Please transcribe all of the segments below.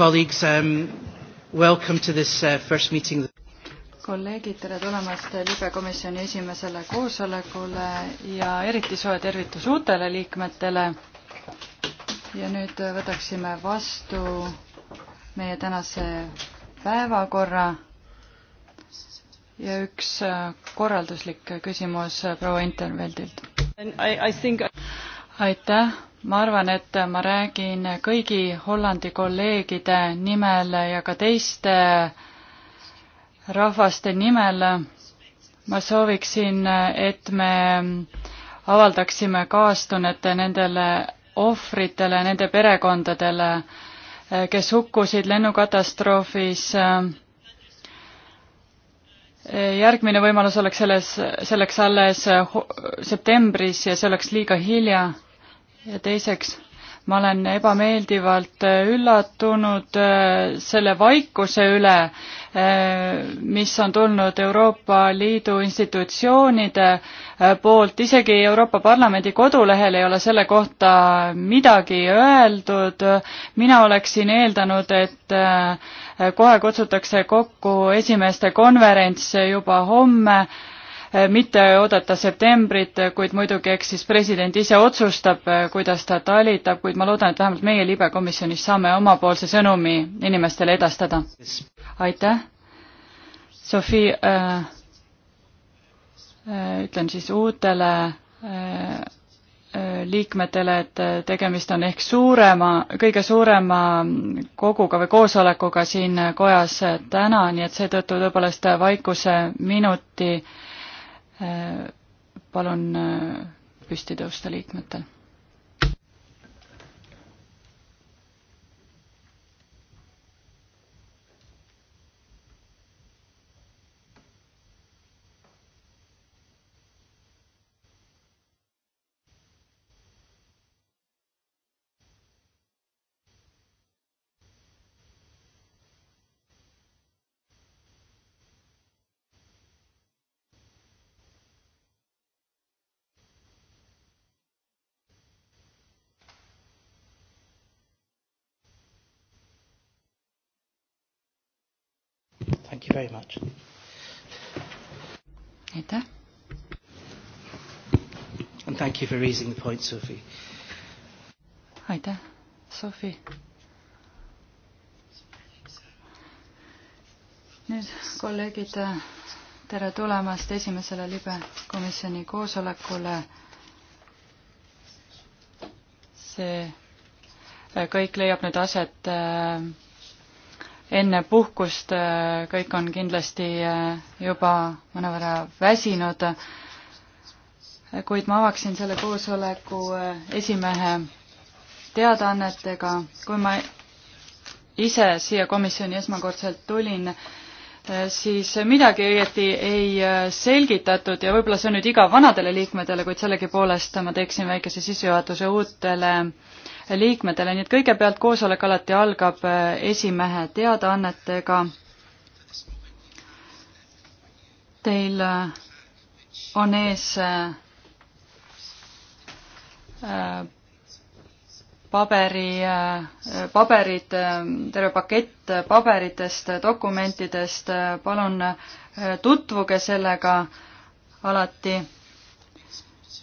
colleagues, um, welcome to this uh, first meeting. kolleegid, tere tulemast libekomisjoni esimesele koosolekule ja eriti soe tervitus uutele liikmetele. ja nüüd võtaksime vastu meie tänase päevakorra. ja üks äh, korralduslik küsimus proua Interveldilt. aitäh ma arvan, et ma räägin kõigi Hollandi kolleegide nimel ja ka teiste rahvaste nimel. ma sooviksin, et me avaldaksime kaastunnet nendele ohvritele, nende perekondadele, kes hukkusid lennukatastroofis. järgmine võimalus oleks selles, selleks alles septembris ja see oleks liiga hilja ja teiseks, ma olen ebameeldivalt äh, üllatunud äh, selle vaikuse üle, äh, mis on tulnud Euroopa Liidu institutsioonide poolt, isegi Euroopa Parlamendi kodulehel ei ole selle kohta midagi öeldud. mina oleksin eeldanud, et kohe kutsutakse kokku esimeeste konverents juba homme Äh, mitte oodata septembrit, kuid muidugi eks siis president ise otsustab, äh, kuidas ta talitab, kuid ma loodan, et vähemalt meie libekomisjonis saame omapoolse sõnumi inimestele edastada. aitäh. Sofi äh,, äh, ütlen siis uutele äh, äh liikmetele, et tegemist on ehk suurema, kõige suurema koguga või koosolekuga siin kojas täna, nii et seetõttu tõepoolest vaikuse minuti äh, Äh, palun äh, püsti tõusta liikmetel Thank you very much. aitäh. And thank you for raising the point, Sophie. aitäh, Sophie. nüüd kolleegid, tere tulemast esimesele libe komisjoni koosolekule. see kõik leiab nüüd aset äh, enne puhkust, äh, kõik on kindlasti äh, juba mõnevõrra väsinud, kuid ma avaksin selle koosoleku äh, esimehe teadaannetega, kui ma ise siia komisjoni esmakordselt tulin, siis midagi õieti ei selgitatud ja võib-olla see on nüüd igav vanadele liikmetele, kuid sellegipoolest ma teeksin väikese sissejuhatuse uutele äh, liikmetele, nii et kõigepealt koosolek alati algab äh, esimehe teadaannetega. Teil äh, on ees äh, paberi, paberid, terve pakett paberitest, dokumentidest, palun tutvuge sellega alati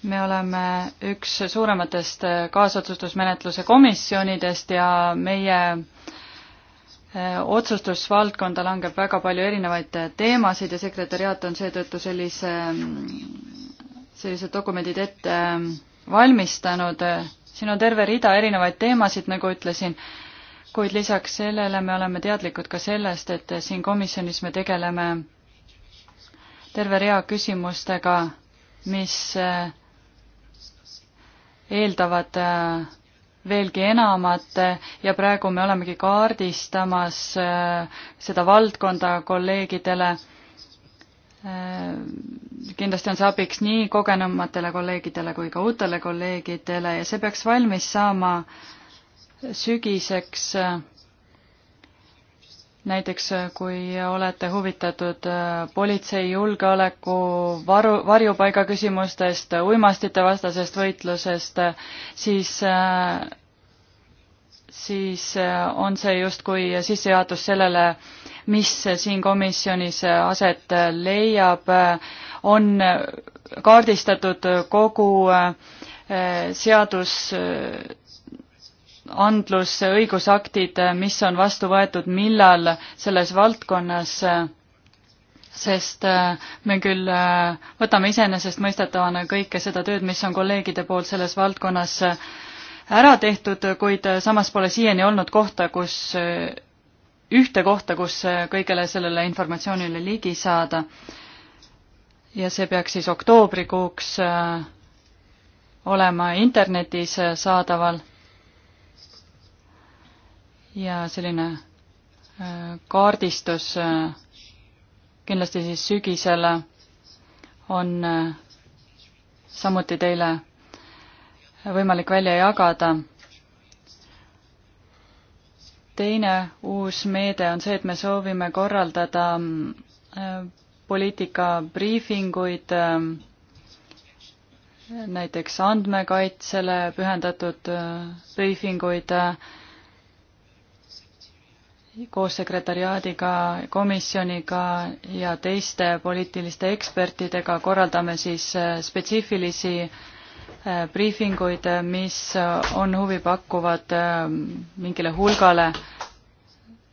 me oleme üks suurematest kaasotsustusmenetluse komisjonidest ja meie eh, otsustusvaldkonda langeb väga palju erinevaid teemasid ja sekretäriaat on seetõttu sellise, sellised dokumendid ette valmistanud. siin on terve rida erinevaid teemasid, nagu ütlesin, kuid lisaks sellele me oleme teadlikud ka sellest, et siin komisjonis me tegeleme terve rea küsimustega, mis äh, eeldavad äh, veelgi enamat äh, ja praegu me olemegi kaardistamas äh, seda valdkonda kolleegidele. kindlasti on see abiks nii kogenumatele kolleegidele kui ka uutele kolleegidele ja see peaks valmis saama sügiseks näiteks äh, kui olete huvitatud äh, politsei julgeoleku varu, varjupaiga küsimustest, äh, uimastite vastasest võitlusest, siis, siis on see justkui sissejuhatus sellele, mis siin komisjonis aset leiab, on kaardistatud kogu seadus andlus, õigusaktid, mis on vastu võetud, millal selles valdkonnas sest me küll võtame iseenesestmõistetavana kõike seda tööd, mis on kolleegide poolt selles valdkonnas ära tehtud, kuid samas pole siiani olnud kohta, kus, ühte kohta, kus kõigele sellele informatsioonile ligi saada. ja see peaks siis oktoobrikuuks olema internetis saadaval ja selline äh, kaardistus äh, kindlasti siis sügisel on äh, samuti teile võimalik välja jagada. teine uus meede on see, et me soovime korraldada poliitika briifinguid näiteks andmekaitsele pühendatud briifinguid äh, koos sekretariaadiga, komisjoniga ja teiste poliitiliste ekspertidega korraldame siis äh, spetsiifilisi äh, briifinguid, äh, mis on huvipakkuvad mingile hulgale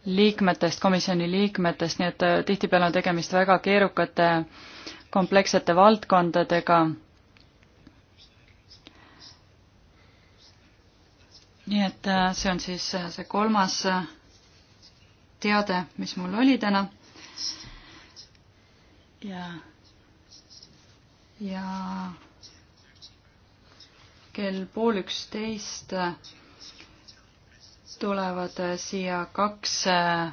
liikmetest, komisjoni liikmetest, nii et tihtipeale on tegemist väga keerukate komplekssete valdkondadega. nii et see on siis see kolmas teade, mis mul oli täna. ja, ja kell pool üksteist tulevad siia kaks äh,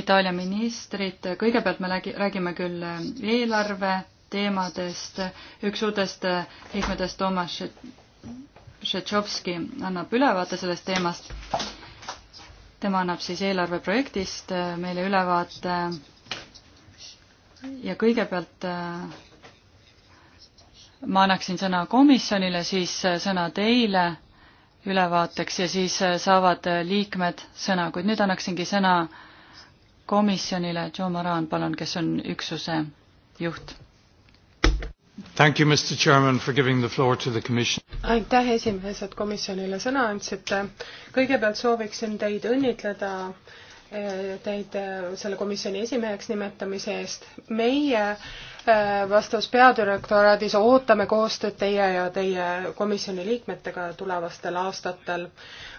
Itaalia ministrit, kõigepealt me räägime küll äh, eelarve teemadest, üks uutest äh, liikmetest, Toomas Šetšovski annab ülevaate sellest teemast tema annab siis eelarveprojektist äh, meile ülevaate ja kõigepealt äh, ma annaksin sõna komisjonile, siis äh, sõna teile ülevaateks ja siis saavad liikmed sõna, kuid nüüd annaksingi sõna komisjonile, Joe Maran, palun, kes on üksuse juht You, Chairman, aitäh esimees, et komisjonile sõna andsite. kõigepealt sooviksin teid õnnitleda eh, teid eh, selle komisjoni esimeheks nimetamise eest. meie eh, vastavas peadirektoraadis ootame koostööd teie ja teie komisjoni liikmetega tulevastel aastatel.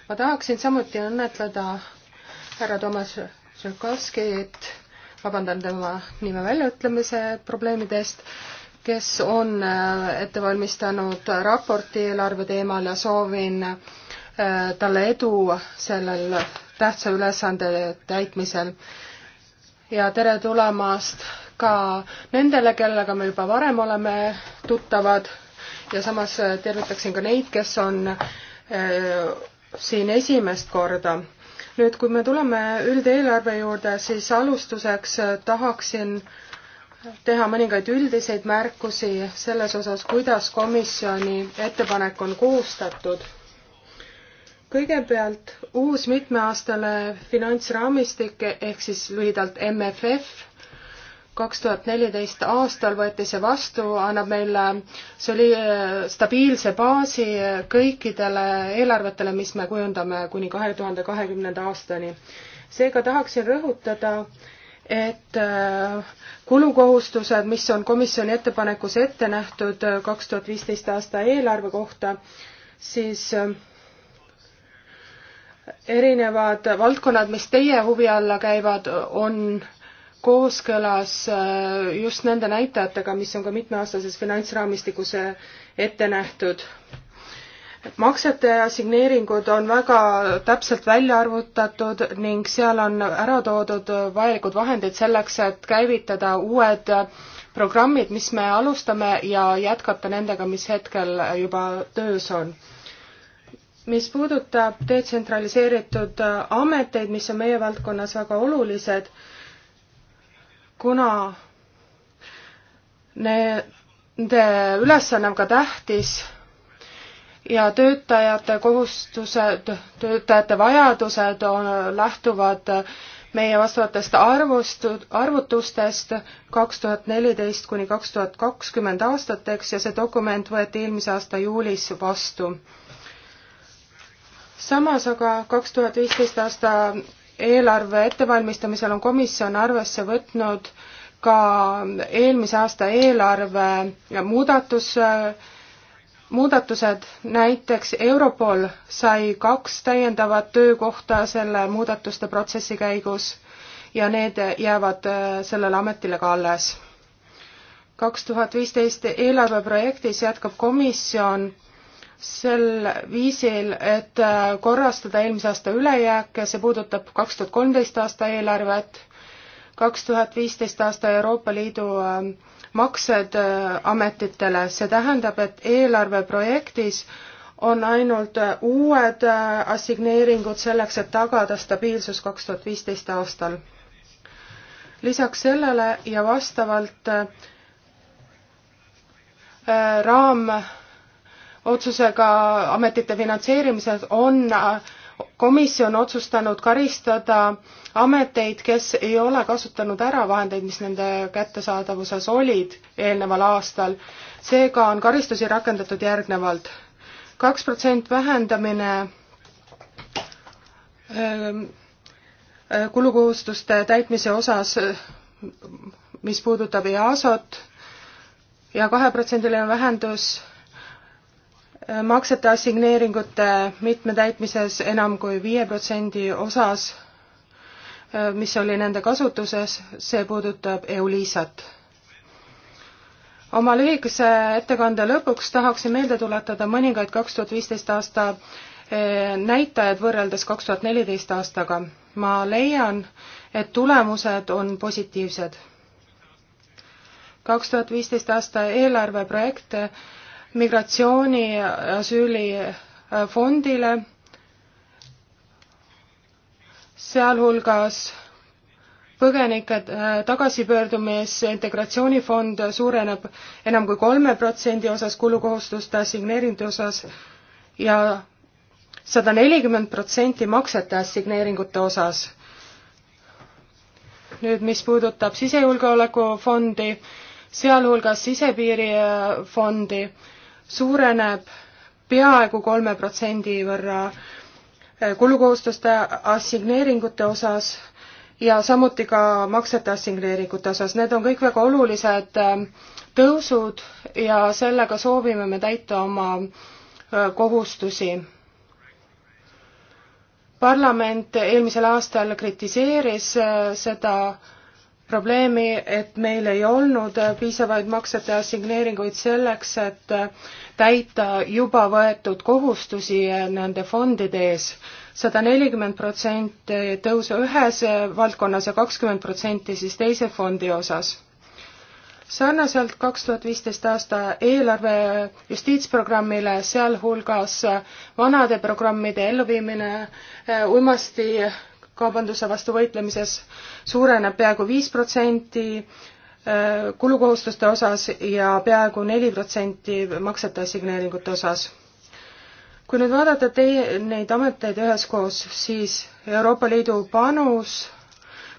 ma tahaksin samuti õnnetleda härra Toomas Žekovskit, vabandan tema nime väljaütlemise probleemide eest kes on äh, ette valmistanud raporti eelarve teemal ja soovin äh, talle edu sellel tähtsa ülesande täitmisel. ja tere tulemast ka nendele, kellega me juba varem oleme tuttavad ja samas äh, tervitaksin ka neid, kes on siin esimest korda. nüüd, kui me tuleme üldeelarve juurde, siis alustuseks tahaksin äh, teha mõningaid üldiseid märkusi selles osas, kuidas komisjoni ettepanek on koostatud. kõigepealt uus mitmeaastane finantsraamistik ehk siis lühidalt MFF kaks tuhat neliteist aastal võeti see vastu, annab meile, see oli stabiilse baasi kõikidele eelarvetele, mis me kujundame kuni kahe tuhande kahekümnenda aastani. seega tahaksin rõhutada, et äh, kulukohustused, mis on komisjoni ettepanekus ette nähtud äh, kaks tuhat viisteist aasta eelarve kohta, siis äh, erinevad valdkonnad, mis teie huvi alla käivad, on kooskõlas äh, just nende näitajatega, mis on ka mitmeaastases finantsraamistikus ette nähtud maksete assigneeringud on väga täpselt välja arvutatud ning seal on ära toodud vajalikud vahendid selleks, et käivitada uued programmid, mis me alustame ja jätkata nendega, mis hetkel juba töös on. mis puudutab detsentraliseeritud ameteid, mis on meie valdkonnas väga olulised, kuna nende ülesanne on ka tähtis ja töötajate kohustused, töötajate vajadused on, lähtuvad meie vastavatest arvust, arvutustest kaks tuhat neliteist kuni kaks tuhat kakskümmend aastateks ja see dokument võeti eelmise aasta juulis vastu. samas aga kaks tuhat viisteist aasta eelarve ettevalmistamisel on komisjon arvesse võtnud ka eelmise aasta eelarve muudatus äh, muudatused, näiteks Europol sai kaks täiendavat töökohta selle muudatuste protsessi käigus ja need jäävad äh, sellele ametile ka alles. kaks tuhat viisteist eelarveprojektis jätkab komisjon sel viisil, et äh, korrastada eelmise aasta ülejääke, see puudutab kaks tuhat kolmteist aasta eelarvet, kaks tuhat viisteist aasta Euroopa Liidu äh, maksed äh, ametitele, see tähendab, et eelarveprojektis on ainult äh, uued äh, assigneeringud selleks, et tagada stabiilsus kaks tuhat viisteist aastal. lisaks sellele ja vastavalt raamotsusega ametite finantseerimisel on komisjon otsustanud karistada ameteid, kes ei ole kasutanud ära vahendeid, mis nende kättesaadavuses olid eelneval aastal. seega on karistusi rakendatud järgnevalt. kaks protsent vähendamine ähm, äh, kulukohustuste täitmise osas, mis puudutab EASO-t ja kaheprotsendiline vähendus Äh, maksete assigneeringute mitmetäitmises enam kui viie protsendi osas, äh, mis oli nende kasutuses, see puudutab EULISat. oma lühikese ettekande lõpuks tahaksin meelde tuletada mõningaid kaks tuhat viisteist aasta äh, näitajad võrreldes kaks tuhat neliteist aastaga. ma leian, et tulemused on positiivsed. kaks tuhat viisteist aasta eelarveprojekte migratsiooni asüülifondile, äh, sealhulgas põgenike äh, tagasipöördumise integratsioonifond suureneb enam kui kolme protsendi osas kulukohustuste assigneeringute osas ja sada nelikümmend protsenti maksete assigneeringute osas. nüüd, mis puudutab sisejulgeolekufondi, sealhulgas sisepiirifondi, suureneb peaaegu kolme protsendi võrra eh, kulukohustuste assigneeringute osas ja samuti ka maksete assigneeringute osas. Need on kõik väga olulised eh, tõusud ja sellega soovime me täita oma eh, kohustusi. parlament eelmisel aastal kritiseeris seda probleemi, et meil ei olnud piisavaid maksete assigneeringuid selleks, et täita juba võetud kohustusi nende fondide ees. sada nelikümmend protsenti tõusu ühes valdkonnas ja kakskümmend protsenti siis teise fondi osas sarnaselt kaks tuhat viisteist aasta eelarve justiitsprogrammile, sealhulgas vanade programmide elluviimine, eh, uimasti kaubanduse vastu võitlemises suureneb peaaegu viis protsenti äh, kulukohustuste osas ja peaaegu neli protsenti maksete assigneeringute osas. kui nüüd vaadata teie, neid ameteid üheskoos, siis Euroopa Liidu panus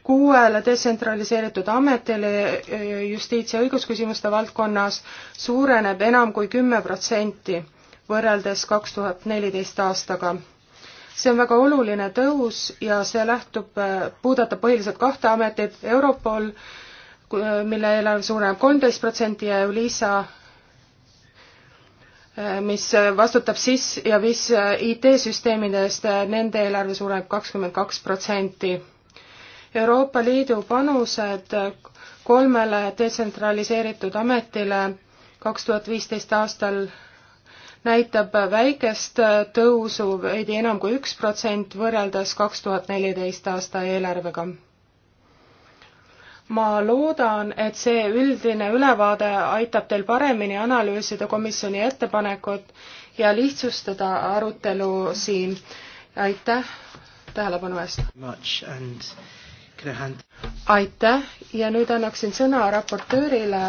kuuele detsentraliseeritud ametile äh, justiits- ja õigusküsimuste valdkonnas suureneb enam kui kümme protsenti võrreldes kaks tuhat neliteist aastaga see on väga oluline tõus ja see lähtub, äh, puudutab põhiliselt kahte ametit, Europol, äh, mille eelarve suureneb kolmteist protsenti ja Eulisa, äh, mis vastutab SIS ja VIS IT-süsteemide eest, nende eelarve suureneb kakskümmend kaks protsenti. Euroopa Liidu panused kolmele detsentraliseeritud ametile kaks tuhat viisteist aastal näitab väikest tõusu veidi enam kui üks protsent võrreldes kaks tuhat neliteist aasta eelarvega. ma loodan, et see üldine ülevaade aitab teil paremini analüüsida komisjoni ettepanekut ja lihtsustada arutelu siin. aitäh tähelepanu eest! aitäh ja nüüd annaksin sõna raportöörile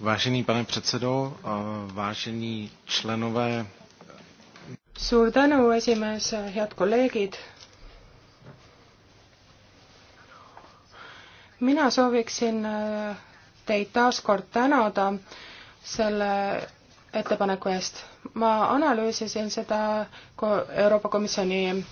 Vážený pane předsedo, vážení členové. suur tänu, esimees, head kolleegid. mina sooviksin äh, teid taas kord tänada selle ettepaneku eest. ma analüüsisin seda Euroopa Komisjoni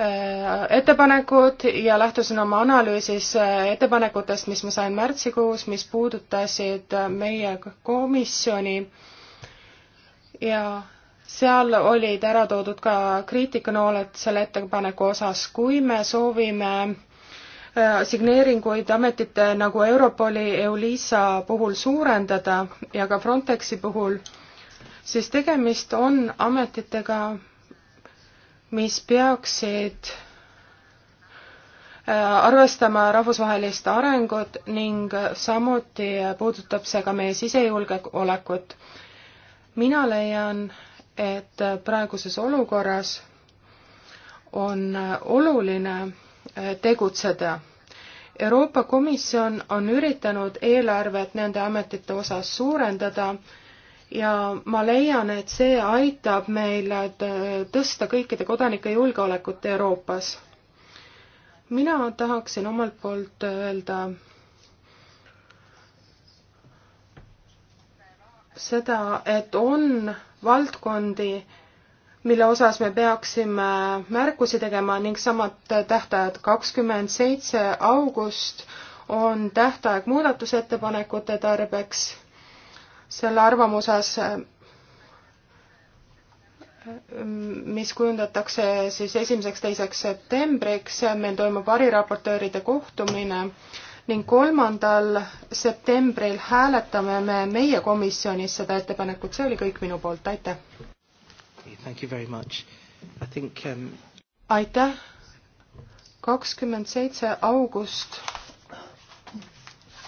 Äh, ettepanekud ja lähtusin oma analüüsis äh, ettepanekutest, mis ma sain märtsikuus, mis puudutasid äh, meie komisjoni ja seal olid ära toodud ka kriitikanooled selle ettepaneku osas, kui me soovime signeeringuid ametite nagu Europoli, EULISA puhul suurendada ja ka Frontexi puhul, siis tegemist on ametitega, mis peaksid äh, arvestama rahvusvahelist arengut ning samuti puudutab see ka meie sisejulgeolekut. mina leian, et praeguses olukorras on oluline äh, tegutseda. Euroopa Komisjon on üritanud eelarvet nende ametite osas suurendada ja ma leian, et see aitab meil tõsta kõikide kodanike julgeolekut Euroopas. mina tahaksin omalt poolt öelda seda, et on valdkondi, mille osas me peaksime märkusi tegema ning samad tähtajad kakskümmend seitse august on tähtaeg muudatusettepanekute tarbeks selle arvamuse osas, mis kujundatakse siis esimeseks-teiseks septembriks, meil toimub variraportööride kohtumine ning kolmandal septembril hääletame me meie komisjonis seda ettepanekut, see oli kõik minu poolt, aitäh! Um... aitäh! kakskümmend seitse august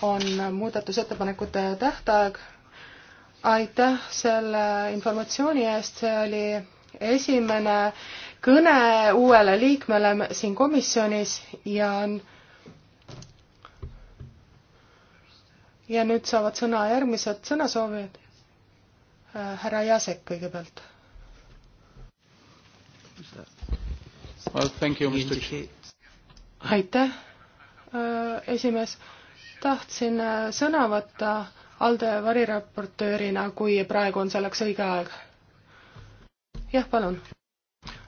on muudatusettepanekute tähtaeg aitäh selle informatsiooni eest, see oli esimene kõne uuele liikmele siin komisjonis ja ja nüüd saavad sõna järgmised sõnasoovijad. härra Jasek kõigepealt. aitäh, äh, esimees. tahtsin äh, sõna võtta ALDE variraportöörina, kui praegu on selleks õige aeg. jah, palun.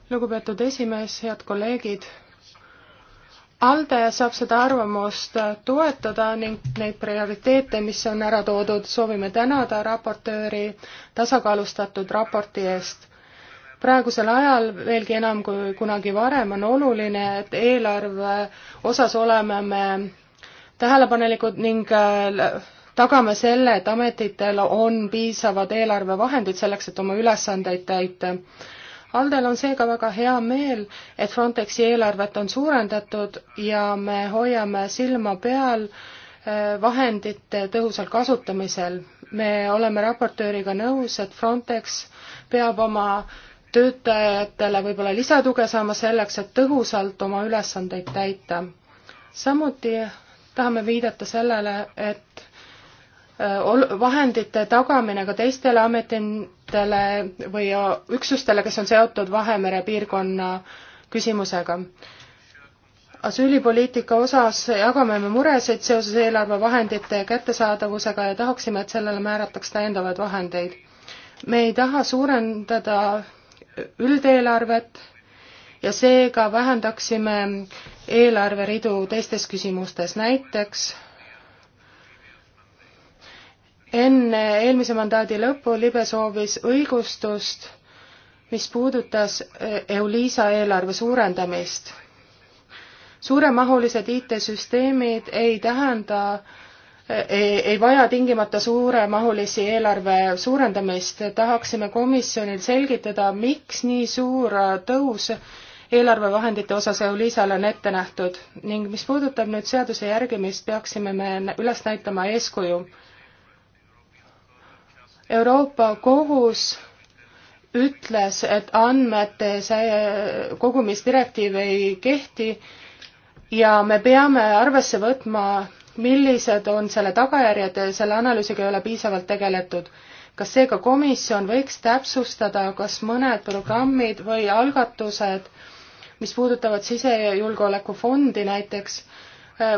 lugupeetud esimees, head kolleegid. ALDE saab seda arvamust toetada ning neid prioriteete, mis on ära toodud, soovime tänada raportööri tasakaalustatud raporti eest praegusel ajal veelgi enam kui kunagi varem on oluline, et eelarve osas oleme me tähelepanelikud ning äh, tagama selle, et ametitel on piisavad eelarvevahendid selleks, et oma ülesandeid täita. Aldel on seega väga hea meel, et Frontexi eelarvet on suurendatud ja me hoiame silma peal eh, vahendite tõhusal kasutamisel. me oleme raportööriga nõus, et Frontex peab oma töötajatele võib-olla lisatuge saama selleks, et tõhusalt oma ülesandeid täita. samuti tahame viidata sellele, et vahendite tagamine ka teistele ametitele või üksustele, kes on seotud Vahemere piirkonna küsimusega. asüülipoliitika osas jagame me muresid seoses eelarvevahendite kättesaadavusega ja tahaksime, et sellele määrataks täiendavaid vahendeid. me ei taha suurendada üldeelarvet ja seega vähendaksime eelarveridu teistes küsimustes, näiteks enne eelmise mandaadi lõppu libe soovis õigustust, mis puudutas eh, EULISA eelarve suurendamist. suuremahulised IT-süsteemid ei tähenda eh, ei, ei vaja tingimata suuremahulisi eelarve suurendamist, tahaksime komisjonil selgitada, miks nii suur äh, tõus eelarvevahendite osas EULISA-le on ette nähtud ning mis puudutab nüüd seaduse järgimist, peaksime me üles näitama eeskuju Euroopa Kohus ütles, et andmete see kogumisdirektiiv ei kehti ja me peame arvesse võtma, millised on selle tagajärjed, selle analüüsiga ei ole piisavalt tegeletud. kas seega komisjon võiks täpsustada, kas mõned programmid või algatused, mis puudutavad sisejulgeolekufondi näiteks,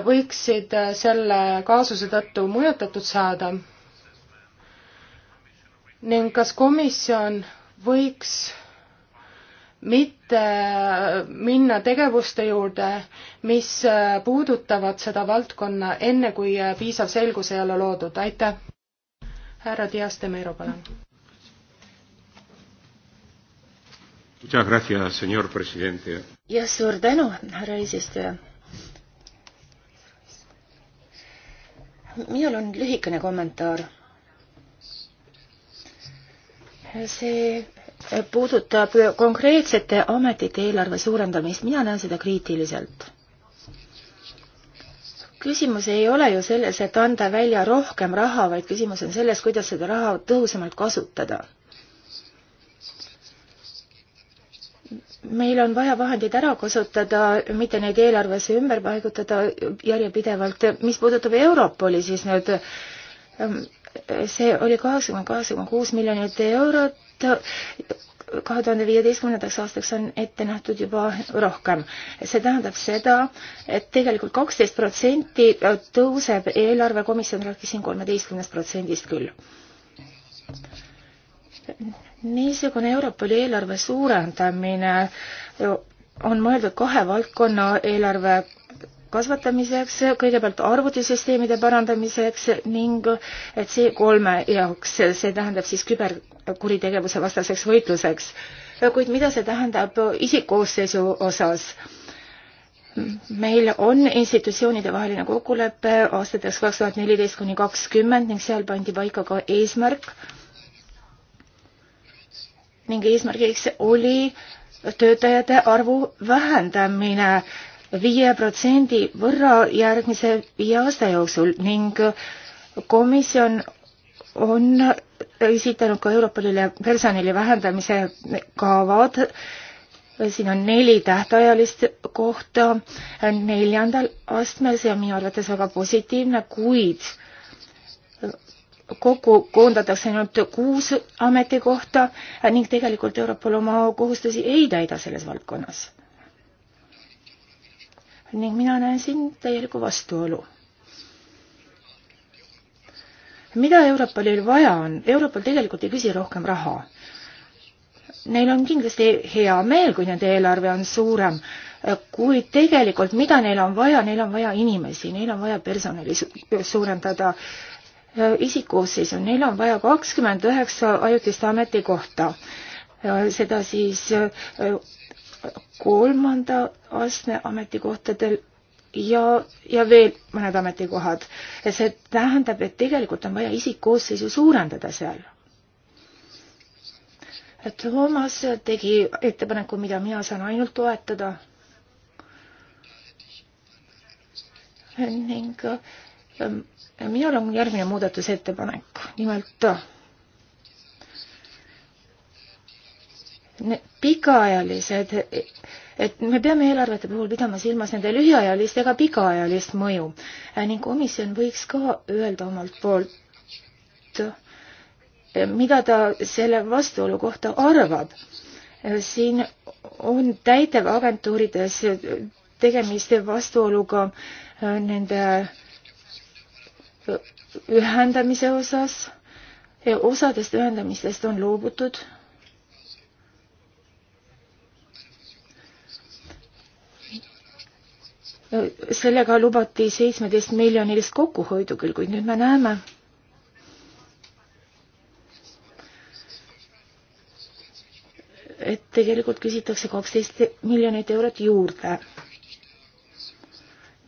võiksid selle kaasuse tõttu mõjutatud saada? ning kas komisjon võiks mitte minna tegevuste juurde, mis puudutavad seda valdkonna enne, kui piisav selgus ei ole loodud, aitäh. härra Dias de Meiro, palun. jah, suur tänu, härra eesistuja. minul on lühikene kommentaar see puudutab konkreetsete ametite eelarve suurendamist, mina näen seda kriitiliselt. küsimus ei ole ju selles, et anda välja rohkem raha, vaid küsimus on selles, kuidas seda raha tõhusamalt kasutada. meil on vaja vahendeid ära kasutada, mitte neid eelarvesse ümber paigutada järjepidevalt, mis puudutab Europoli, siis nüüd ähm, see oli kaheksakümmend kaheksa koma kuus miljonit eurot. kahe tuhande viieteistkümnendaks aastaks on ette nähtud juba rohkem. see tähendab seda, et tegelikult kaksteist protsenti tõuseb eelarve, komisjon rääkis siin kolmeteistkümnest protsendist küll. niisugune Europoli eelarve suurendamine on mõeldud kahe valdkonna eelarve kasvatamiseks, kõigepealt arvutisüsteemide parandamiseks ning C3 jaoks, see tähendab siis küberkuritegevuse vastaseks võitluseks. kuid mida see tähendab isikkoosseisu osas? meil on institutsioonide vaheline kokkulepe aastateks kaks tuhat neliteist kuni kakskümmend ning seal pandi paika ka eesmärk. ning eesmärgiks oli töötajate arvu vähendamine viie protsendi võrra järgmise viie aasta jooksul ning komisjon on esitanud ka Europolile personali vähendamise kavad. siin on neli tähtajalist kohta neljandal astmel, see on minu arvates väga positiivne, kuid kokku koondatakse ainult kuus ametikohta ning tegelikult Europol oma kohustusi ei täida selles valdkonnas ning mina näen siin täielikku vastuolu. mida Europolil vaja on? Europol tegelikult ei küsi rohkem raha. Neil on kindlasti hea meel, kui nende eelarve on suurem, kuid tegelikult mida neil on vaja, neil on vaja inimesi, neil on vaja personali suurendada, isikkoosseisu, neil on vaja kakskümmend üheksa ajutist ametikohta seda siis kolmanda astme ametikohtadel ja, ja veel mõned ametikohad. see tähendab, et tegelikult on vaja isikkoosseisu suurendada seal. Toomas tegi ettepaneku, mida mina saan ainult toetada. ning ähm, minul on järgmine muudatusettepanek, nimelt pikaajalised, et me peame eelarvete puhul pidama silmas nende lühiajalist ega pikaajalist mõju äh, ning komisjon võiks ka öelda omalt poolt, äh, mida ta selle vastuolu kohta arvab. Äh, siin on täitevagentuurides tegemist vastuoluga nende ühendamise osas, osadest ühendamistest on loobutud sellega lubati seitsmeteist miljonilist kokkuhoidu küll, kuid nüüd me näeme, et tegelikult küsitakse kaksteist miljonit eurot juurde.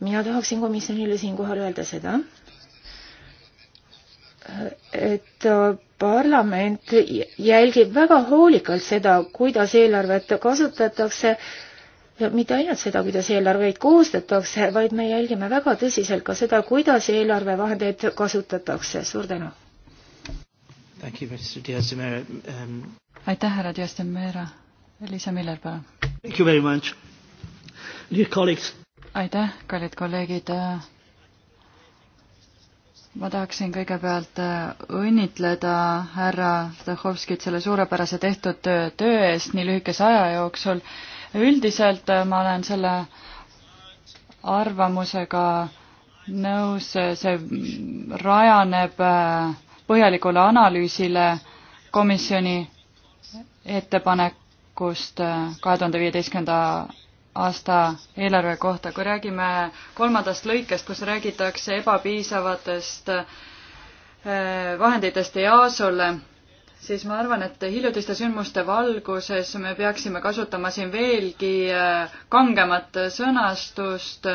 mina tahaksin komisjonile siinkohal öelda seda, et parlament jälgib väga hoolikalt seda, kuidas eelarvet kasutatakse mitte ainult seda, kuidas eelarveid koostatakse, vaid me jälgime väga tõsiselt ka seda, kuidas eelarvevahendeid kasutatakse. suur tänu! Um, aitäh, härra Dias de Mera! Liisa Miller, palun! aitäh, kallid kolleegid! ma tahaksin kõigepealt äh, õnnitleda härra Stahovskit selle suurepärase tehtud töö eest nii lühikese aja jooksul üldiselt äh, ma olen selle arvamusega nõus, see rajaneb äh, põhjalikule analüüsile komisjoni ettepanekust äh, kahe tuhande viieteistkümnenda aasta eelarve kohta, kui räägime kolmandast lõikest, kus räägitakse ebapiisavatest vahenditest EASO-le siis ma arvan, et hiljutiste sündmuste valguses me peaksime kasutama siin veelgi äh, kangemat sõnastust.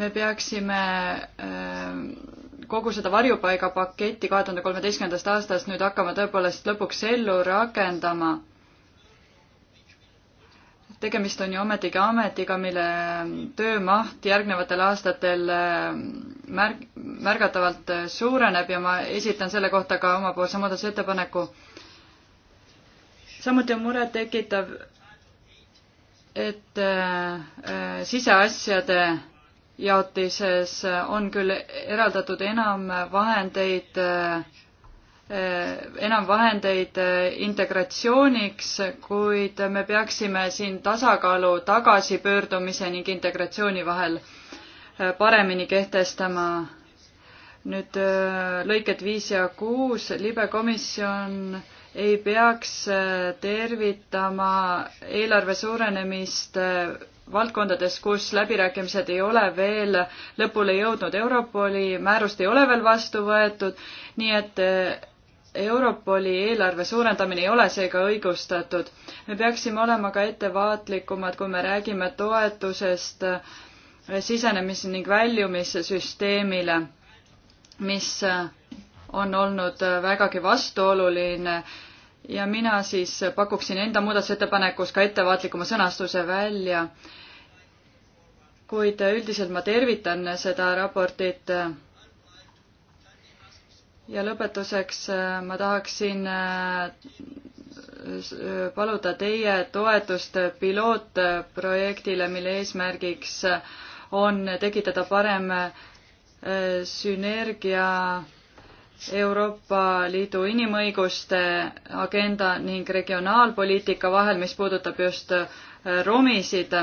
me peaksime äh, kogu seda varjupaigapaketti kahe tuhande kolmeteistkümnendast aastast nüüd hakkama tõepoolest lõpuks ellu rakendama. tegemist on ju ometigi ametiga, mille töömaht järgnevatel aastatel äh, märg-, märgatavalt suureneb ja ma esitan selle kohta ka omapoolse muudatusettepaneku. samuti on murettekitav, et äh, siseasjade jaotises on küll eraldatud enam vahendeid, äh, enam vahendeid äh, integratsiooniks, kuid me peaksime siin tasakaalu tagasipöördumise ning integratsiooni vahel paremini kehtestama. nüüd äh, lõiked viis ja kuus, libekomisjon ei peaks äh, tervitama eelarve suurenemist äh, valdkondades, kus läbirääkimised ei ole veel lõpule jõudnud. Europoli määrust ei ole veel vastu võetud, nii et Europoli eelarve suurendamine ei ole seega õigustatud. me peaksime olema ka ettevaatlikumad, kui me räägime toetusest äh, sisenemis- ning väljumissüsteemile, mis äh, on olnud äh, vägagi vastuoluline ja mina siis pakuksin enda muudatusettepanekus ka ettevaatlikuma sõnastuse välja. kuid äh, üldiselt ma tervitan seda raportit. ja lõpetuseks ma tahaksin paluda teie toetust pilootprojektile, mille eesmärgiks on tekitada parem äh, sünergia Euroopa Liidu inimõiguste agenda ning regionaalpoliitika vahel, mis puudutab just äh, romisid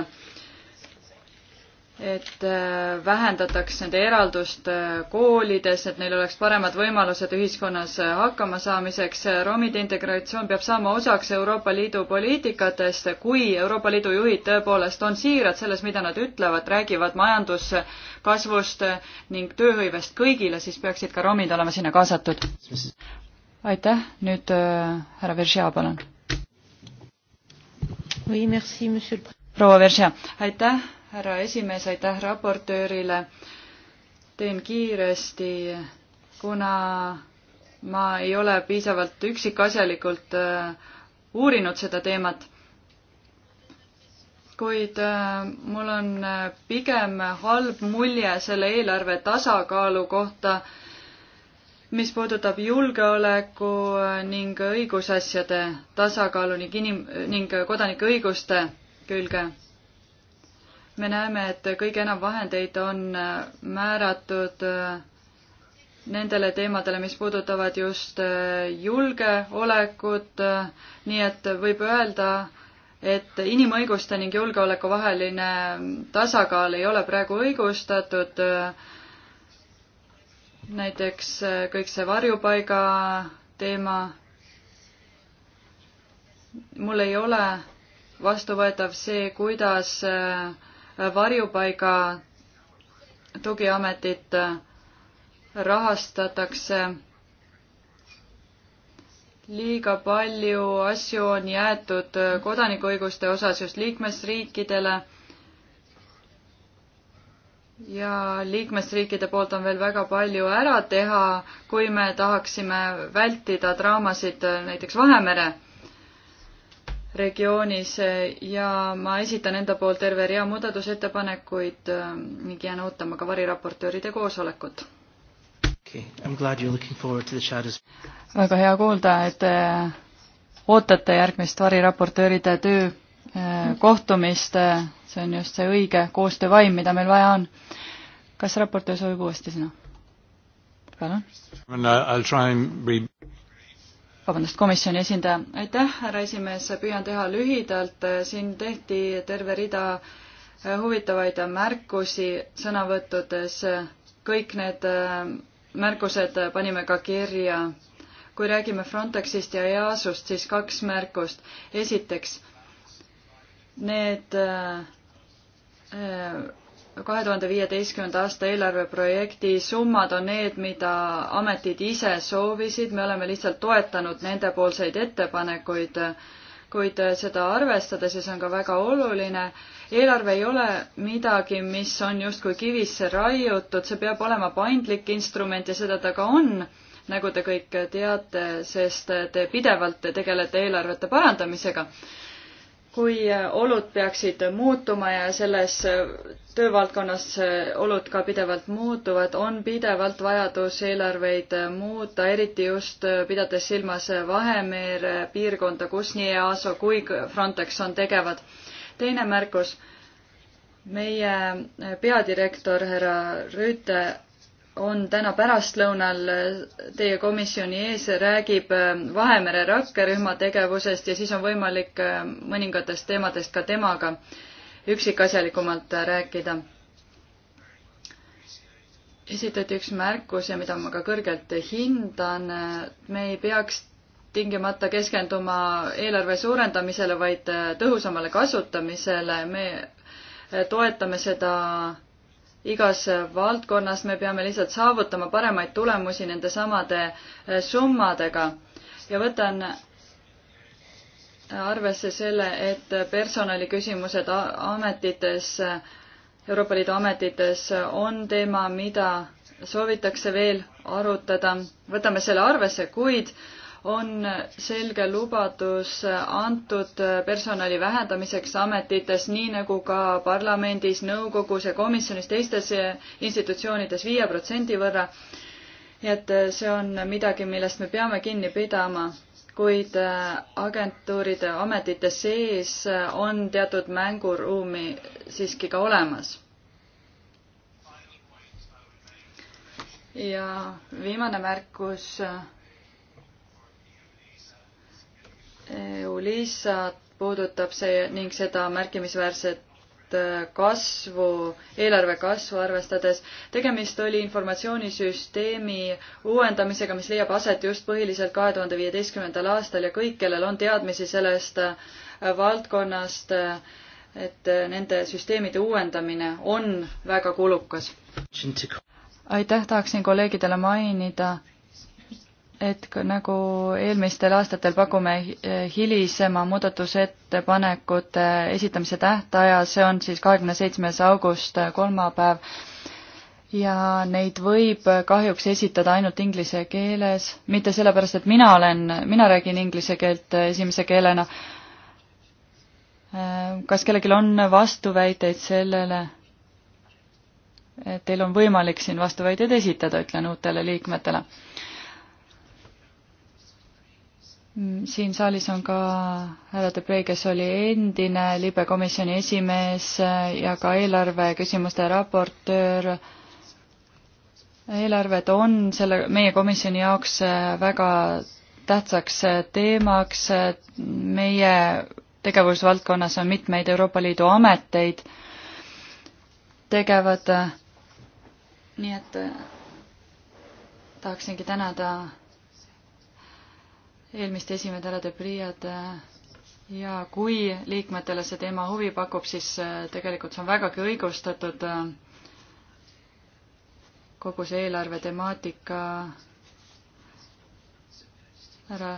et äh, vähendataks nende eraldust äh, koolides, et neil oleks paremad võimalused ühiskonnas äh, hakkama saamiseks. romide integratsioon peab saama osaks Euroopa Liidu poliitikatest, kui Euroopa Liidu juhid tõepoolest on siirad selles, mida nad ütlevad, räägivad majanduskasvust ning tööhõivest kõigile, siis peaksid ka romid olema sinna kaasatud. aitäh, nüüd härra Veržia, palun. proua Veržia, aitäh härra esimees, aitäh raportöörile. teen kiiresti, kuna ma ei ole piisavalt üksikasjalikult äh, uurinud seda teemat. kuid äh, mul on äh, pigem halb mulje selle eelarve tasakaalu kohta, mis puudutab julgeoleku ning õigusasjade tasakaalu ning inim- ning kodanike õiguste külge me näeme, et kõige enam vahendeid on äh, määratud äh, nendele teemadele, mis puudutavad just äh, julgeolekut, nii et võib öelda, et inimõiguste ning julgeoleku vaheline mm, tasakaal ei ole praegu õigustatud. näiteks kõik see varjupaiga teema. mul ei ole vastuvõetav see, kuidas äh, varjupaiga tugiametit rahastatakse liiga palju asju on jäetud kodanikuõiguste osas just liikmesriikidele ja liikmesriikide poolt on veel väga palju ära teha, kui me tahaksime vältida draamasid näiteks Vahemere regioonis eh, ja ma esitan enda poolt terve rea muudatusettepanekuid eh, ning jään ootama ka variraportööride koosolekut. Okay. väga hea kuulda, et eh, ootate järgmist variraportööride töö kohtumist, see on just see õige koostöövaim, mida meil vaja on. kas raportöör soovib uuesti sõna? palun. Uh, vabandust, komisjoni esindaja. aitäh, härra esimees, püüan teha lühidalt, siin tehti terve rida eh, huvitavaid märkusi sõnavõttudes, kõik need eh, märkused panime ka kirja. kui räägime Frontexist ja EASust, siis kaks märkust. esiteks, need eh, kahe tuhande viieteistkümnenda aasta eelarveprojekti summad on need, mida ametid ise soovisid, me oleme lihtsalt toetanud nendepoolseid ettepanekuid, kuid seda arvestades ja see on ka väga oluline, eelarve ei ole midagi, mis on justkui kivisse raiutud, see peab olema paindlik instrument ja seda ta ka on, nagu te kõik teate, sest te pidevalt tegelete eelarvete parandamisega kui äh, olud peaksid muutuma ja selles äh, töövaldkonnas äh, olud ka pidevalt muutuvad, on pidevalt vajadus eelarveid muuta, eriti just pidades silmas Vahemere piirkonda, kus nii EASO kui Frontex on tegevad. teine märkus. meie peadirektor härra Rüütel on täna pärastlõunal teie komisjoni ees, räägib äh, Vahemere rakkerühma tegevusest ja siis on võimalik äh, mõningatest teemadest ka temaga üksikasjalikumalt äh, rääkida. esitati üks märkus ja mida ma ka kõrgelt hindan, me ei peaks tingimata keskenduma eelarve suurendamisele, vaid tõhusamale kasutamisele, me toetame seda igas valdkonnas me peame lihtsalt saavutama paremaid tulemusi nende samade eh, summadega ja võtan arvesse selle, et personaliküsimused ametites, Euroopa Liidu ametites on teema, mida soovitakse veel arutada. võtame selle arvesse, kuid äh, on selge lubadus antud personali vähendamiseks ametites, nii nagu ka parlamendis, nõukogus ja komisjonis, teistes institutsioonides viie protsendi võrra. nii et see on midagi, millest me peame kinni pidama kuid agentuuride ametite sees on teatud mänguruumi siiski ka olemas. ja viimane märkus EU-LISA-t puudutab see ning seda märkimisväärset äh, kasvu, eelarve kasvu arvestades. tegemist oli informatsioonisüsteemi uuendamisega, mis leiab aset just põhiliselt kahe tuhande viieteistkümnendal aastal ja kõik, kellel on teadmisi sellest äh, valdkonnast, äh, et nende süsteemide uuendamine on väga kulukas. aitäh, tahaksin kolleegidele mainida, et nagu eelmistel aastatel pakume hilisema muudatusettepanekute esitamise tähtaja, see on siis kahekümne seitsmes august, äh, kolmapäev, ja neid võib kahjuks esitada ainult inglise keeles, mitte sellepärast, et mina olen, mina räägin inglise keelt äh, esimese keelena. Äh, kas kellelgi on vastuväiteid sellele? et teil on võimalik siin vastuväiteid esitada, ütlen uutele liikmetele Mm, siin saalis on ka härra Debrei, kes oli endine libekomisjoni esimees äh, ja ka eelarve küsimuste raportöör. eelarved on selle, meie komisjoni jaoks äh, väga tähtsaks äh, teemaks. meie tegevusvaldkonnas on mitmeid Euroopa Liidu ameteid tegevad. nii et tahaksingi tänada eelmist esimehed härra Debriad äh, ja kui liikmetele see teema huvi pakub, siis äh, tegelikult see on vägagi õigustatud. Äh, kogu see eelarve temaatika härra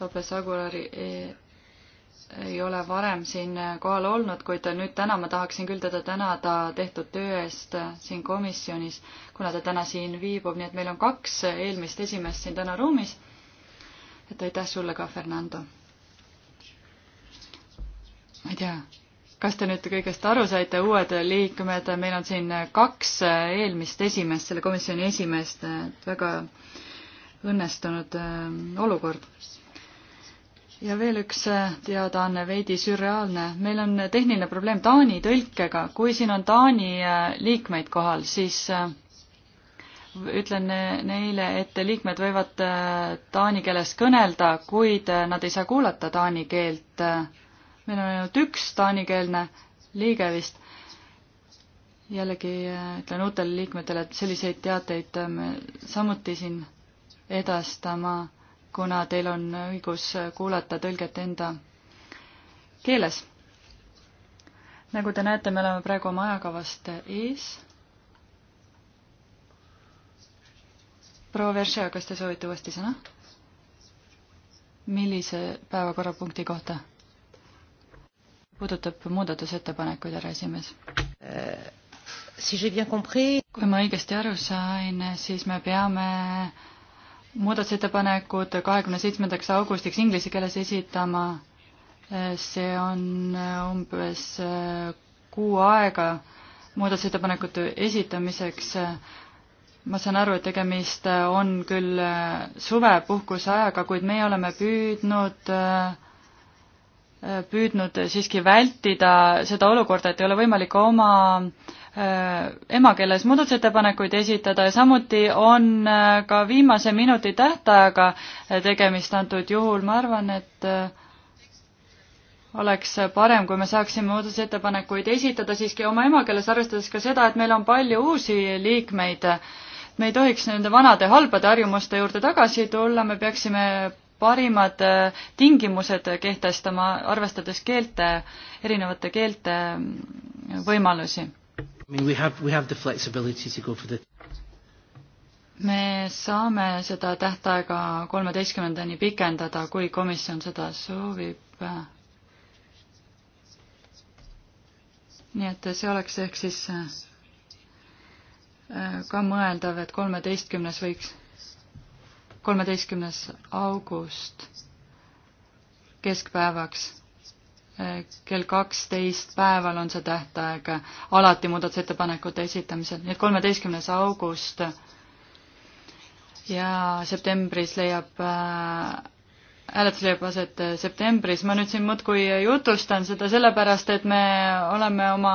Lopez Agulari ei, ei ole varem siin kohal olnud, kuid nüüd täna ma tahaksin küll teda tänada tehtud töö eest siin komisjonis, kuna ta täna siin viibub, nii et meil on kaks eelmist esimeest siin täna ruumis et aitäh sulle ka, Fernando. ma ei tea, kas te nüüd kõigest aru saite, uued liikmed, meil on siin kaks eelmist esimeest, selle komisjoni esimeest, et väga õnnestunud äh, olukord. ja veel üks äh, teadaanne, veidi sürreaalne. meil on tehniline probleem Taani tõlkega. kui siin on Taani äh, liikmeid kohal, siis ütlen neile, et liikmed võivad äh, taani keeles kõnelda, kuid äh, nad ei saa kuulata taani keelt. meil on ainult üks taanikeelne liige vist. jällegi äh, ütlen uutele liikmetele, et selliseid teateid me samuti siin edastama, kuna teil on õigus kuulata tõlget enda keeles. nagu te näete, me oleme praegu oma ajakavast ees proua Veršea, kas te soovite uuesti sõna? millise päevakorrapunkti kohta? puudutab muudatusettepanekuid, härra esimees äh,. Si kui ma õigesti aru sain, siis me peame muudatusettepanekud kahekümne seitsmendaks augustiks inglise keeles esitama. Eh, see on eh, umbes kuu aega muudatusettepanekute esitamiseks ma saan aru, et tegemist äh, on küll äh, suvepuhkuse ajaga, kuid meie oleme püüdnud äh, püüdnud siiski vältida seda olukorda, et ei ole võimalik oma emakeeles muudatusettepanekuid esitada ja samuti on ka viimase minuti tähtajaga tegemist antud juhul, ma arvan, et oleks parem, kui me saaksime muudatusettepanekuid esitada siiski oma emakeeles, arvestades ka seda, et meil on palju uusi liikmeid me ei tohiks nende vanade halbade harjumuste juurde tagasi tulla, me peaksime parimad äh, tingimused kehtestama, arvestades keelte, erinevate keelte mm, võimalusi. me saame seda tähtaega kolmeteistkümnendani pikendada, kui komisjon seda soovib. nii et see oleks ehk siis äh, ka mõeldav, et kolmeteistkümnes võiks, kolmeteistkümnes august keskpäevaks eh, kell kaksteist päeval on see tähtaeg alati muudatusettepanekute esitamisel, nii et kolmeteistkümnes august ja septembris leiab eh, hääletus leiab aset äh, septembris, ma nüüd siin muudkui jutustan seda sellepärast, et me oleme oma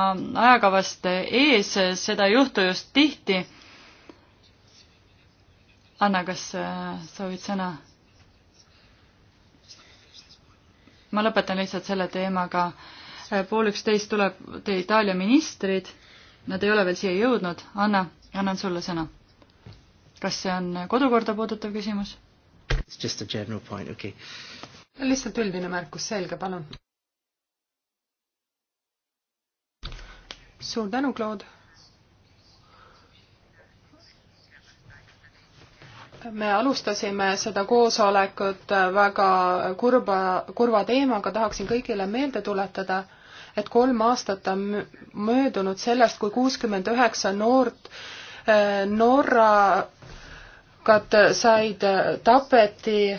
ajakavast ees, seda ei juhtu just tihti. Anna, kas äh, soovid sõna? ma lõpetan lihtsalt selle teemaga. Äh, pool üksteist tuleb teie Itaalia ministrid, nad ei ole veel siia jõudnud, Anna, annan sulle sõna. kas see on kodukorda puudutav küsimus? It's just a general point, okei okay.. lihtsalt üldine märkus, selge, palun. suur tänu, Claude. me alustasime seda koosolekut väga kurba, kurva teemaga, tahaksin kõigile meelde tuletada, et kolm aastat on möödunud sellest, kui kuuskümmend üheksa noort eh, Norra hukad said, tapeti.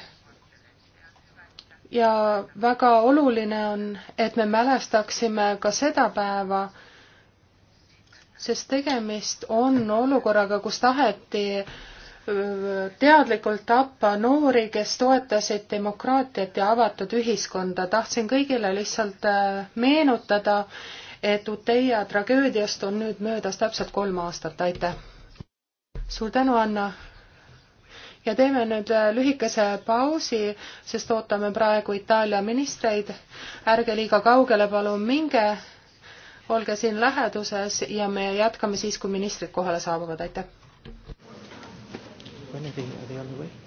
ja väga oluline on, et me mälestaksime ka seda päeva, sest tegemist on olukorraga, kus taheti teadlikult tappa noori, kes toetasid demokraatiat ja avatud ühiskonda. tahtsin kõigile lihtsalt meenutada, et Uteia tragöödiast on nüüd möödas täpselt kolm aastat, aitäh! suur tänu, Anna! ja teeme nüüd äh, lühikese pausi, sest ootame praegu Itaalia ministreid. ärge liiga kaugele palun minge, olge siin läheduses ja me jätkame siis, kui ministrid kohale saabuvad, aitäh. When are they, are they on the way?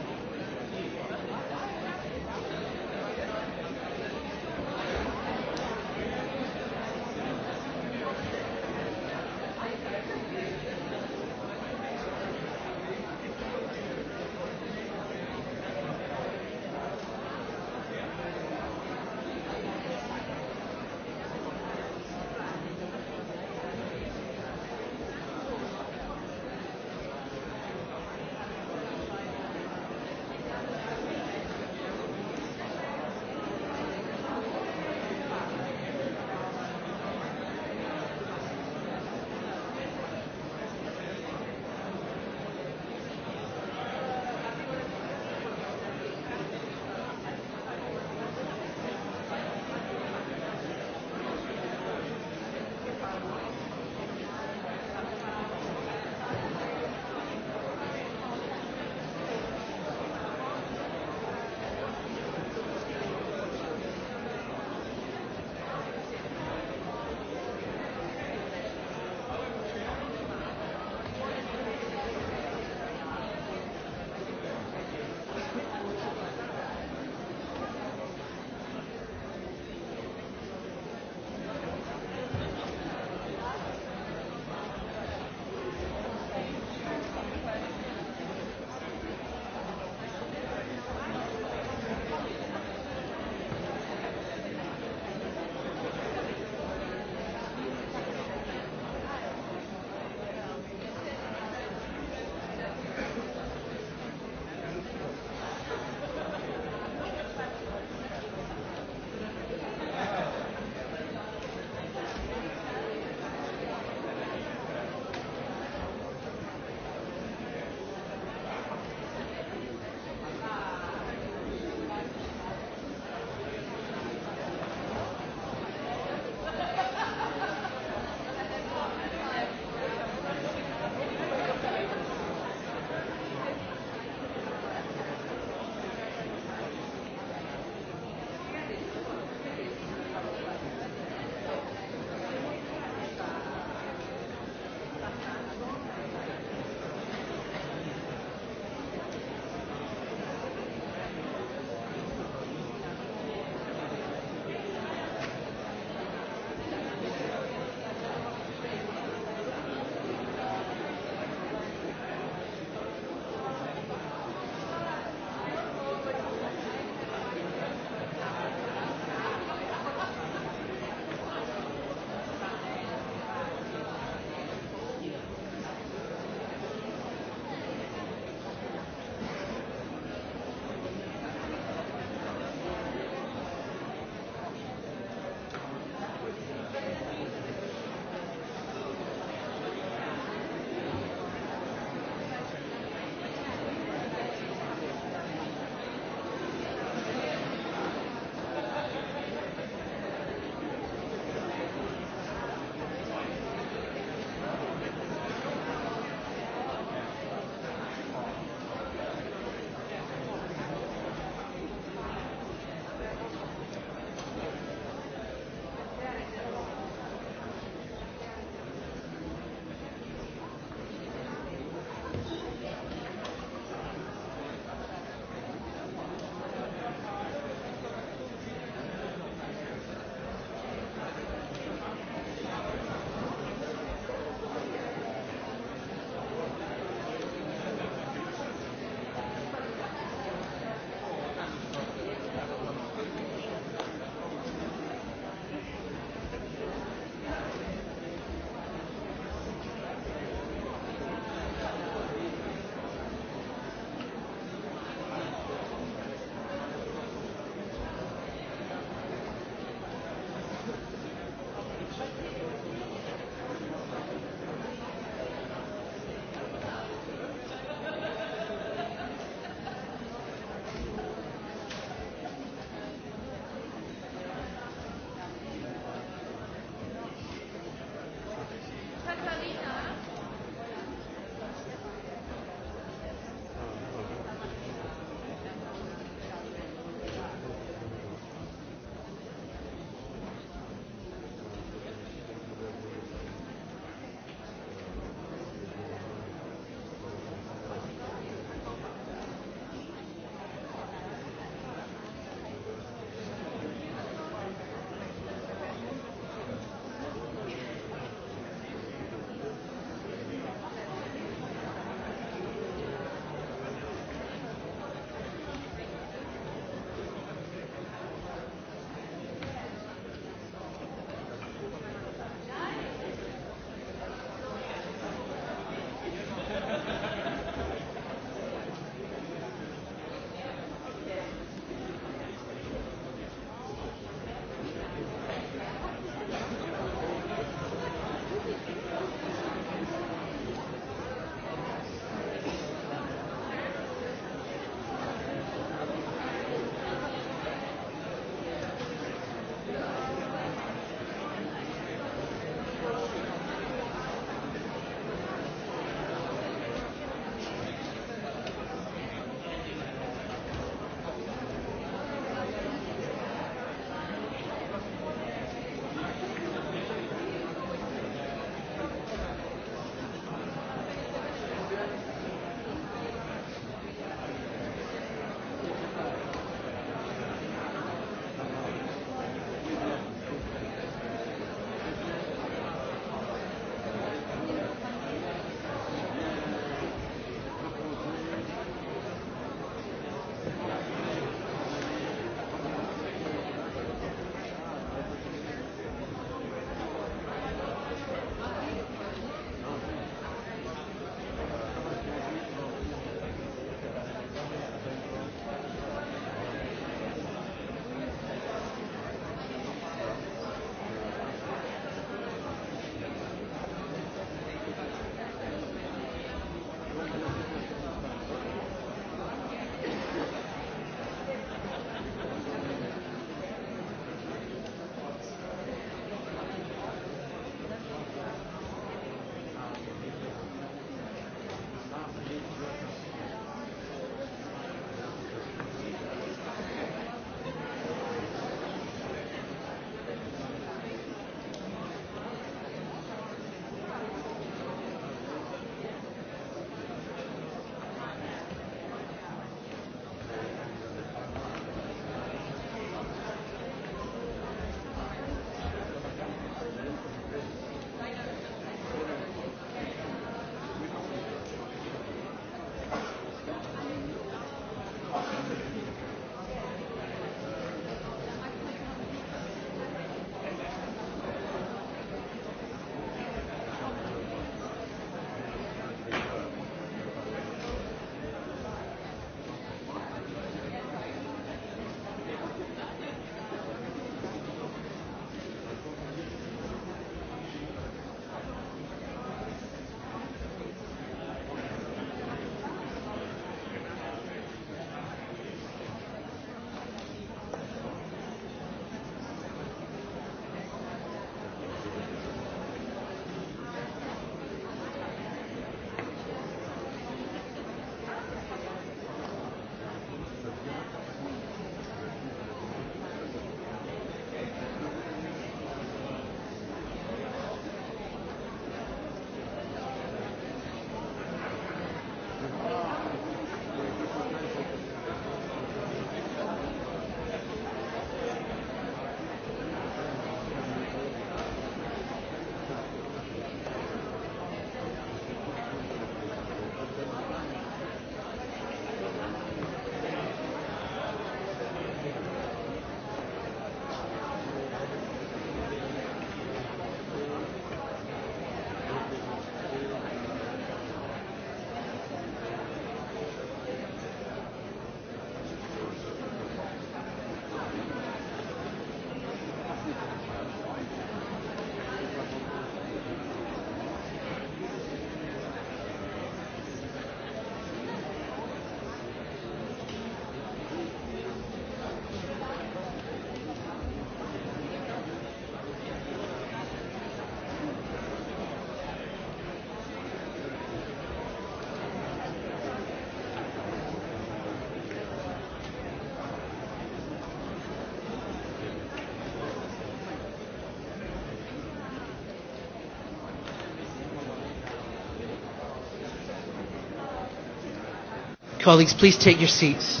Colleagues, please take your seats.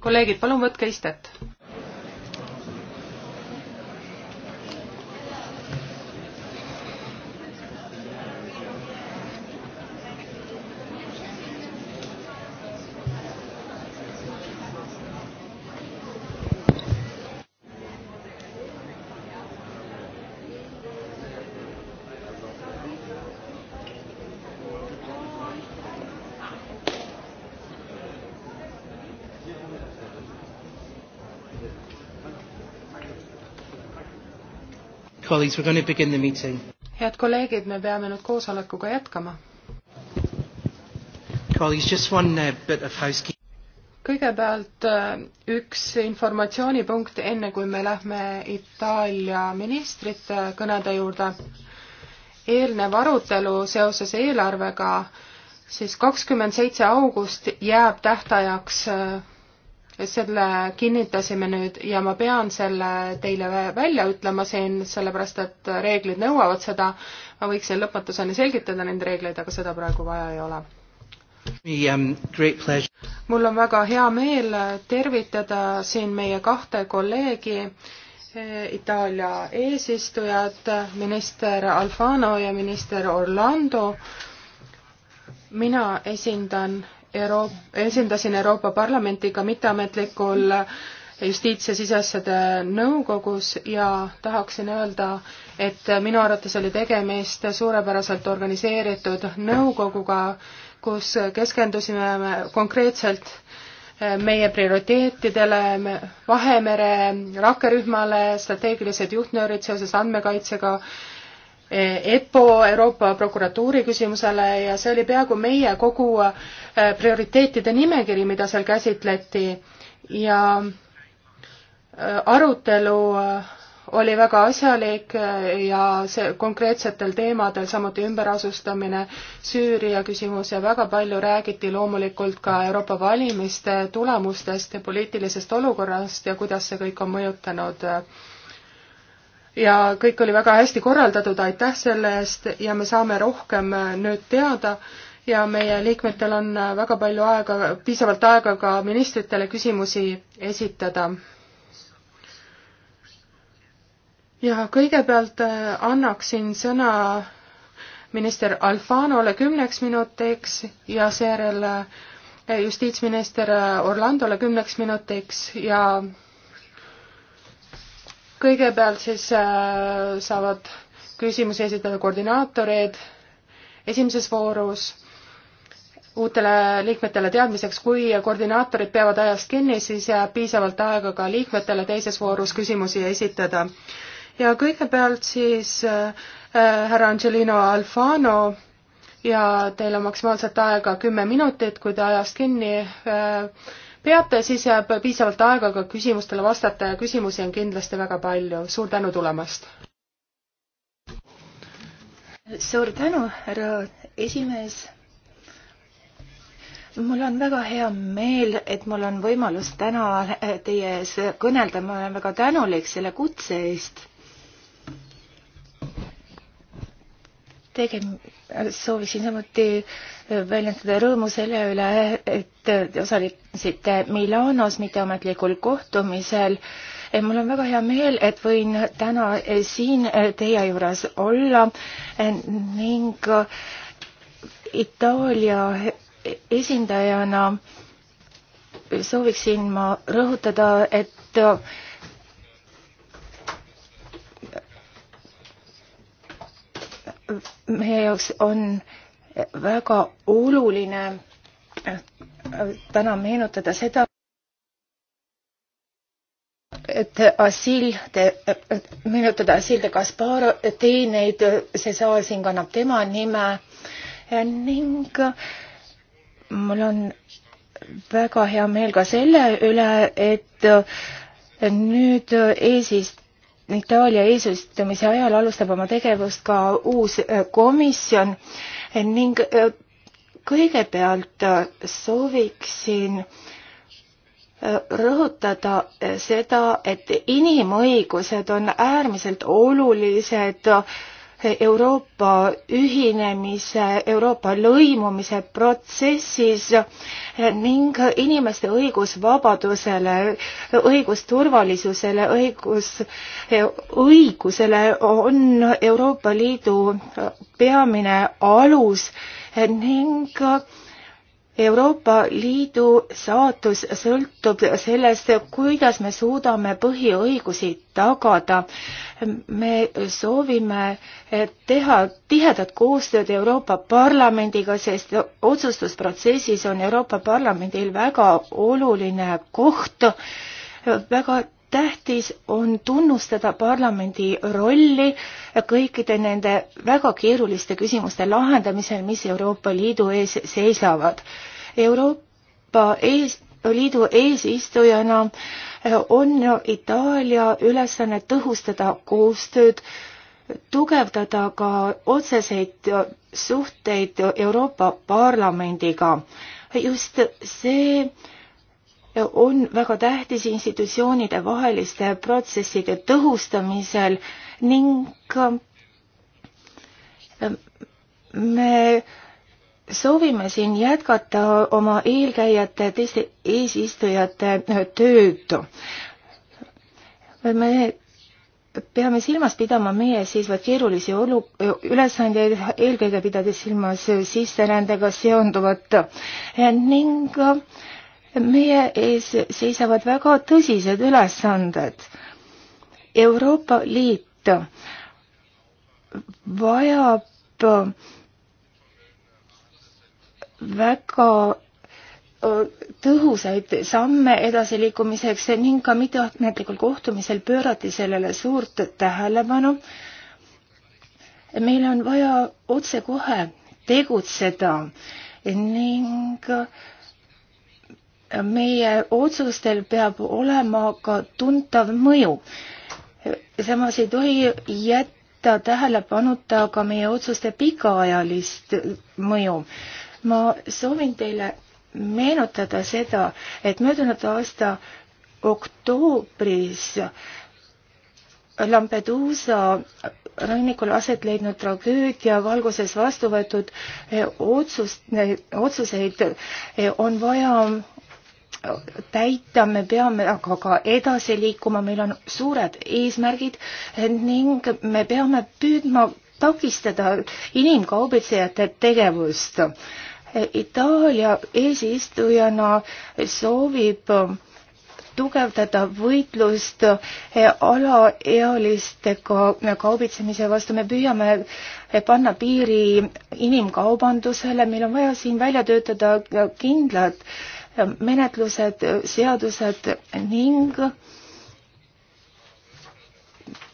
kolleegid, palun võtke istet. colleagues, we're going to begin the meeting. head kolleegid, me peame nüüd koosolekuga jätkama. Colleagues, just one uh, bit of housekeeping kõigepealt uh, üks informatsioonipunkt, enne kui me lähme Itaalia ministrite kõnede juurde. eelnev arutelu seoses eelarvega, siis kakskümmend seitse august jääb tähtajaks uh, selle kinnitasime nüüd ja ma pean selle teile välja ütlema siin, sellepärast et reeglid nõuavad seda. ma võiksin lõpmatuseni selgitada neid reegleid, aga seda praegu vaja ei ole. Um, mul on väga hea meel tervitada siin meie kahte kolleegi eh, Itaalia eesistujad, minister Alfano ja minister Orlando. mina esindan Euro-, esindasin Euroopa Parlamenti ka mitteametlikul justiits- ja siseasjade nõukogus ja tahaksin öelda, et minu arvates oli tegemist suurepäraselt organiseeritud nõukoguga, kus keskendusime konkreetselt eh, meie prioriteetidele, Vahemere rakkerühmale, strateegilised juhtnöörid seoses andmekaitsega, EPPO Euroopa prokuratuuri küsimusele ja see oli peaaegu meie kogu äh, prioriteetide nimekiri, mida seal käsitleti ja äh, arutelu äh, oli väga asjalik ja see konkreetsetel teemadel, samuti ümberasustamine, Süüria küsimus ja väga palju räägiti loomulikult ka Euroopa valimiste tulemustest ja poliitilisest olukorrast ja kuidas see kõik on mõjutanud äh, ja kõik oli väga hästi korraldatud, aitäh selle eest ja me saame rohkem äh, nüüd teada ja meie liikmetel on äh, väga palju aega, piisavalt aega ka ministritele küsimusi esitada. ja kõigepealt äh, annaksin sõna minister Alfanole kümneks minutiks ja seejärel justiitsminister Orlandole kümneks minutiks ja kõigepealt siis äh, saavad küsimusi esitada koordinaatorid esimeses voorus uutele liikmetele teadmiseks, kui koordinaatorid peavad ajast kinni, siis jääb piisavalt aega ka liikmetele teises voorus küsimusi esitada. ja kõigepealt siis äh, härra Angelino Alfano ja teil on maksimaalselt aega kümme minutit, kui te ajast kinni äh, peate, siis jääb piisavalt aega ka küsimustele vastata ja küsimusi on kindlasti väga palju. suur tänu tulemast! suur tänu, härra esimees! mul on väga hea meel, et mul on võimalus täna teie ees kõnelda, ma olen väga tänulik selle kutse eest. tegem-, soovisin samuti äh, väljendada rõõmu selle üle, et te osalesite Milanos mitteametlikul kohtumisel. Eh, mul on väga hea meel, et võin täna eh, siin eh, teie juures olla ning Itaalia esindajana sooviksin ma rõhutada, et meie jaoks on äh, väga oluline äh, täna meenutada seda, et Assil, äh, meenutada Assil de Kaspar teeneid, see saal siin kannab tema nime ning äh, mul on väga hea meel ka selle üle, et nüüd eesist-, Itaalia eesistumise ajal alustab oma tegevust ka uus äh, komisjon ning äh, kõigepealt äh, sooviksin rõhutada seda, et inimõigused on äärmiselt olulised Euroopa ühinemise, Euroopa lõimumise protsessis ning inimeste õigus vabadusele, õigus turvalisusele, õigus, õigusele on Euroopa Liidu peamine alus ning Euroopa Liidu saatus sõltub sellest, kuidas me suudame põhiõigusi tagada. me soovime teha tihedat koostööd Euroopa Parlamendiga, sest otsustusprotsessis on Euroopa Parlamendil väga oluline koht, väga tähtis on tunnustada parlamendi rolli kõikide nende väga keeruliste küsimuste lahendamisel, mis Euroopa Liidu ees seisavad. Euroopa ees, Liidu eesistujana on Itaalia ülesanne tõhustada koostööd, tugevdada ka otseseid suhteid Euroopa Parlamendiga. just see on väga tähtis institutsioonide vaheliste protsesside tõhustamisel ning me soovime siin jätkata oma eelkäijate, teiste eesistujate tööd. me peame silmas pidama meie seisvaid keerulisi olu-, ülesandeid, eelkõige pidades silmas sisserändega seonduvat ning meie ees seisavad väga tõsised ülesanded. Euroopa Liit vajab väga tõhusaid samme edasiliikumiseks ning ka mitteametlikul kohtumisel pöörati sellele suurt tähelepanu. meil on vaja otsekohe tegutseda ning meie otsustel peab olema ka tuntav mõju. samas ei tohi jätta tähelepanuta ka meie otsuste pikaajalist mõju ma soovin teile meenutada seda, et möödunud aasta oktoobris Lampeduusa rannikul aset leidnud tragöödia valguses vastu võetud eh, otsus, eh, otsuseid eh, on vaja täita, me peame aga ka edasi liikuma, meil on suured eesmärgid ning me peame püüdma takistada inimkaubitsejate tegevust Itaalia eesistujana soovib ähm, tugevdada võitlust äh, alaealistega kaubitsemise vastu. me püüame äh, panna piiri inimkaubandusele, meil on vaja siin välja töötada kindlad äh, menetlused, seadused ning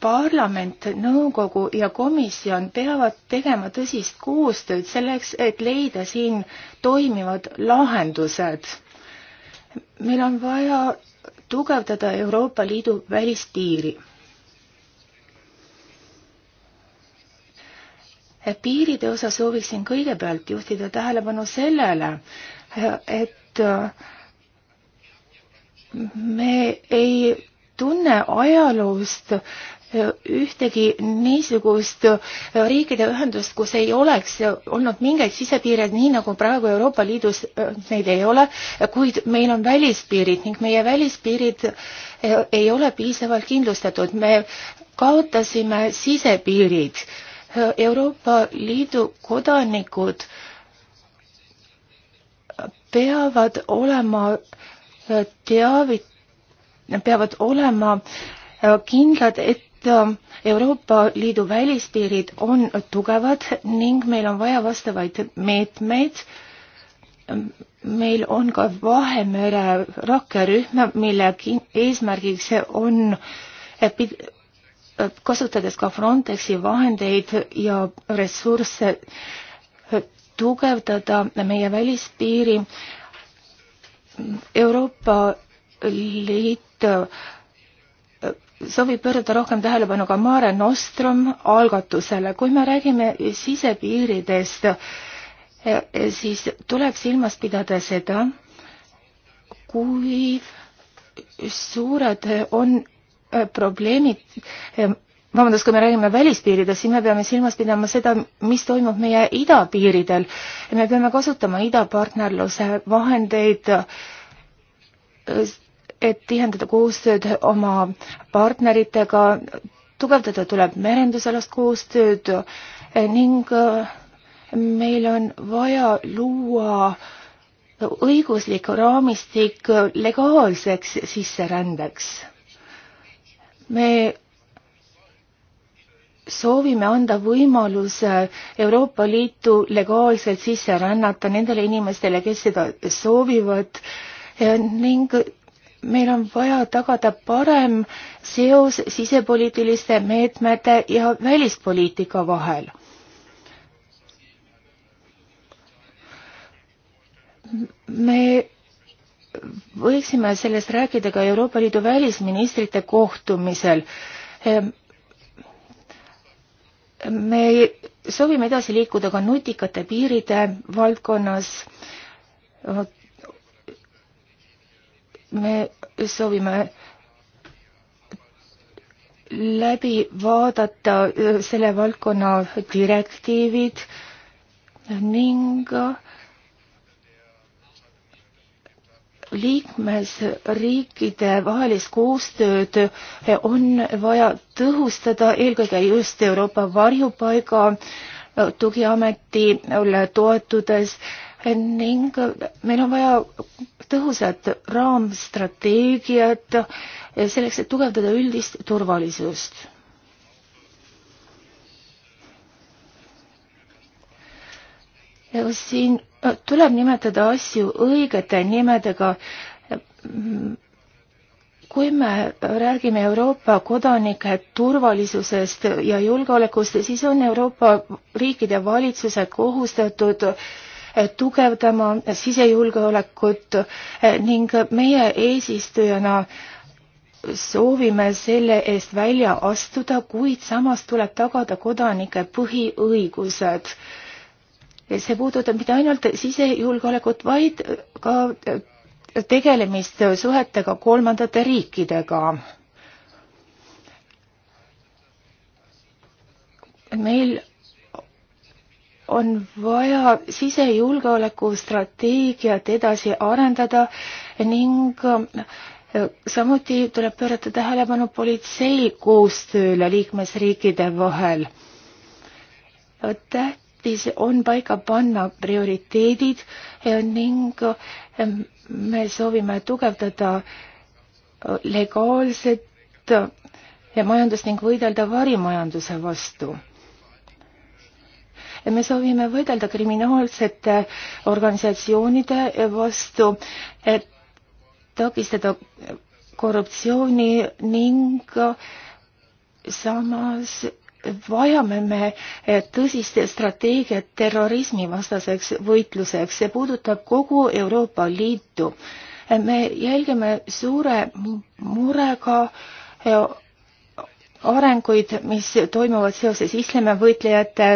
parlament, nõukogu ja komisjon peavad tegema tõsist koostööd selleks, et leida siin toimivad lahendused. meil on vaja tugevdada Euroopa Liidu välispiiri. piiride osas sooviksin kõigepealt juhtida tähelepanu sellele, et me ei tunne ajaloost ühtegi niisugust riikide ühendust, kus ei oleks olnud mingeid sisepiireid, nii nagu praegu Euroopa Liidus neid ei ole, kuid meil on välispiirid ning meie välispiirid ei ole piisavalt kindlustatud. me kaotasime sisepiirid. Euroopa Liidu kodanikud peavad olema teavit-, peavad olema kindlad, et et äh, Euroopa Liidu välispiirid on tugevad ning meil on vaja vastavaid meetmeid. meil on ka Vahemere rakkerühm, mille eesmärgiks on äh, äh, kasutades ka Frontexi vahendeid ja ressursse tugevdada meie välispiiri. Euroopa Liit soovib pöörata rohkem tähelepanu ka Mare Nostrum algatusele. kui me räägime sisepiiridest, e, e, siis tuleb silmas pidada seda, kui suured on e, probleemid, vabandust, kui me räägime välispiiridest, siis me peame silmas pidama seda, mis toimub meie idapiiridel. me peame kasutama idapartnerluse vahendeid et tihendada koostööd oma partneritega, tugevdada tuleb merendusalast koostööd ning äh, meil on vaja luua õiguslik raamistik legaalseks sisserändeks. me soovime anda võimaluse Euroopa Liitu legaalselt sisse rännata nendele inimestele, kes seda soovivad ning meil on vaja tagada parem seos sisepoliitiliste meetmete ja välispoliitika vahel. me võiksime sellest rääkida ka Euroopa Liidu välisministrite kohtumisel. me soovime edasi liikuda ka nutikate piiride valdkonnas me soovime läbi vaadata äh, selle valdkonna direktiivid ning äh, liikmesriikide vahelist koostööd on vaja tõhustada eelkõige just Euroopa varjupaiga äh, tugiametile toetudes ning meil on vaja tõhusat raamstrateegiat selleks, et tugevdada üldist turvalisust. siin äh, tuleb nimetada asju õigete nimedega. kui me räägime Euroopa kodanike turvalisusest ja julgeolekust, siis on Euroopa riikide valitsused kohustatud äh, tugevdama sisejulgeolekut eh, ning meie eesistujana soovime selle eest välja astuda, kuid samas tuleb tagada kodanike põhiõigused. see puudutab mitte ainult sisejulgeolekut, vaid ka eh, tegelemist suhetega kolmandate riikidega. meil on vaja sisejulgeoleku strateegiat edasi arendada ning äh, samuti tuleb pöörata tähelepanu politsei koostööle liikmesriikide vahel. tähtis on paika panna prioriteedid äh, ning äh, me soovime tugevdada legaalset majandust ning võidelda varimajanduse vastu me soovime võidelda kriminaalsete organisatsioonide vastu, et takistada korruptsiooni ning samas vajame me tõsist strateegiat terrorismivastaseks võitluseks, see puudutab kogu Euroopa Liitu. me jälgime suure murega arenguid, mis toimuvad seoses islamivõitlejate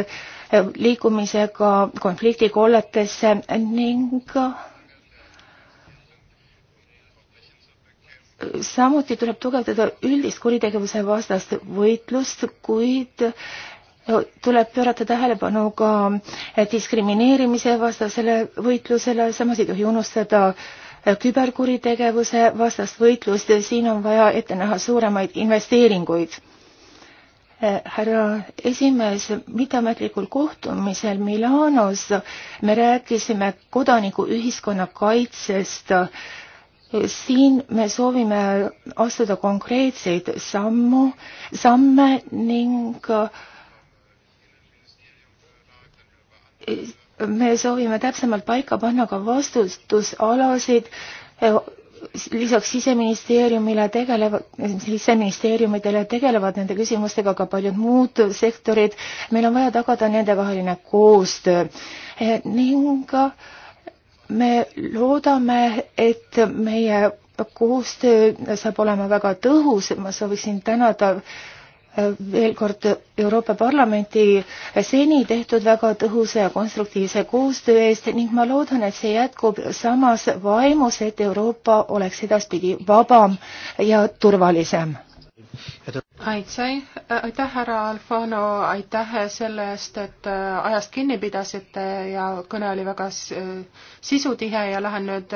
liikumisega konfliktikolletesse ning samuti tuleb tugevdada üldist kuritegevuse vastast võitlust, kuid tuleb pöörata tähelepanu ka diskrimineerimise vastasele võitlusele, samas ei tohi unustada küberkuritegevuse vastast võitlust, siin on vaja ette näha suuremaid investeeringuid härra esimees, mitteametlikul kohtumisel Milanos me rääkisime kodanikuühiskonna kaitsest. siin me soovime astuda konkreetseid sammu, samme ning eh, me soovime täpsemalt paika panna ka vastutusalasid eh, lisaks siseministeeriumile tegelevad, siseministeeriumidele tegelevad nende küsimustega ka paljud muud sektorid. meil on vaja tagada nendevaheline koostöö e, ning me loodame, et meie koostöö saab olema väga tõhus. ma sooviksin tänada veel kord Euroopa Parlamenti seni tehtud väga tõhusa ja konstruktiivse koostöö eest ning ma loodan, et see jätkub samas vaimus, et Euroopa oleks edaspidi vabam ja turvalisem. aitäh, aitäh, härra Alfano, aitäh selle eest, et ajast kinni pidasite ja kõne oli väga sisutihe ja lähen nüüd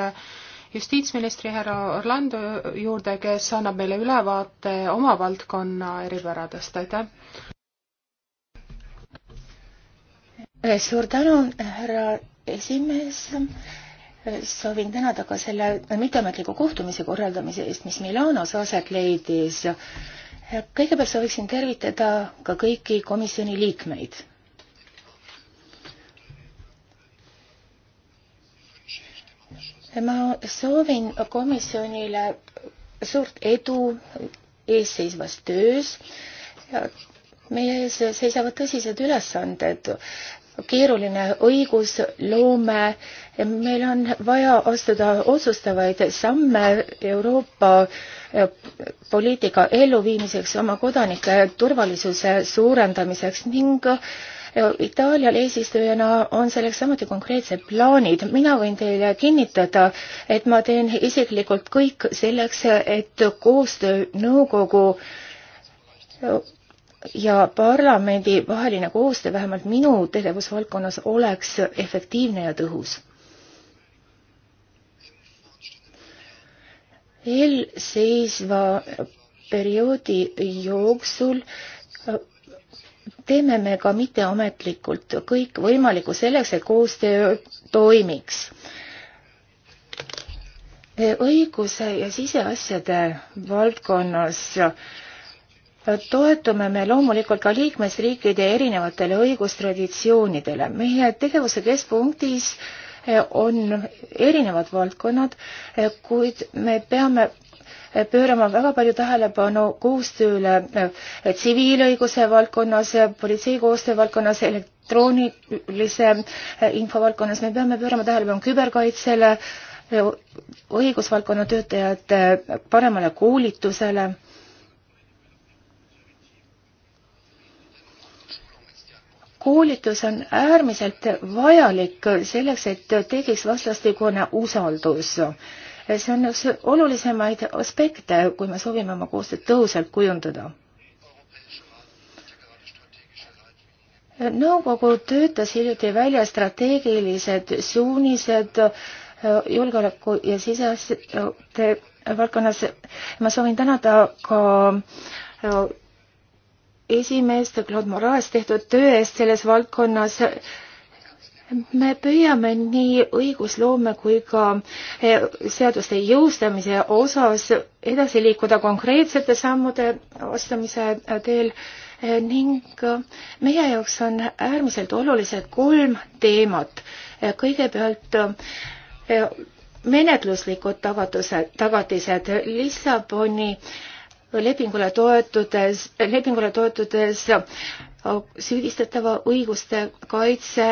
justiitsministri härra Orlando juurde, kes annab meile ülevaate oma valdkonna eripäradest, aitäh! Äh, suur tänu, härra esimees äh, soovin tänada ka selle mitteametliku kohtumise korraldamise eest, mis Milanos aset leidis. Äh, kõigepealt sooviksin tervitada ka kõiki komisjoni liikmeid. ma soovin komisjonile suurt edu eesseisvas töös. meie ees seisavad tõsised ülesanded, keeruline õigusloome, meil on vaja astuda otsustavaid samme Euroopa poliitika elluviimiseks, oma kodanike turvalisuse suurendamiseks ning äh, Itaalial eesistujana on selleks samuti konkreetsed plaanid. mina võin teile kinnitada, et ma teen isiklikult kõik selleks, et koostöö nõukogu ja parlamendi vaheline koostöö vähemalt minu tegevusvaldkonnas oleks efektiivne ja tõhus. eelseisva perioodi jooksul teeme me ka mitteametlikult kõik võimalikku selleks, et koostöö toimiks. õiguse ja siseasjade valdkonnas toetume me loomulikult ka liikmesriikide erinevatele õigustraditsioonidele. meie tegevuse keskpunktis on erinevad valdkonnad, kuid me peame pöörama väga palju tähelepanu koostööle eh, tsiviilõiguse valdkonnas, politsei koostöö valdkonnas, elektroonilise eh, info valdkonnas, me peame pöörama tähelepanu küberkaitsele, eh, õigusvaldkonna töötajate paremale koolitusele koolitus on äärmiselt vajalik selleks, et tekiks vastastikune usaldus see on üks olulisemaid aspekte, kui me soovime oma koostööd tõhusalt kujundada. nõukogu töötas hiljuti välja strateegilised suunised äh, julgeoleku ja siseste valdkonnas. ma soovin tänada ka äh, esimeest Claude Moraes tehtud töö eest selles valdkonnas me püüame nii õigusloome kui ka eh, seaduste jõustamise osas edasi liikuda konkreetsete sammude astumise teel eh, ning eh, meie jaoks on äärmiselt olulised kolm teemat. kõigepealt menetluslikud tagatused, tagatised Lissaboni lepingule toetudes, lepingule toetudes süüdistatava õiguste kaitse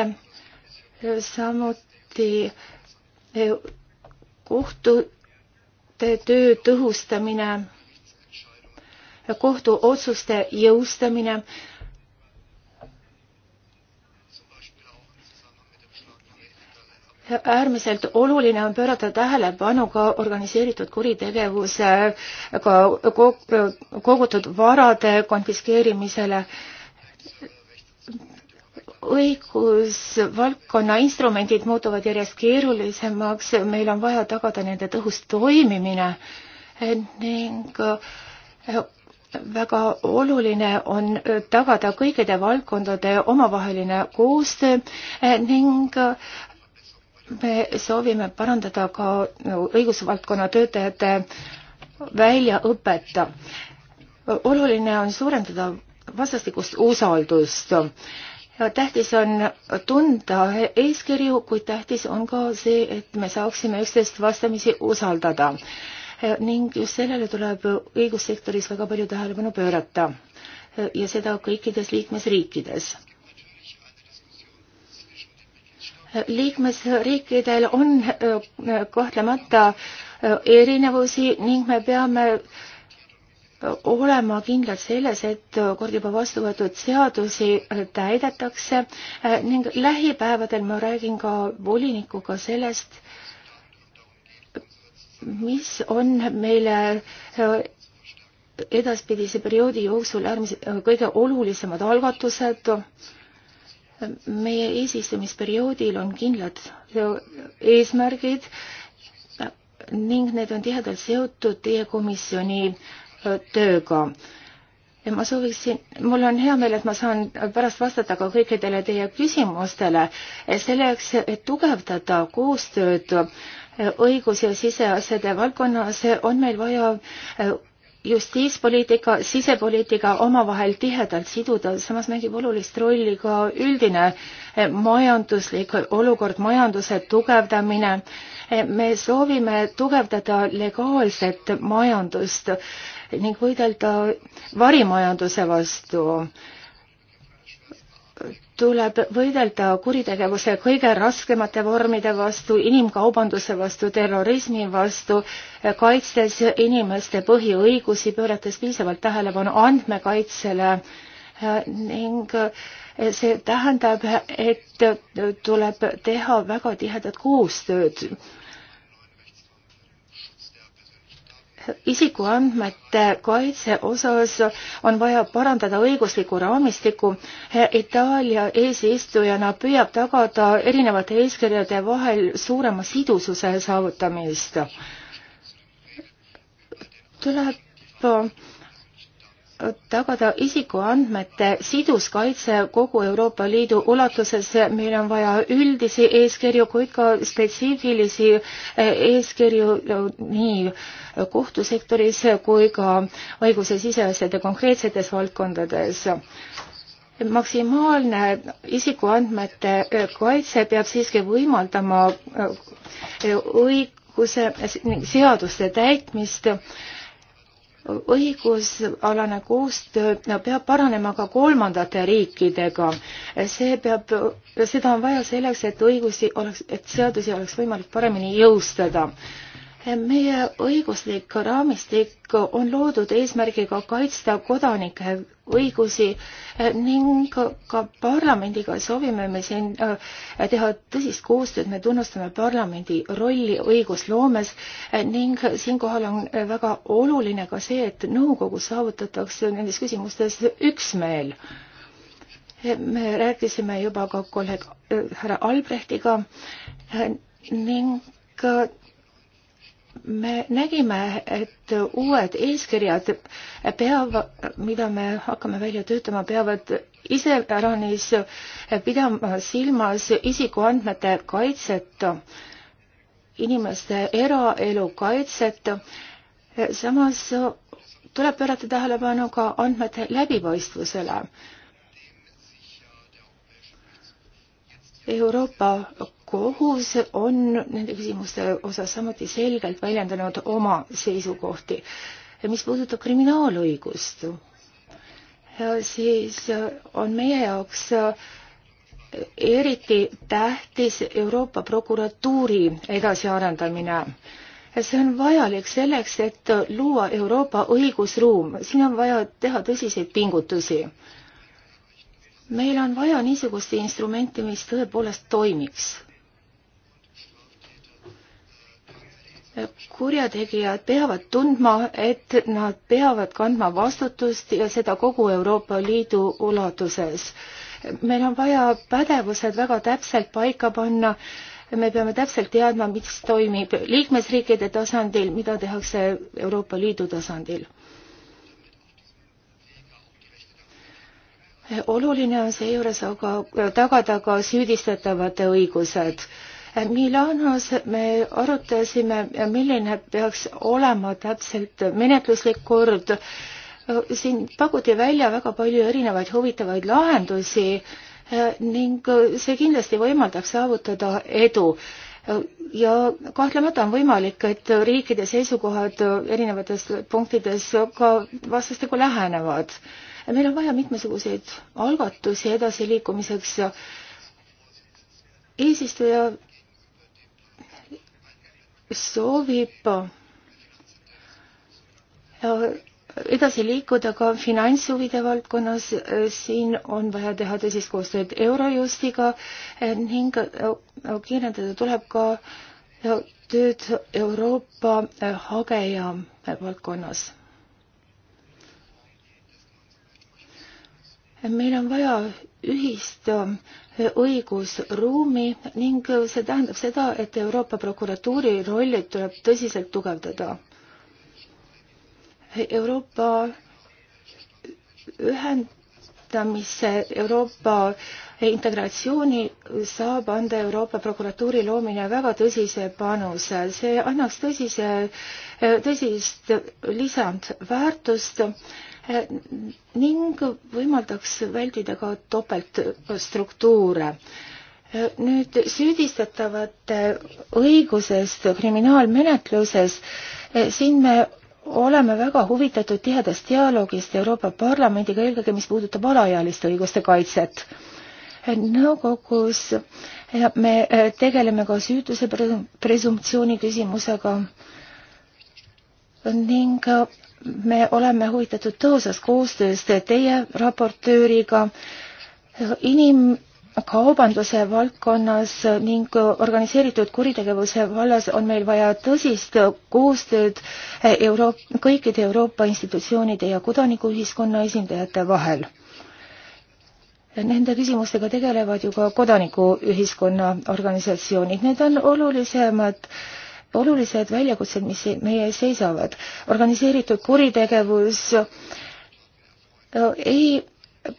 samuti eh, kohtute töö tõhustamine, kohtuotsuste jõustamine. äärmiselt oluline on pöörata tähelepanu ka organiseeritud kuritegevusega kogutud varade konfiskeerimisele õigusvaldkonna instrumendid muutuvad järjest keerulisemaks, meil on vaja tagada nende tõhus toimimine ning eh, väga oluline on eh, tagada kõikide valdkondade omavaheline koostöö eh, ning me soovime parandada ka no, õigusvaldkonna töötajate väljaõpet. oluline on suurendada vastastikust usaldust tähtis on tunda eeskirju, kuid tähtis on ka see, et me saaksime üksteist vastamisi usaldada. ning just sellele tuleb õigussektoris väga palju tähelepanu pöörata ja seda kõikides liikmesriikides liikmesriikidel on äh, kahtlemata erinevusi ning me peame olema kindlad selles, et kord juba vastu võetud seadusi täidetakse ning lähipäevadel ma räägin ka volinikuga sellest, mis on meile edaspidise perioodi jooksul äärmiselt kõige olulisemad algatused. meie eesistumisperioodil on kindlad eesmärgid ning need on tihedalt seotud teie komisjoni tööga. ja ma sooviksin, mul on hea meel, et ma saan pärast vastata ka kõikidele teie küsimustele selleks, et tugevdada koostööd õigus- ja siseasjade valdkonnas, on meil vaja äh, justiitspoliitika, sisepoliitika omavahel tihedalt siduda, samas mängib olulist rolli ka üldine äh, majanduslik olukord, majanduse tugevdamine. Äh, me soovime tugevdada legaalset majandust ning võidelda varimajanduse vastu tuleb võidelda kuritegevuse kõige raskemate vormide vastu, inimkaubanduse vastu, terrorismi vastu, kaitstes inimeste põhiõigusi, pöörates piisavalt tähelepanu andmekaitsele ning see tähendab, et tuleb teha väga tihedat koostööd isikuandmete kaitse osas on vaja parandada õiguslikku raamistikku. Itaalia eesistujana püüab tagada erinevate eeskirjade vahel suurema sidususe saavutamist. tuleb tagada isikuandmete sidus kaitse kogu Euroopa Liidu ulatuses. meil on vaja üldisi eeskirju, kuid ka spetsiifilisi eh, eeskirju nii kohtusektoris kui ka õiguse siseasjade konkreetsetes valdkondades maksimaalne isikuandmete eh, kaitse peab siiski võimaldama eh, õiguse seaduste täitmist õigusalane koostöö peab paranema ka kolmandate riikidega. see peab, seda on vaja selleks, et õigusi oleks, et seadusi oleks võimalik paremini jõustada meie õiguslik raamistik on loodud eesmärgiga kaitsta kodanike õigusi ning ka parlamendiga soovime me siin äh, teha tõsist koostööd, me tunnustame parlamendi rolli õigusloomes ning siinkohal on väga oluline ka see, et nõukogus saavutatakse nendes küsimustes üksmeel. me rääkisime juba ka kolleeg äh, härra Albrechtiga ning me nägime, et uued eeskirjad peavad, mida me hakkame välja töötama, peavad iseäranis pidama silmas isikuandmete kaitset, inimeste eraelu kaitset. samas tuleb pöörata tähelepanu ka andmete läbipaistvusele. Euroopa kohus on nende küsimuste osas samuti selgelt väljendanud oma seisukohti. mis puudutab kriminaalõigust, siis on meie jaoks eriti tähtis Euroopa prokuratuuri edasiarendamine. see on vajalik selleks, et luua Euroopa õigusruum, siin on vaja teha tõsiseid pingutusi. meil on vaja niisugust instrumenti, mis tõepoolest toimiks. kurjategijad peavad tundma, et nad peavad kandma vastutust ja seda kogu Euroopa Liidu ulatuses. meil on vaja pädevused väga täpselt paika panna, me peame täpselt teadma, mis toimib liikmesriikide tasandil, mida tehakse Euroopa Liidu tasandil. oluline on seejuures aga tagada ka süüdistatavate õigused Milanos me arutasime, milline peaks olema täpselt menetluslik kord. siin pakuti välja väga palju erinevaid huvitavaid lahendusi ning see kindlasti võimaldab saavutada edu ja kahtlemata on võimalik, et riikide seisukohad erinevates punktides ka vastastikku lähenevad. meil on vaja mitmesuguseid algatusi edasiliikumiseks. eesistuja soovib äh, edasi liikuda ka finantshuvide valdkonnas, äh, siin on vaja teha tõsist koostööd Eurojustiga äh, ning kiirendada tuleb ka tööd Euroopa hageja valdkonnas meil on vaja ühist äh, õigusruumi ning äh, see tähendab seda, et Euroopa prokuratuuri rolli tuleb tõsiselt tugevdada. Euroopa ühendamise, Euroopa integratsiooni saab anda Euroopa prokuratuuri loomine väga tõsise panuse. see annaks tõsise, äh, tõsist lisandväärtust ning võimaldaks vältida ka topeltstruktuure. nüüd süüdistatavate õigusest kriminaalmenetluses, siin me oleme väga huvitatud tihedast dialoogist Euroopa Parlamendiga, eelkõige mis puudutab alaealiste õiguste kaitset. nõukogus me tegeleme ka süütuse presumptsiooni küsimusega ning äh, me oleme huvitatud tõhusast koostööst teie raportööriga inimkaubanduse valdkonnas ning organiseeritud kuritegevuse vallas on meil vaja tõsist koostööd Euro kõikide Euroopa institutsioonide ja kodanikuühiskonna esindajate vahel. Nende küsimustega tegelevad ju ka kodanikuühiskonna organisatsioonid, need on olulisemad äh, olulised väljakutsed, mis meie ees seisavad. organiseeritud kuritegevus äh, ei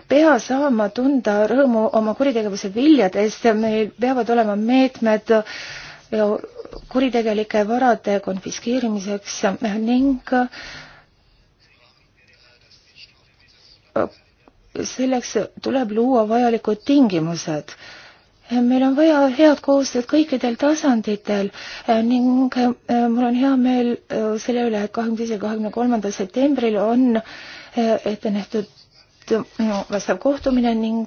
pea saama tunda rõõmu oma kuritegevuse viljadest, meil peavad olema meetmed äh, kuritegelike varade konfiskeerimiseks ning äh, selleks tuleb luua vajalikud tingimused meil on vaja head koostööd kõikidel tasanditel äh, ning äh, mul on hea meel äh, selle üle, et kahekümne teisel, kahekümne kolmandal septembril on ette nähtud vastav kohtumine ning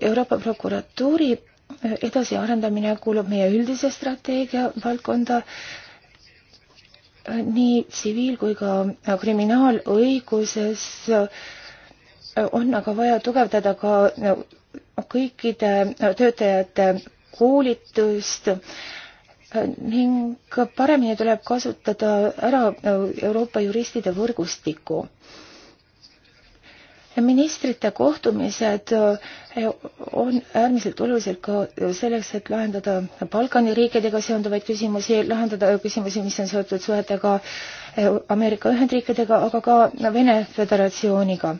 Euroopa prokuratuuri edasiarendamine kuulub meie üldise strateegia valdkonda nii tsiviil kui ka kriminaalõiguses on aga vaja tugevdada ka kõikide töötajate koolitust ning paremini tuleb kasutada ära Euroopa juristide võrgustikku. ministrite kohtumised on äärmiselt olulised ka selleks, et lahendada Balkani riikidega seonduvaid küsimusi, lahendada küsimusi, mis on seotud suhetega Ameerika Ühendriikidega, aga ka Vene Föderatsiooniga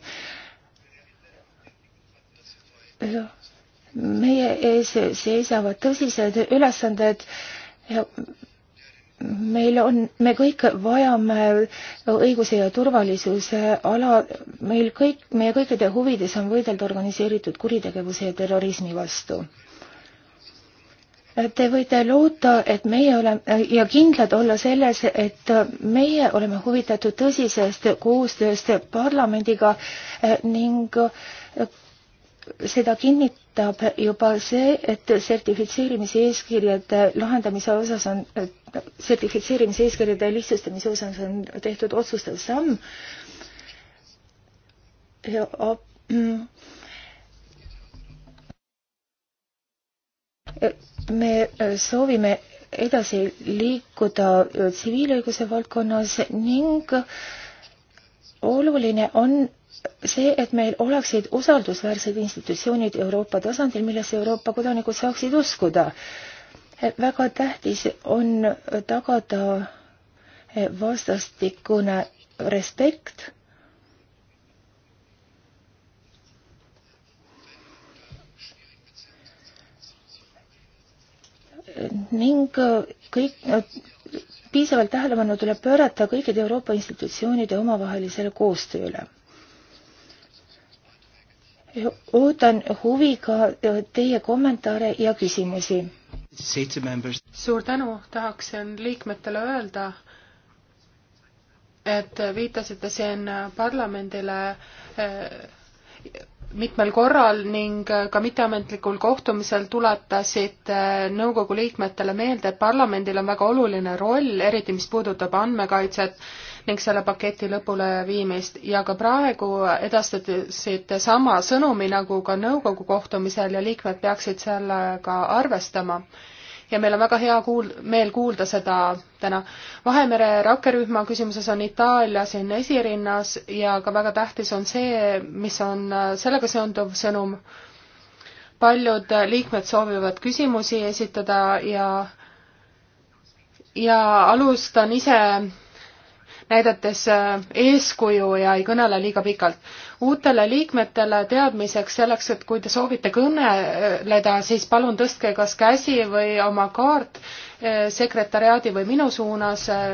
meie ees seisavad tõsised ülesanded. meil on, me kõik vajame õiguse ja turvalisuse ala, meil kõik, meie kõikide huvides on võidelda organiseeritud kuritegevuse ja terrorismi vastu. Te võite loota, et meie oleme ja kindlad olla selles, et meie oleme huvitatud tõsisest koostööst parlamendiga ning seda kinnitab juba see, et sertifitseerimise eeskirjade lahendamise osas on, sertifitseerimise eeskirjade lihtsustamise osas on tehtud otsustav samm. Mm, me soovime edasi liikuda tsiviilõiguse valdkonnas ning oluline on see, et meil oleksid usaldusväärsed institutsioonid Euroopa tasandil, millesse Euroopa kodanikud saaksid uskuda. väga tähtis on tagada vastastikune respekt ning kõik piisavalt tähelepanu tuleb pöörata kõikide Euroopa institutsioonide omavahelisele koostööle ootan huviga äh, teie kommentaare ja küsimusi. suur tänu, tahaksin liikmetele öelda, et viitasite siin parlamendile äh, mitmel korral ning äh, ka mitteametlikul kohtumisel tuletasid nõukogu liikmetele meelde, et parlamendil on väga oluline roll, eriti mis puudutab andmekaitset ning selle paketi lõpuleviimist ja ka praegu edastasite sama sõnumi nagu ka nõukogu kohtumisel ja liikmed peaksid sellega arvestama. ja meil on väga hea kuul-, meel kuulda seda täna. Vahemere rakkerühma küsimuses on Itaalia siin esirinnas ja ka väga tähtis on see, mis on sellega seonduv sõnum. paljud liikmed soovivad küsimusi esitada ja ja alustan ise näidates äh, eeskuju ja ei kõnele liiga pikalt. uutele liikmetele teadmiseks selleks, et kui te soovite kõneleda, siis palun tõstke kas käsi või oma kaart äh, sekretäriaadi või minu suunas äh,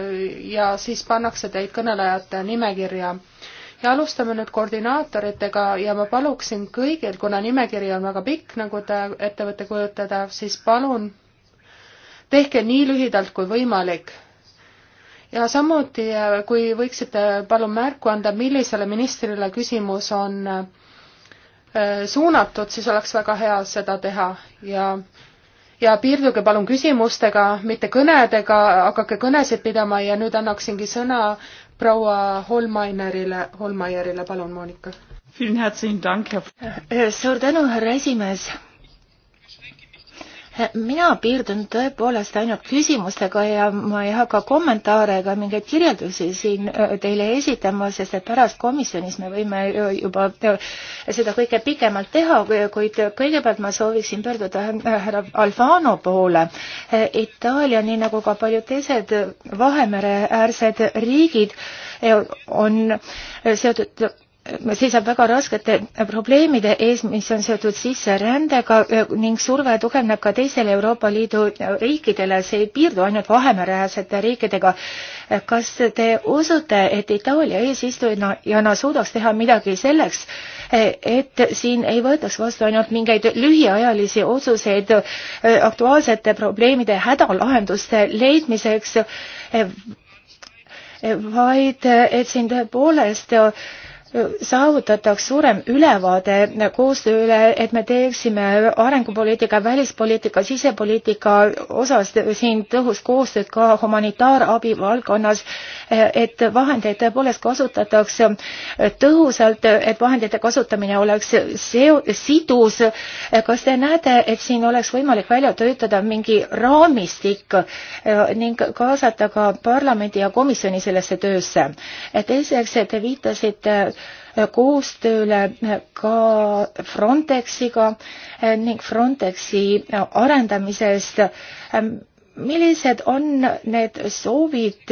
ja siis pannakse teid kõnelejate nimekirja ja alustame nüüd koordinaatoritega ja ma paluksin kõigil, kuna nimekiri on väga pikk, nagu te ette võite kujutada, siis palun tehke nii lühidalt kui võimalik ja samuti, äh, kui võiksite palun märku anda, millisele ministrile küsimus on äh, suunatud, siis oleks väga hea seda teha ja ja piirduge palun küsimustega, mitte kõnedega, hakake kõnesid pidama ja nüüd annaksingi sõna proua Holmainerile, Holmaierile, palun, Monika. Äh, suur tänu, härra esimees mina piirdun tõepoolest ainult küsimustega ja ma ei hakka kommentaare ega mingeid kirjeldusi siin äh, teile esitama, sest et pärast komisjonis me võime juba äh, seda kõike pikemalt teha, kuid kõigepealt ma sooviksin pöörduda äh, härra Alfano poole. Itaalia, nii nagu ka paljud teised Vahemere äärsed riigid, on seotud seisab väga raskete probleemide ees, mis on seotud sisserändega ning surve tugevneb ka teistele Euroopa Liidu riikidele, see ei piirdu ainult Vahemereäärsete riikidega. kas te usute, et Itaalia eesistujana suudaks teha midagi selleks, et siin ei võetaks vastu ainult mingeid lühiajalisi otsuseid e, aktuaalsete probleemide hädalahenduste leidmiseks, e, vaid e, et siin tõepoolest saavutataks suurem ülevaade koostööle, et me teeksime arengupoliitika, välispoliitika, sisepoliitika osas siin tõhus koostööd ka humanitaarabi valdkonnas et vahendeid tõepoolest kasutatakse tõhusalt, et vahendite kasutamine oleks seo-, sidus. kas te näete, et siin oleks võimalik välja töötada mingi raamistik eh, ning kaasata ka parlamendi ja komisjoni sellesse töösse? teiseks, te viitasite eh, koostööle eh, ka Frontexiga ning Frontexi arendamisest millised on need soovid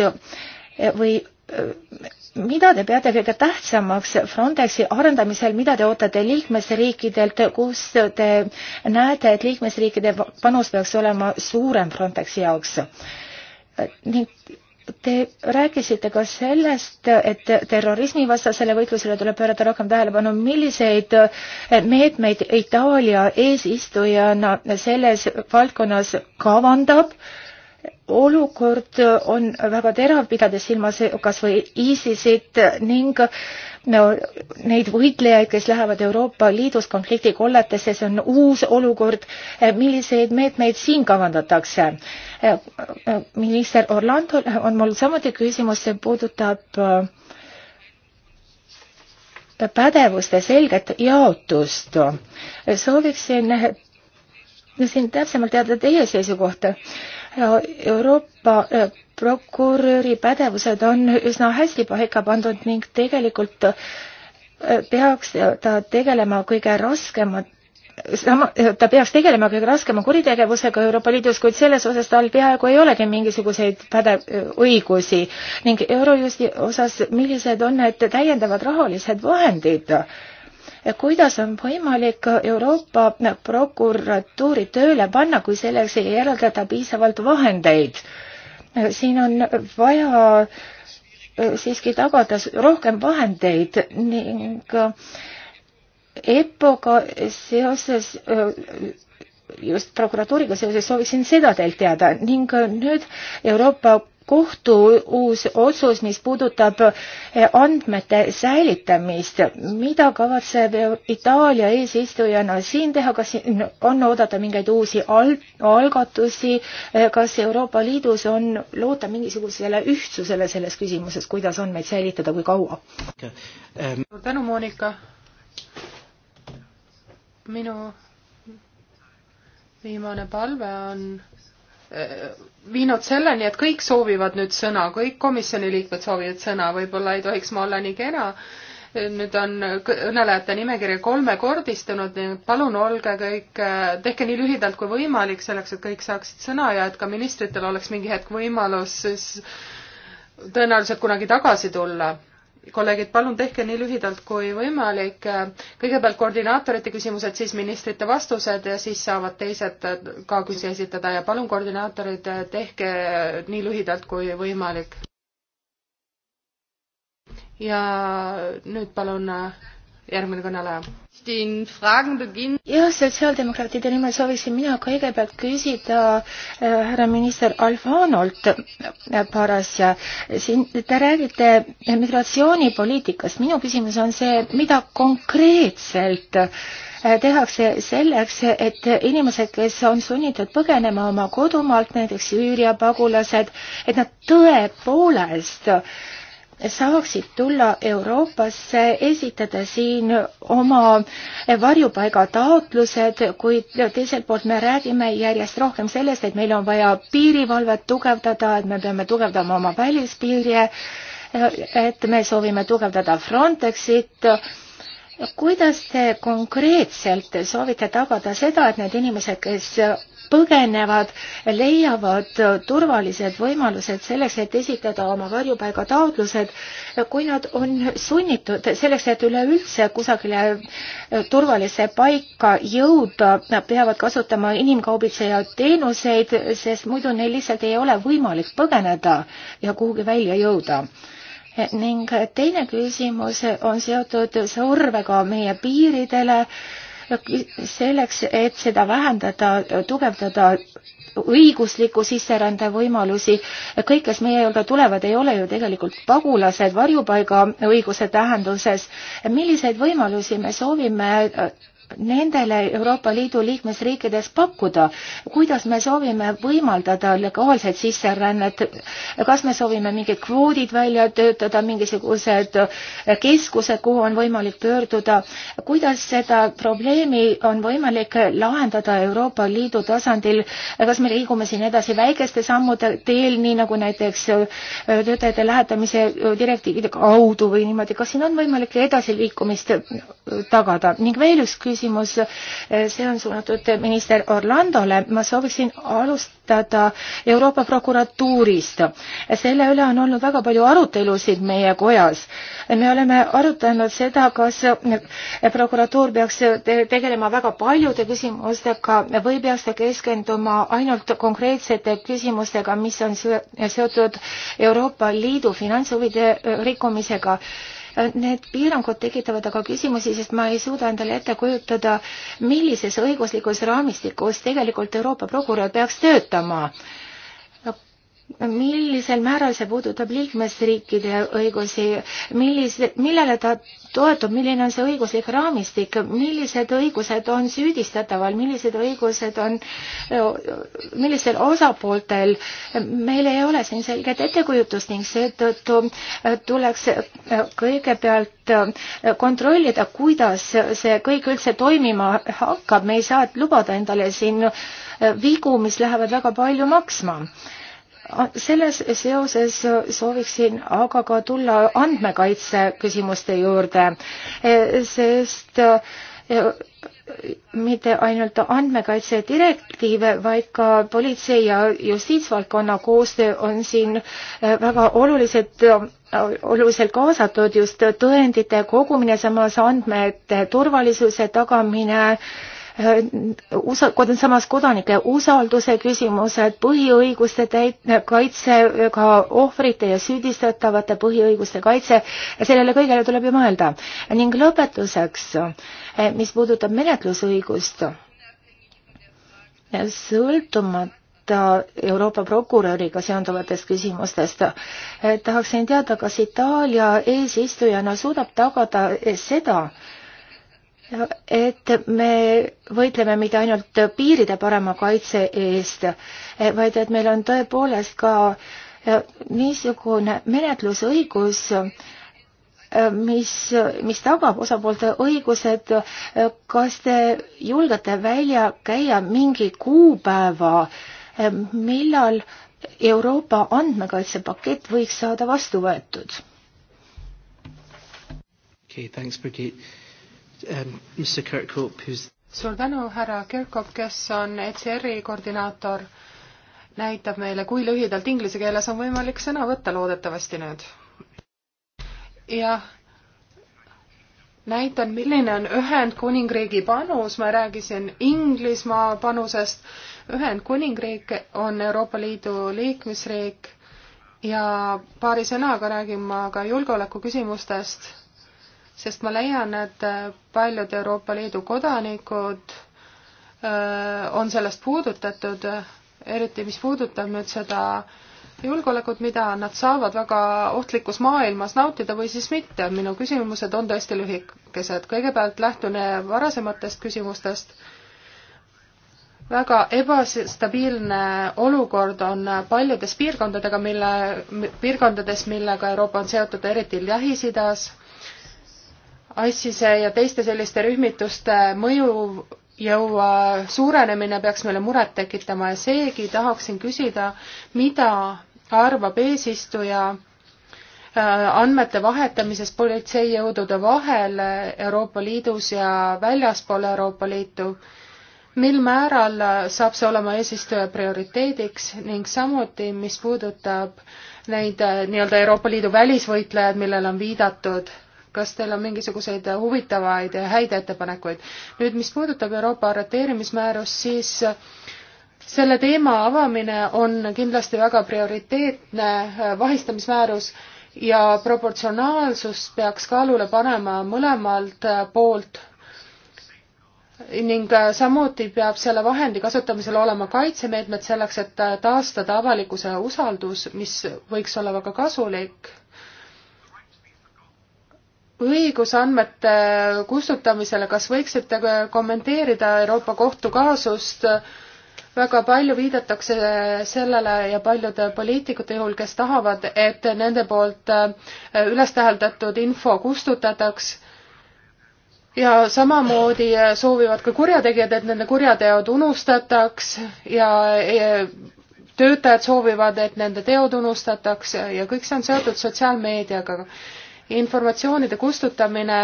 või äh, mida te peate kõige tähtsamaks Frontexi arendamisel, mida te ootate liikmesriikidelt, kus te näete, et liikmesriikide panus peaks olema suurem Frontexi jaoks? ning Te rääkisite ka sellest, et terrorismivastasele võitlusele tuleb pöörata rohkem tähelepanu. Milliseid meetmeid Itaalia eesistujana selles valdkonnas kavandab? olukord on väga terav, pidades silmas kas või ISISit ning no, neid võitlejaid, kes lähevad Euroopa Liidus konfliktikolletesse, see on uus olukord. milliseid meetmeid siin kavandatakse? minister Orlando, on mul samuti küsimus, see puudutab äh, pädevuste selget jaotust. sooviksin äh, siin täpsemalt teada teie seisukohta Euroopa äh, prokuröri pädevused on üsna hästi paika pandud ning tegelikult äh, peaks ta tegelema kõige raskemat sama, ta peaks tegelema kõige raskema kuritegevusega Euroopa Liidus, kuid selles osas tal peaaegu ei olegi mingisuguseid pädev-, õigusi ning Eurojusti osas, millised on need täiendavad rahalised vahendid äh, kuidas on võimalik Euroopa prokuratuuri tööle panna, kui selleks ei eraldata piisavalt vahendeid? siin on vaja äh, siiski tagada rohkem vahendeid ning äh, EPPO-ga seoses äh, just prokuratuuriga seoses sooviksin seda teilt teada ning nüüd Euroopa kohtu uus otsus, mis puudutab eh, andmete säilitamist. mida kavatseb Itaalia eesistujana siin teha, kas siin on oodata mingeid uusi al-, algatusi, eh, kas Euroopa Liidus on loota mingisugusele ühtsusele selles küsimuses, kuidas andmeid säilitada, kui kaua? Um, suur tänu, Monika! minu viimane palve on viinud selleni, et kõik soovivad nüüd sõna, kõik komisjoni liikmed soovivad sõna, võib-olla ei tohiks ma olla nii kena. nüüd on kõnelejate nimekiri kolmekordistunud, nii et palun olge kõik, tehke nii lühidalt kui võimalik, selleks et kõik saaksid sõna ja et ka ministritel oleks mingi hetk võimalus siis tõenäoliselt kunagi tagasi tulla kolleegid, palun tehke nii lühidalt kui võimalik. kõigepealt koordinaatorite küsimused, siis ministrite vastused ja siis saavad teised ka küsimusi esitada ja palun koordinaatorid, tehke nii lühidalt kui võimalik. ja nüüd palun järgmine kõneleja jah, sotsiaaldemokraatide nimel sooviksin mina kõigepealt küsida äh, härra minister Alfanolt paar asja. siin te räägite migratsioonipoliitikast, minu küsimus on see, mida konkreetselt äh, tehakse selleks, et inimesed, kes on sunnitud põgenema oma kodumaalt, näiteks Süüria pagulased, et nad tõepoolest äh, saaksid tulla Euroopasse, esitada siin oma varjupaigataotlused, kuid teiselt poolt me räägime järjest rohkem sellest, et meil on vaja piirivalvet tugevdada, et me peame tugevdama oma välispiiri, et me soovime tugevdada Frontexit kuidas te konkreetselt soovite tagada seda, et need inimesed, kes põgenevad, leiavad turvalised võimalused selleks, et esitada oma varjupaigataotlused, kui nad on sunnitud selleks, et üleüldse kusagile turvalisse paika jõuda, nad peavad kasutama inimkaubitseja teenuseid, sest muidu neil lihtsalt ei ole võimalik põgeneda ja kuhugi välja jõuda ning teine küsimus on seotud survega meie piiridele selleks, et seda vähendada, tugevdada õigusliku sisserände võimalusi. kõik, kes meie juurde tulevad, ei ole ju tegelikult pagulased varjupaiga õiguse tähenduses. milliseid võimalusi me soovime nendele Euroopa Liidu liikmesriikides pakkuda, kuidas me soovime võimaldada legaalset sisserännet, kas me soovime mingid kvoodid välja töötada, mingisugused keskused, kuhu on võimalik pöörduda, kuidas seda probleemi on võimalik lahendada Euroopa Liidu tasandil, kas me liigume siin edasi väikeste sammude teel, nii nagu näiteks äh, töötajate lähetamise direktiivide kaudu või niimoodi, kas siin on võimalik edasiliikumist tagada ning veel üks küsimus, küsimus, eh, see on suunatud minister Orlandole. ma sooviksin alustada Euroopa prokuratuurist. Eh, selle üle on olnud väga palju arutelusid meie kojas. Eh, me oleme arutanud seda, kas prokuratuur peaks tegelema väga paljude küsimustega või peaks ta keskenduma ainult konkreetsete küsimustega, mis on seotud Euroopa Liidu finantshuvide rikkumisega Need piirangud tekitavad aga küsimusi, sest ma ei suuda endale ette kujutada, millises õiguslikus raamistikus tegelikult Euroopa prokurör peaks töötama millisel määral see puudutab liikmesriikide õigusi, millise, millele ta toetub, milline on see õiguslik raamistik, millised õigused on süüdistataval, millised õigused on, millistel osapooltel, meil ei ole siin selget ettekujutust ning seetõttu tuleks kõigepealt kontrollida, kuidas see kõik üldse toimima hakkab, me ei saa lubada endale siin vigu, mis lähevad väga palju maksma Ah, selles seoses äh, sooviksin aga ka tulla andmekaitse küsimuste juurde, äh, sest äh, mitte ainult andmekaitse direktiive, vaid ka politsei ja justiitsvaldkonna koostöö on siin väga olulised, oluliselt kaasatud just tõendite kogumine, samas andmete turvalisuse tagamine äh, usa-, samas kodanike usalduse küsimused, põhiõiguste täit-, kaitse, ka ohvrite ja süüdistatavate põhiõiguste kaitse, sellele kõigele tuleb ju mõelda. ning lõpetuseks, mis puudutab menetlusõigust, sõltumata rääkida Euroopa prokuröriga seonduvatest küsimustest. tahaksin teada, kas Itaalia eesistujana suudab tagada seda, et me võitleme mitte ainult piiride parema kaitse eest, eh, vaid et meil on tõepoolest ka eh, niisugune menetlusõigus, eh, mis, mis tagab osapoolte õigused. kas te julgete välja käia mingi kuupäeva, millal Euroopa andmekaitsepakett võiks saada vastu võetud? Okay, thanks, Brigitte um, Mr Kirkhope, who's suur tänu, härra Kirkhope, kes on ECR-i koordinaator, näitab meile, kui lühidalt inglise keeles on võimalik sõna võtta loodetavasti nüüd. jah, näitan, milline on Ühendkuningriigi panus, ma rääkisin Inglismaa panusest, Ühendkuningriik on Euroopa Liidu liikmesriik ja paari sõnaga räägin ma ka julgeolekuküsimustest sest ma leian, et paljud Euroopa Liidu kodanikud äh, on sellest puudutatud, eriti mis puudutab nüüd seda julgeolekut, mida nad saavad väga ohtlikus maailmas nautida või siis mitte. minu küsimused on tõesti lühikesed. kõigepealt lähtun varasematest küsimustest. väga ebastabiilne olukord on paljudes piirkondadega, mille, piirkondades, millega Euroopa on seotud, eriti Lähis-Idas ISISe ja teiste selliste rühmituste mõju jõua suurenemine peaks meile muret tekitama ja seegi tahaksin küsida, mida arvab eesistuja äh, andmete vahetamisest politseijõudude vahel Euroopa Liidus ja väljaspool Euroopa Liitu. mil määral saab see olema eesistuja prioriteediks ning samuti, mis puudutab neid äh, nii-öelda Euroopa Liidu välisvõitlejaid, millele on viidatud kas teil on mingisuguseid huvitavaid ja häid ettepanekuid? nüüd, mis puudutab Euroopa arreteerimismäärust, siis äh, selle teema avamine on kindlasti väga prioriteetne äh, vahistamismäärus ja proportsionaalsus peaks kaalule panema mõlemalt äh, poolt ning samuti peab selle vahendi kasutamisel olema kaitsemeetmed selleks, et taastada avalikkuse usaldus, mis võiks olla väga kasulik õigus andmete kustutamisele, kas võiksite kommenteerida Euroopa Kohtu kaasust? väga palju viidatakse sellele ja paljude poliitikute juhul, kes tahavad, et nende poolt äh, üles täheldatud info kustutataks ja samamoodi äh, soovivad ka kurjategijad, et nende kurjateod unustataks ja äh, töötajad soovivad, et nende teod unustataks ja kõik see on seotud sotsiaalmeediaga informatsioonide kustutamine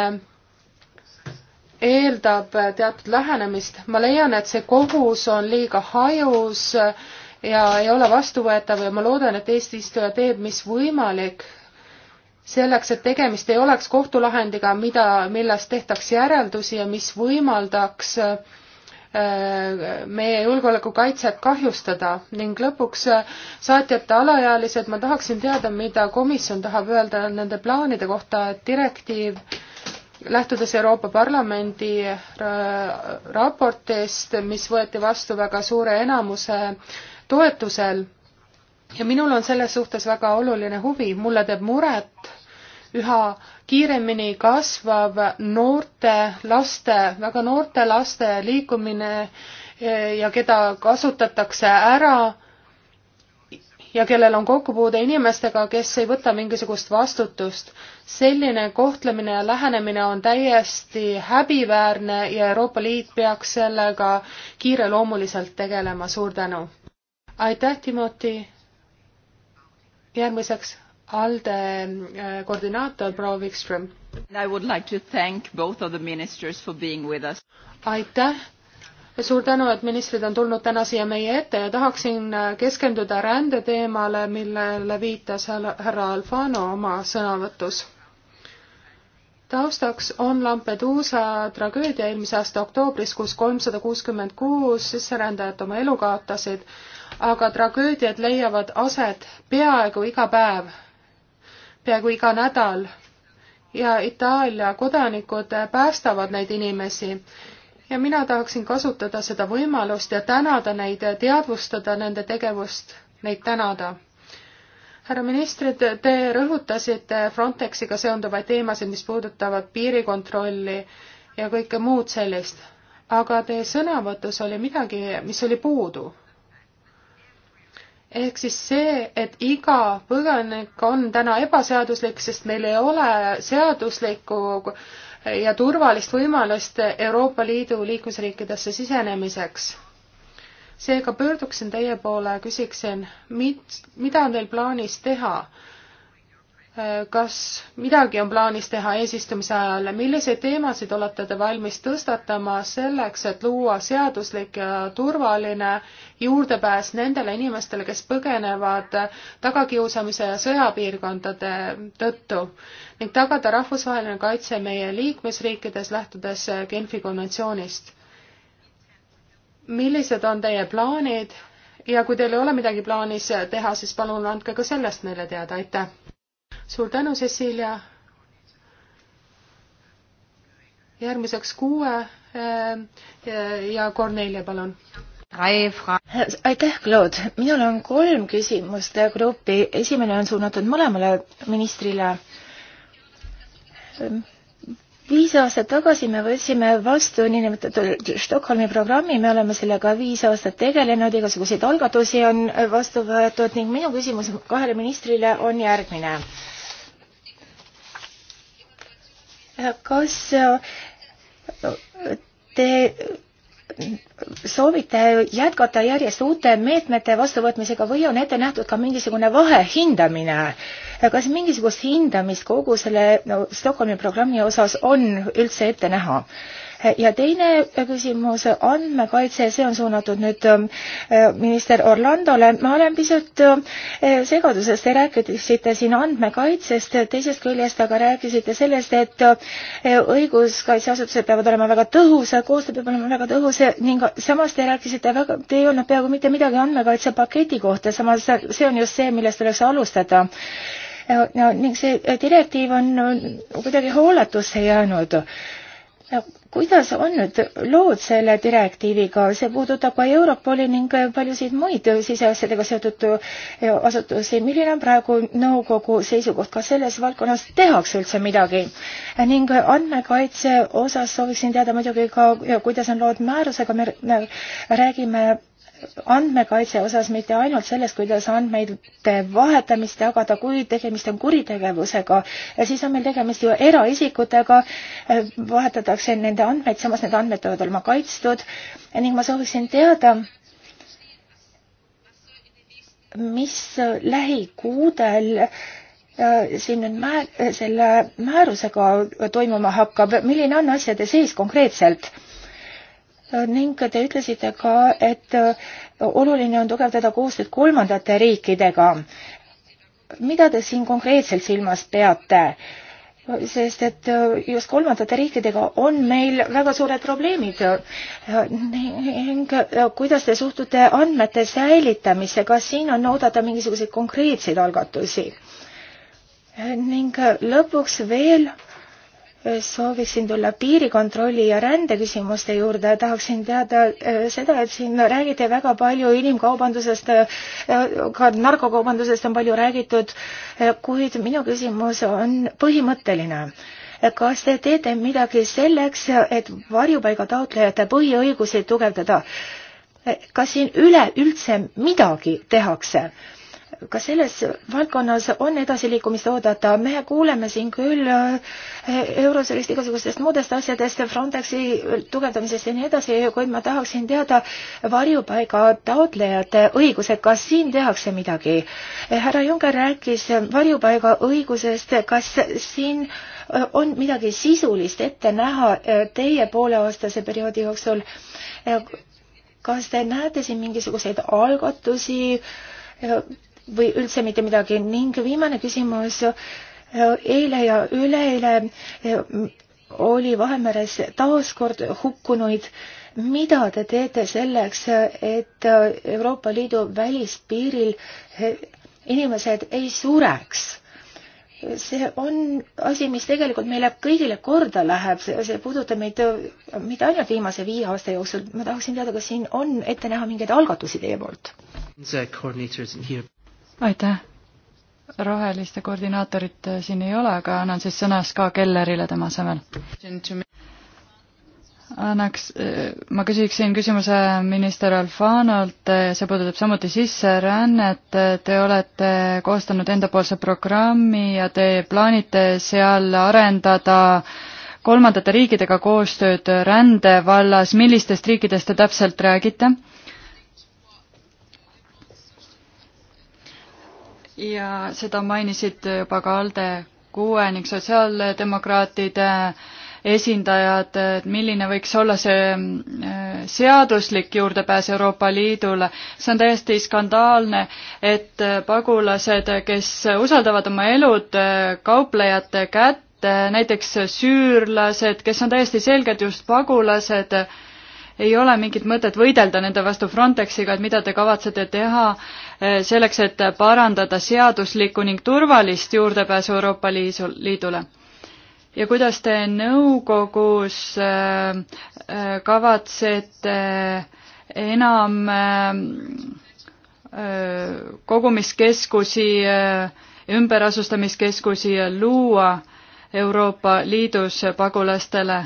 eeldab teatud lähenemist. ma leian, et see kogus on liiga hajus ja ei ole vastuvõetav ja ma loodan, et Eesti istuja teeb, mis võimalik, selleks, et tegemist ei oleks kohtulahendiga, mida, millest tehtaks järeldusi ja mis võimaldaks äh, Äh, meie julgeolekukaitset kahjustada ning lõpuks äh, saatjate alaealised, ma tahaksin teada, mida komisjon tahab öelda nende plaanide kohta, et direktiiv lähtudes Euroopa Parlamendi äh, raportist, mis võeti vastu väga suure enamuse toetusel ja minul on selles suhtes väga oluline huvi, mulle teeb muret üha kiiremini kasvav noorte laste, väga noorte laste liikumine e, ja keda kasutatakse ära ja kellel on kokkupuude inimestega, kes ei võta mingisugust vastutust. selline kohtlemine ja lähenemine on täiesti häbiväärne ja Euroopa Liit peaks sellega kiireloomuliselt tegelema. suur tänu! aitäh, Timoti! järgmiseks ALDE äh, koordinaator proua Wikström. I would like to thank both of the ministers for being with us. aitäh, suur tänu, et ministrid on tulnud täna siia meie ette ja tahaksin äh, keskenduda rändeteemale, millele viitas härra Alfano oma sõnavõtus. taustaks on Lampeduusa tragöödia eelmise aasta oktoobris, kus kolmsada kuuskümmend kuus sisserändajat oma elu kaotasid, aga tragöödiad leiavad aset peaaegu iga päev peaaegu iga nädal ja Itaalia kodanikud päästavad neid inimesi. ja mina tahaksin kasutada seda võimalust ja tänada neid, teadvustada nende tegevust, neid tänada. härra ministrid, te rõhutasite Frontexiga seonduvaid teemasid, mis puudutavad piirikontrolli ja kõike muud sellist, aga teie sõnavõtus oli midagi, mis oli puudu ehk siis see, et iga põgenik on täna ebaseaduslik, sest meil ei ole seaduslikku ja turvalist võimalust Euroopa Liidu liikmesriikidesse sisenemiseks. seega pöörduksin teie poole ja küsiksin, mit-, mida on teil plaanis teha kas midagi on plaanis teha eesistumise ajal, milliseid teemasid olete te valmis tõstatama selleks, et luua seaduslik ja turvaline juurdepääs nendele inimestele, kes põgenevad tagakiusamise ja sõjapiirkondade tõttu ning tagada rahvusvaheline kaitse meie liikmesriikides, lähtudes Genfi konventsioonist? millised on teie plaanid ja kui teil ei ole midagi plaanis teha, siis palun andke ka sellest meile teada, aitäh! suur tänu, Cecilia. järgmiseks kuue eh, eh, ja Kornelia, palun. aitäh, Claude. minul on kolm küsimust gruppi. esimene on suunatud mõlemale ministrile viis aastat tagasi me võtsime vastu niinimetatud Stockholmi programmi, me oleme sellega viis aastat tegelenud, igasuguseid algatusi on vastu võetud ning minu küsimus kahele ministrile on järgmine kas äh, te soovite jätkata järjest uute meetmete vastuvõtmisega või on ette nähtud ka mingisugune vahehindamine? kas mingisugust hindamist kogu selle no, Stockholmi programmi osas on üldse ette näha? ja teine küsimus, andmekaitse, see on suunatud nüüd ähm, minister Orlandole. ma olen pisut äh, segaduses, te rääkisite siin andmekaitsest, teisest küljest aga rääkisite sellest, et äh, õiguskaitseasutused peavad olema väga tõhusad, koostöö peab olema väga tõhus ning samas te rääkisite väga, te ei olnud peaaegu mitte midagi andmekaitsepaketi kohta, samas see on just see, millest tuleks alustada no, ning see direktiiv on kuidagi hooletusse jäänud kuidas on nüüd lood selle direktiiviga, see puudutab ka Europoli ning paljusid muid siseasjadega seotud eh, asutusi. milline on praegu nõukogu seisukoht, kas selles valdkonnas tehakse üldse midagi? ning andmekaitse osas sooviksin teada muidugi ka, kuidas on lood määrusega, me räägime andmekaitse osas mitte ainult selles, kuidas andmeid vahetamist jagada, kui tegemist on kuritegevusega, siis on meil tegemist ju eraisikutega, vahetatakse nende andmeid, samas need andmed peavad olema kaitstud ning ma sooviksin teada, mis lähikuudel äh, siin nüüd määr, selle määrusega toimuma hakkab, milline on asjade seis konkreetselt ning te ütlesite ka, et äh, oluline on tugevdada koostööd kolmandate riikidega. mida te siin konkreetselt silmas peate? sest et äh, just kolmandate riikidega on meil väga suured probleemid. ning äh, kuidas te suhtute andmete säilitamisse, kas siin on oodata mingisuguseid konkreetseid algatusi? ning lõpuks veel Äh, sooviksin tulla piirikontrolli ja rändeküsimuste juurde. tahaksin teada äh, seda, et siin räägiti väga palju inimkaubandusest, äh, ka narkokaubandusest on palju räägitud, kuid minu küsimus on põhimõtteline. kas te teete midagi selleks, et varjupaiga taotlejate põhiõigusi tugevdada? kas siin üleüldse midagi tehakse? ka selles valdkonnas on edasiliikumist oodata, me kuuleme siin küll äh, Eurosolist igasugustest muudest asjadest, Frontexi tugevdamisest ja nii edasi, kuid ma tahaksin teada varjupaiga taotlejate õigused, kas siin tehakse midagi? härra Juncker rääkis varjupaiga õigusest, kas siin äh, on midagi sisulist ette näha äh, teie pooleaastase perioodi jooksul? kas te näete siin mingisuguseid algatusi? või üldse mitte midagi ning viimane küsimus. Äh, eile ja üleeile äh, oli Vahemeres taas kord hukkunuid. mida te teete selleks, et äh, Euroopa Liidu välispiiril inimesed ei sureks? see on asi, mis tegelikult meile kõigile korda läheb, see puudutab meid mitte ainult viimase viie aasta jooksul, ma tahaksin teada, kas siin on ette näha mingeid algatusi teie poolt? aitäh. roheliste koordinaatorit äh, siin ei ole, aga annan siis sõna Ska Kellerile tema asemel. annaks, äh, ma küsiksin küsimuse minister Alfanolt, äh, see puudutab samuti sisserännet, te olete koostanud endapoolse programmi ja te plaanite seal arendada kolmandate riikidega koostööd rände vallas, millistest riikidest te täpselt räägite? ja seda mainisid juba ka ALDE kuue ning sotsiaaldemokraatide esindajad, et milline võiks olla see äh, seaduslik juurdepääs Euroopa Liidule. see on täiesti skandaalne, et äh, pagulased, kes usaldavad oma elud äh, kauplejate kätte, näiteks süürlased, kes on täiesti selgelt just pagulased, ei ole mingit mõtet võidelda nende vastu Frontexiga, et mida te kavatsete teha eh, selleks, et parandada seaduslikku ning turvalist juurdepääsu Euroopa Liidule? ja kuidas te nõukogus eh, eh, kavatsete enam kogumiskeskusi, ümberasustamiskeskusi luua Euroopa Liidus pagulastele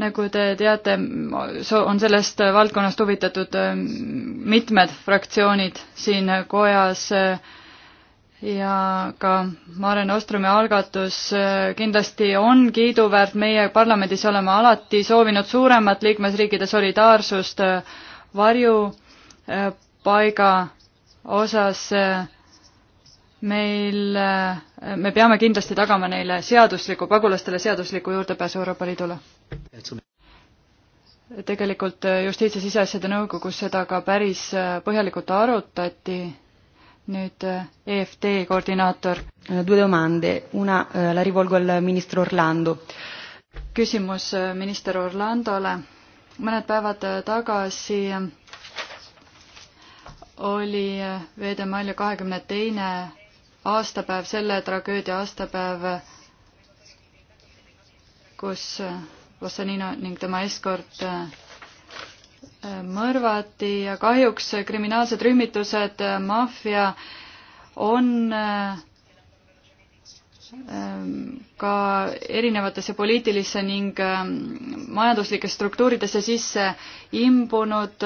nagu te teate, on sellest valdkonnast huvitatud äh, mitmed fraktsioonid siin kojas äh, ja ka Maren Ostrumi algatus äh, kindlasti on kiiduväärt, meie parlamendis oleme alati soovinud suuremat liikmesriikide solidaarsust varjupaiga osas meil, me peame kindlasti tagama neile seadusliku, pagulastele seadusliku juurdepääsu Euroopa Liidule tegelikult äh, Justiits- ja Siseasjade Nõukogus seda ka päris äh, põhjalikult arutati. nüüd äh, EFD koordinaator. Eh, due domande, una eh, la rivolgo al ministro Orlando. küsimus minister Orlandole. mõned päevad tagasi oli Veedemalja kahekümne teine aastapäev, selle tragöödia aastapäev, kus Vassanina ning tema eskord äh, äh, mõrvati ja kahjuks kriminaalsed rühmitused, äh, maffia on ähm, ka erinevatesse poliitilisse ning ähm, majanduslikesse struktuuridesse sisse imbunud.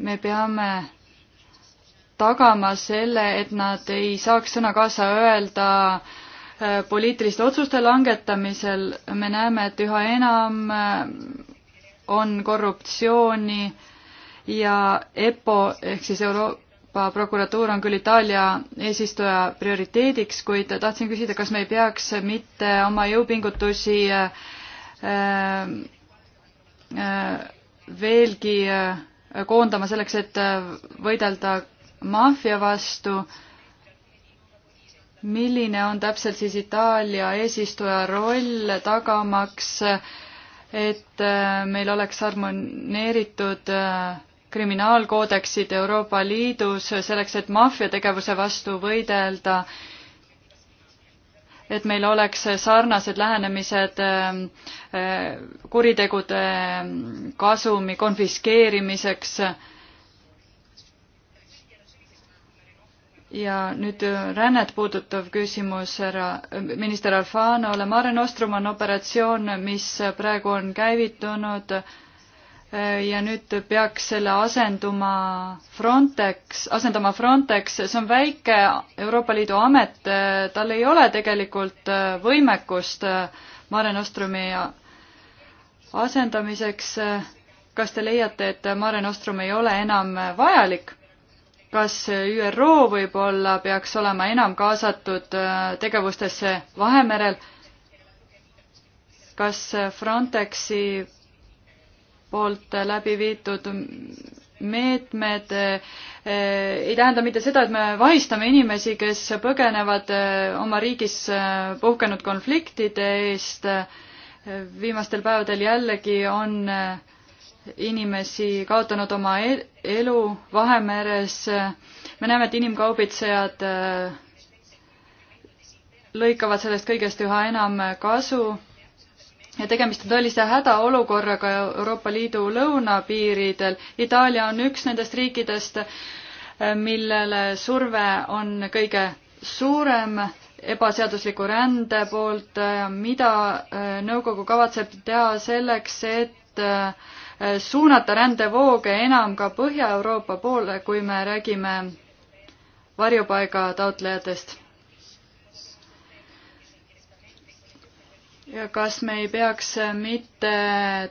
me peame tagama selle, et nad ei saaks sõna kaasa öelda äh, poliitiliste otsuste langetamisel me näeme, et üha enam äh, on korruptsiooni ja EPPO ehk siis Euroopa prokuratuur on küll Itaalia eesistuja prioriteediks, kuid tahtsin küsida, kas me ei peaks mitte oma jõupingutusi äh, äh, veelgi koondama selleks, et võidelda maffia vastu äh, milline on täpselt siis Itaalia eesistuja roll tagamaks, et äh, meil oleks harmoneeritud äh, kriminaalkoodeksid Euroopa Liidus selleks, et maffiategevuse vastu võidelda, et meil oleks sarnased lähenemised äh, kuritegude kasumi konfiskeerimiseks ja nüüd äh, rännet puudutav küsimus härra äh, minister Alfanole. Mare Nostrum on operatsioon, mis äh, praegu on käivitunud ja nüüd peaks selle asenduma Frontex, asendama Frontex, see on väike Euroopa Liidu amet, tal ei ole tegelikult võimekust Mare Nostrumi asendamiseks. kas te leiate, et Mare Nostrum ei ole enam vajalik? kas ÜRO võib-olla peaks olema enam kaasatud äh, tegevustesse Vahemerel? kas Frontexi poolt läbi viidud meetmed äh, äh, ei tähenda mitte seda, et me vahistame inimesi, kes põgenevad oma riigis puhkenud konfliktide eest. viimastel päevadel jällegi on äh, inimesi kaotanud oma e-, elu Vahemeres. me näeme, et inimkaubitsejad äh, lõikavad sellest kõigest üha enam kasu ja tegemist on tõelise hädaolukorraga Euroopa Liidu lõunapiiridel. Itaalia on üks nendest riikidest, äh, millele surve on kõige suurem ebaseadusliku rände poolt. Äh, mida nõukogu kavatseb teha selleks, et Äh, suunata rändevooge enam ka Põhja-Euroopa poole, kui me räägime varjupaiga taotlejatest. ja kas me ei peaks mitte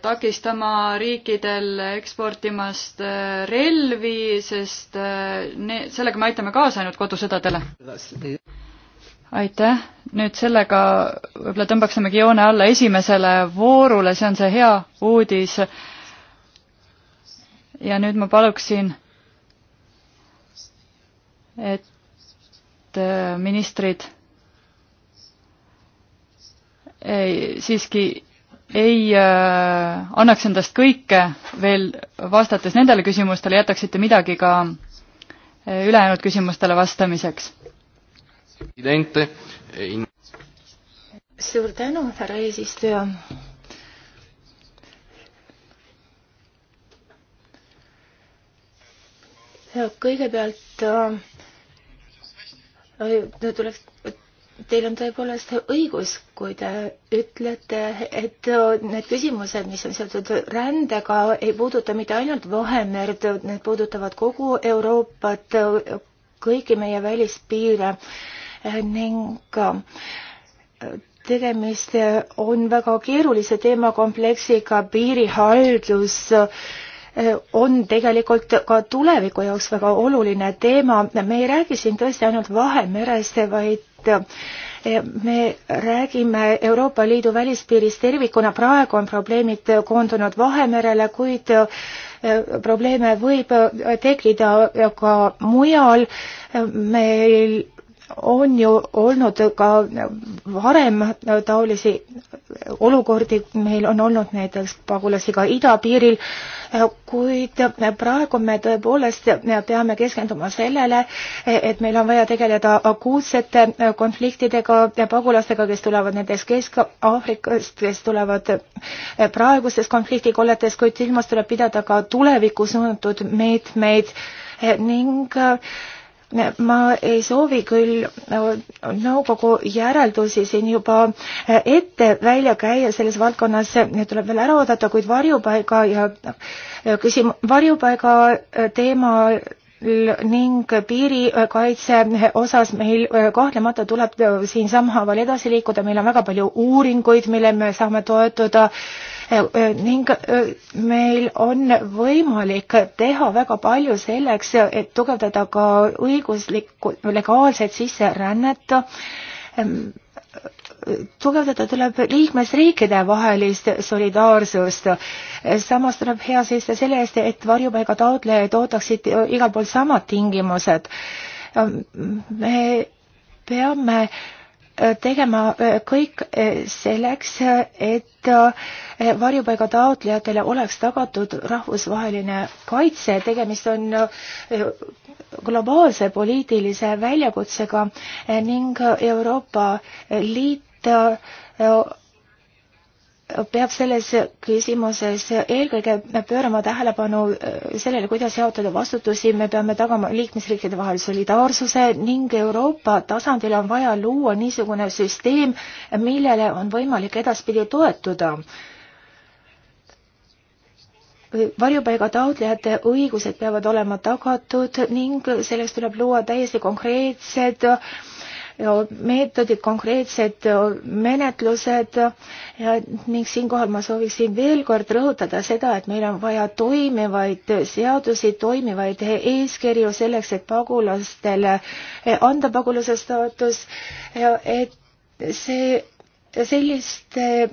takistama riikidel eksportimast äh, relvi, sest äh, ne-, sellega me aitame kaasa ainult kodusõdadele? aitäh, nüüd sellega võib-olla tõmbaksimegi joone alla esimesele voorule, see on see hea uudis ja nüüd ma paluksin, et äh, ministrid ei, siiski ei äh, annaks endast kõike veel vastates nendele küsimustele, jätaksite midagi ka äh, ülejäänud küsimustele vastamiseks. suur tänu, härra eesistuja kõigepealt äh, äh, tuleks, teil on tõepoolest õigus, kui te ütlete, et äh, need küsimused, mis on seotud rändega, ei puuduta mitte ainult Vahemerd, need puudutavad kogu Euroopat, kõiki meie välispiire ning tegemist on väga keerulise teemakompleksiga, piirihaldus äh,, on tegelikult ka tuleviku jaoks väga oluline teema. me ei räägi siin tõesti ainult Vahemerest, vaid eh, me räägime Euroopa Liidu välispiirist tervikuna, praegu on probleemid koondunud Vahemerele, kuid eh, probleeme võib tekkida ka mujal. meil on ju olnud ka varem taolisi olukordi, meil on olnud näiteks pagulasi ka idapiiril, kuid praegu me tõepoolest peame keskenduma sellele, et meil on vaja tegeleda akuutsete konfliktidega, pagulastega, kes tulevad näiteks Kesk-Aafrikast, kes tulevad praegustes konfliktikolletest, kuid silmas tuleb pidada ka tulevikku suunatud meetmeid ning äh, ma ei soovi küll äh, nõukogu järeldusi siin juba äh, ette välja käia selles valdkonnas, need tuleb veel ära oodata, kuid varjupaiga ja äh, küsim-, varjupaiga teemal ning piirikaitse osas meil kahtlemata tuleb siinsamhaaval edasi liikuda, meil on väga palju uuringuid, mille me saame toetuda Äh, äh, ning äh, meil on võimalik teha väga palju selleks, et tugevdada ka õiguslikku, legaalset sisserännet ähm, tugevdada tuleb liikmesriikide vahelist solidaarsust. samas tuleb hea seista selle eest, et varjupaiga taotlejad ootaksid igal pool samad tingimused. Ähm, me peame tegema äh, kõik äh, selleks, äh, et varjupaiga taotlejatele oleks tagatud rahvusvaheline kaitse, tegemist on globaalse poliitilise väljakutsega ning Euroopa Liit peab selles küsimuses eelkõige pöörama tähelepanu äh, sellele, kuidas jaotada vastutusi, me peame tagama liikmesriikide vahel solidaarsuse ning Euroopa tasandil on vaja luua niisugune süsteem, millele on võimalik edaspidi toetuda varjupaiga taotlejate õigused peavad olema tagatud ning selleks tuleb luua täiesti konkreetsed äh, meetodid, konkreetsed menetlused ning siinkohal ma sooviksin veel kord rõhutada seda, et meil on vaja toimivaid seadusi, toimivaid eeskirju selleks, et pagulastele anda pagulase staatus, et see selliste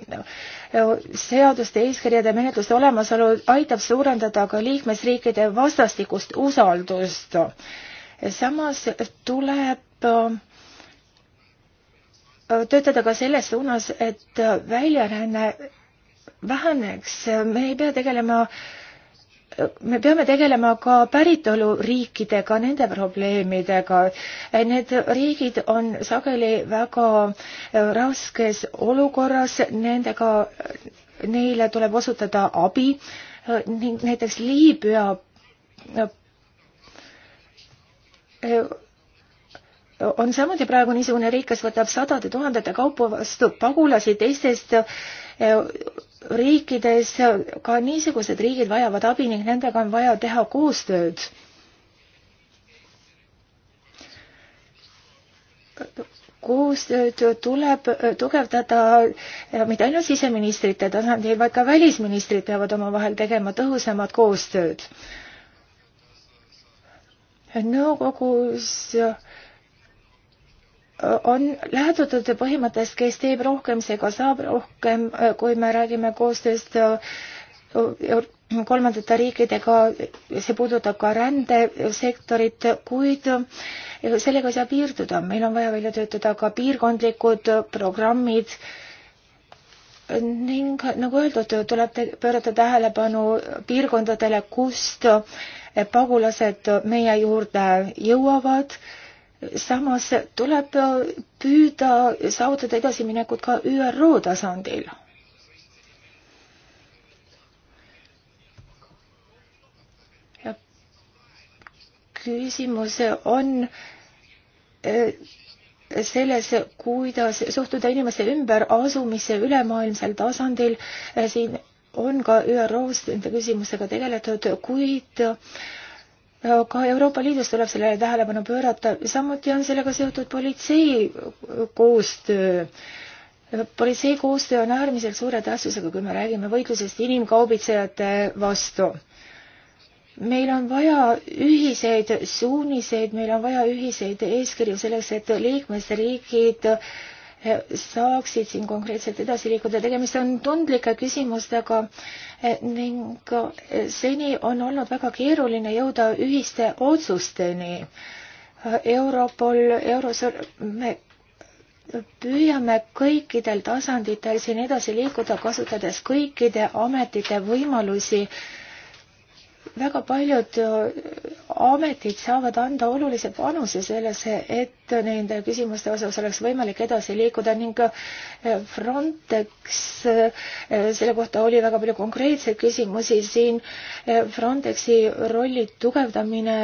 seaduste, eeskirjade, menetluste olemasolu aitab suurendada ka liikmesriikide vastastikust usaldust. samas tuleb töötada ka selles suunas, et väljaränne väheneks, me ei pea tegelema, me peame tegelema ka päritoluriikidega, nende probleemidega. Need riigid on sageli väga raskes olukorras, nendega, neile tuleb osutada abi ning näiteks Liibüa on samuti praegu niisugune riik, kes võtab sadade tuhandete kaupa vastu pagulasi teistest eh, riikides. ka niisugused riigid vajavad abi ning nendega on vaja teha koostööd. koostööd tuleb tugevdada eh, mitte ainult siseministrite tasandil, vaid ka välisministrid peavad omavahel tegema tõhusamat koostööd. nõukogus no, on lähtutud põhimõttest, kes teeb rohkem, see ka saab rohkem, äh, kui me räägime koostööst äh, kolmandate riikidega, see puudutab ka rändesektorit, kuid sellega ei saa piirduda, meil on vaja välja töötada ka piirkondlikud programmid ning nagu öeldud, tuleb pöörata tähelepanu piirkondadele, kust pagulased meie juurde jõuavad samas tuleb püüda saavutada edasiminekut ka ÜRO tasandil. küsimus on e, selles, kuidas suhtuda inimeste ümberasumisse ülemaailmsel tasandil. E, siin on ka ÜRO-s nende küsimustega tegeletud, kuid äh, ka Euroopa Liidus tuleb sellele tähelepanu pöörata, samuti on sellega seotud politsei koostöö. politsei koostöö on äärmiselt suure tähtsusega, kui me räägime võitlusest inimkaubitsejate vastu. meil on vaja ühiseid suuniseid, meil on vaja ühiseid eeskirju selleks, et liikmesriigid äh, Eh, saaksid siin konkreetselt edasi liikuda. tegemist on tundlike küsimustega eh, ning eh, seni on olnud väga keeruline jõuda ühiste otsusteni. Europol, Eurosur, me püüame kõikidel tasanditel siin edasi liikuda, kasutades kõikide ametite võimalusi äh, väga paljud äh, ametid saavad anda olulise panuse sellesse, et nende küsimuste osas oleks võimalik edasi liikuda ning äh, Frontex, äh, selle kohta oli väga palju konkreetseid küsimusi siin. Frontexi rolli tugevdamine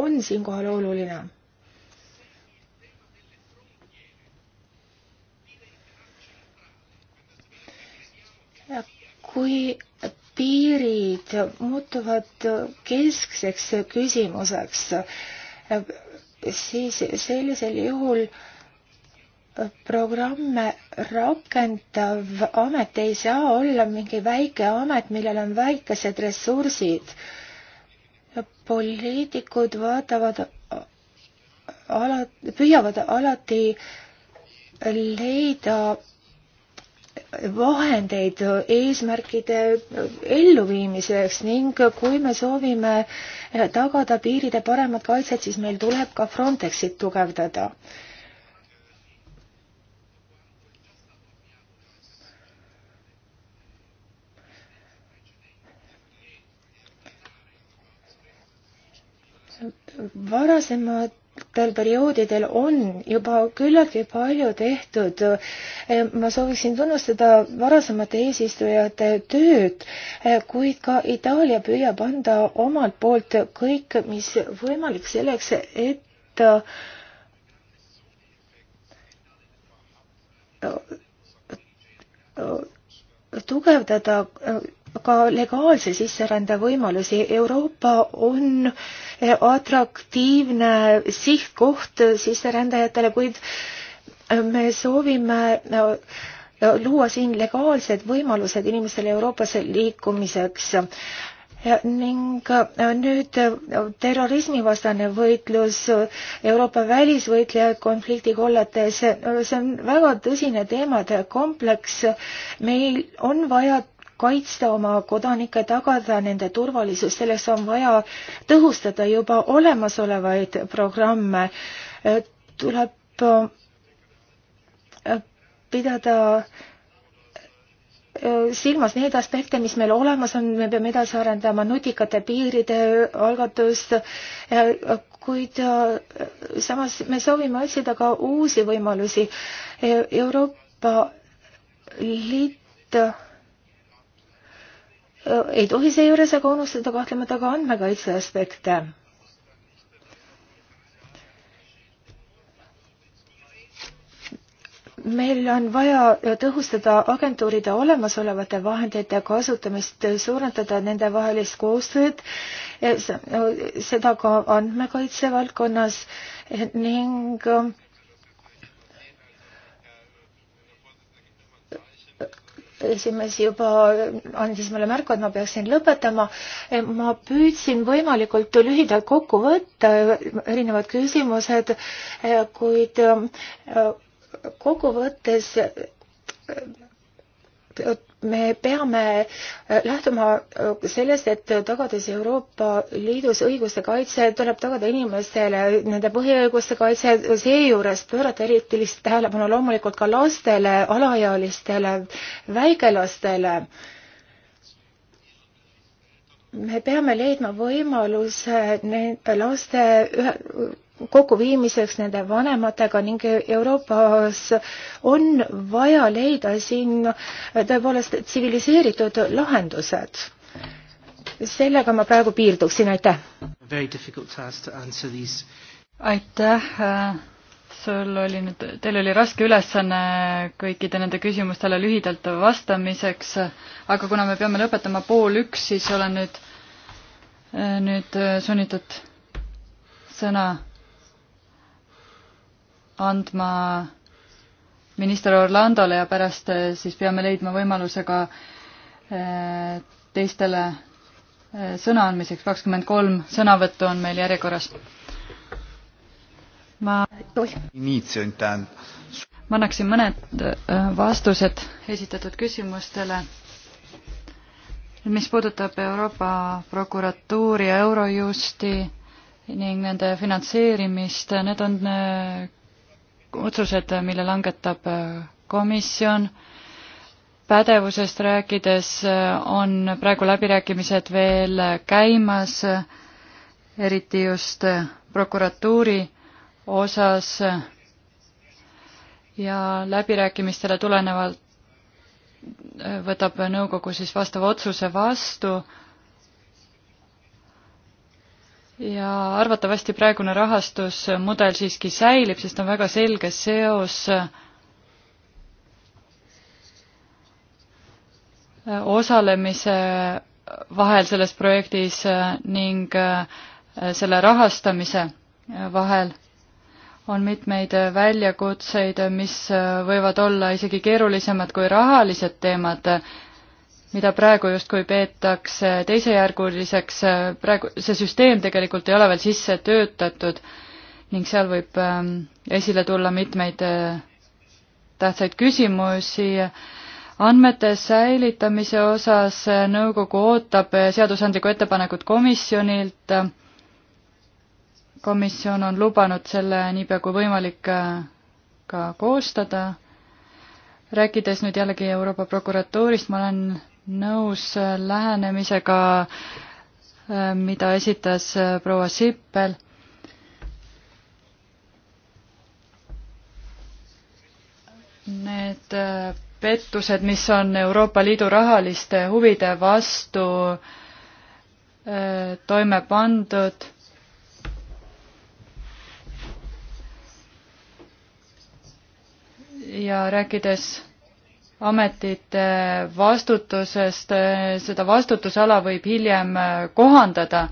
on siinkohal oluline kui piirid muutuvad keskseks küsimuseks, siis sellisel juhul programme rakendav amet ei saa olla mingi väike amet, millel on väikesed ressursid. poliitikud vaatavad ala, püüavad alati leida vahendeid eesmärkide elluviimiseks ning kui me soovime tagada piiride paremat kaitset, siis meil tuleb ka Frontexit tugevdada. varasemad viimastel perioodidel on juba küllaltki palju tehtud. E, ma sooviksin tunnustada varasemate eesistujate tööd, e, kuid ka Itaalia püüab anda omalt poolt kõik, mis võimalik selleks, et e, tugevdada ka legaalse sisserände võimalusi. Euroopa on eh, atraktiivne sihtkoht sisserändajatele, kuid eh, me soovime eh, luua siin legaalsed võimalused inimestele Euroopasse liikumiseks. Ja, ning nüüd terrorismivastane võitlus, Euroopa välisvõitlejad konfliktikolletes, see on väga tõsine teemade kompleks. meil on vaja kaitsta oma kodanikke, tagada nende turvalisus, selleks on vaja tõhustada juba olemasolevaid programme. Äh, tuleb äh, pidada äh, silmas neid aspekte, mis meil olemas on, me peame edasi arendama nutikate piiride algatust, kuid samas me soovime otsida ka uusi võimalusi. Euroopa Liit Äh, ei tohi seejuures aga unustada kahtlemata ka andmekaitse aspekte. meil on vaja tõhustada agentuuride olemasolevate vahendite kasutamist, suurendada nendevahelist koostööd, eh, seda ka andmekaitse valdkonnas ning esimees juba andis mulle märku, et ma peaksin lõpetama. ma püüdsin võimalikult lühidalt kokku võtta erinevad küsimused, kuid eh, kokkuvõttes eh, me peame äh, lähtuma äh, sellest, et tagades Euroopa Liidus õiguste kaitse, tuleb tagada inimestele nende põhiõiguste kaitse, seejuures pöörata erilist tähelepanu loomulikult ka lastele, alaealistele, väikelastele. me peame leidma võimaluse laste ühe kokkuviimiseks nende vanematega ning Euroopas on vaja leida siin tõepoolest tsiviliseeritud lahendused. sellega ma praegu piirduksin, aitäh. aitäh, sul oli nüüd, teil oli raske ülesanne kõikide nende küsimustele lühidalt vastamiseks, aga kuna me peame lõpetama pool üks, siis olen nüüd, nüüd sunnitud sõna andma minister Orlandole ja pärast eh, siis peame leidma võimaluse ka eh, teistele eh, sõna andmiseks. kakskümmend kolm sõnavõttu on meil järjekorras. ma, ma annaksin mõned vastused esitatud küsimustele. mis puudutab Euroopa prokuratuuri ja Eurojusti ning nende finantseerimist, need on otsused, mille langetab äh, komisjon, pädevusest rääkides äh, on praegu läbirääkimised veel käimas, eriti just äh, prokuratuuri osas ja läbirääkimistele tulenevalt võtab nõukogu siis vastava otsuse vastu ja arvatavasti praegune rahastusmudel siiski säilib, sest on väga selge seos äh, osalemise vahel selles projektis äh, ning äh, selle rahastamise vahel on mitmeid väljakutseid, mis võivad olla isegi keerulisemad kui rahalised teemad mida praegu justkui peetakse teisejärguliseks, praegu see süsteem tegelikult ei ole veel sisse töötatud ning seal võib ähm, esile tulla mitmeid äh, tähtsaid küsimusi. andmete säilitamise osas äh, nõukogu ootab äh, seadusandlikku ettepanekut komisjonilt. komisjon on lubanud selle niipea kui võimalik ka koostada. rääkides nüüd jällegi Euroopa prokuratuurist, ma olen nõus äh, lähenemisega, äh, mida esitas äh, proua Sippel. Need pettused, mis on Euroopa Liidu rahaliste huvide vastu toime pandud, ja rääkides ametite vastutusest, seda vastutusala võib hiljem kohandada.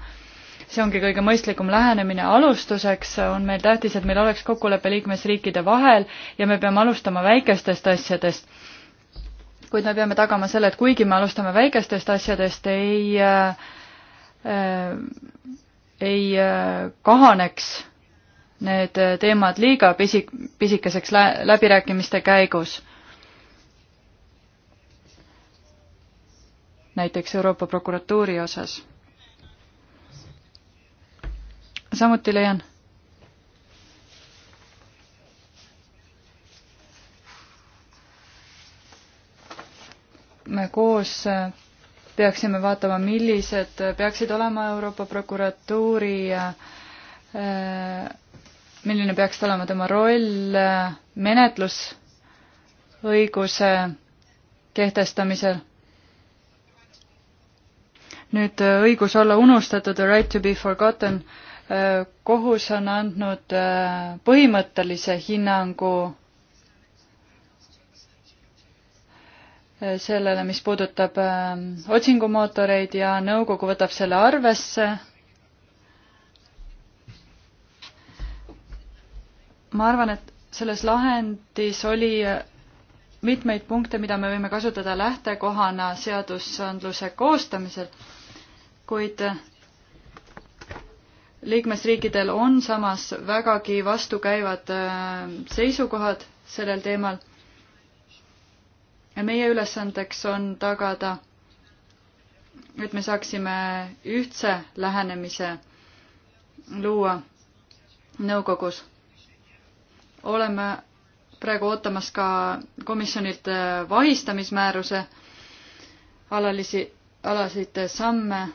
see ongi kõige mõistlikum lähenemine. alustuseks on meil tähtis, et meil oleks kokkulepe liikmesriikide vahel ja me peame alustama väikestest asjadest. kuid me peame tagama selle, et kuigi me alustame väikestest asjadest, ei äh, ei äh, kahaneks need teemad liiga pisi, pisikeseks lä läbirääkimiste käigus näiteks Euroopa prokuratuuri osas. samuti leian, me koos äh, peaksime vaatama, millised äh, peaksid olema Euroopa prokuratuuri, äh, milline peaks olema tema roll menetlusõiguse kehtestamisel nüüd äh, õigus olla unustatud, the right to be forgotten, äh, kohus on andnud äh, põhimõttelise hinnangu sellele, mis puudutab otsingumootoreid ja nõukogu võtab selle arvesse. ma arvan, et selles lahendis oli mitmeid punkte, mida me võime kasutada lähtekohana seadusandluse koostamisel kuid liikmesriikidel on samas vägagi vastukäivad äh, seisukohad sellel teemal. ja meie ülesandeks on tagada, et me saaksime ühtse lähenemise luua nõukogus. oleme praegu ootamas ka komisjonilt äh, vahistamismääruse alalisi, alasid samme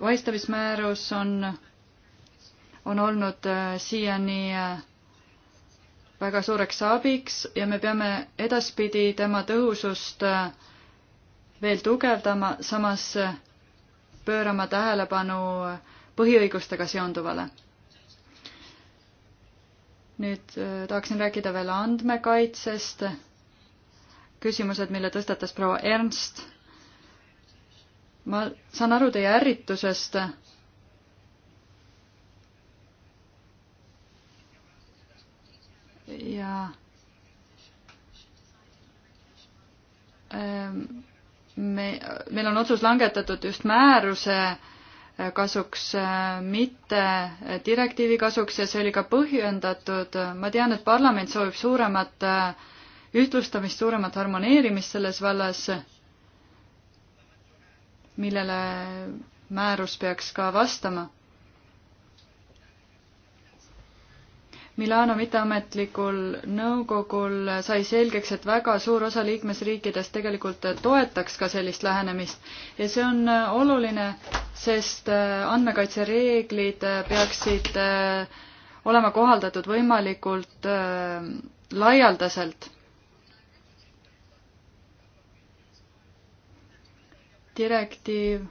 vahistamismäärus on, on olnud äh, siiani äh, väga suureks abiks ja me peame edaspidi tema tõhusust äh, veel tugevdama, samas pöörama tähelepanu põhiõigustega seonduvale. nüüd tahaksin rääkida veel andmekaitsest. küsimused, mille tõstatas proua Ernst ma saan aru teie ärritusest. ja ähm, me, meil on otsus langetatud just määruse äh, kasuks, äh, mitte äh, direktiivi kasuks ja see oli ka põhjendatud. ma tean, et parlament soovib suuremat ühtlustamist, suuremat harmoneerimist selles vallas millele määrus peaks ka vastama. Milano mitteametlikul nõukogul sai selgeks, et väga suur osa liikmesriikidest tegelikult toetaks ka sellist lähenemist ja see on oluline, sest äh, andmekaitsereeglid äh, peaksid äh, olema kohaldatud võimalikult laialdaselt direktiiv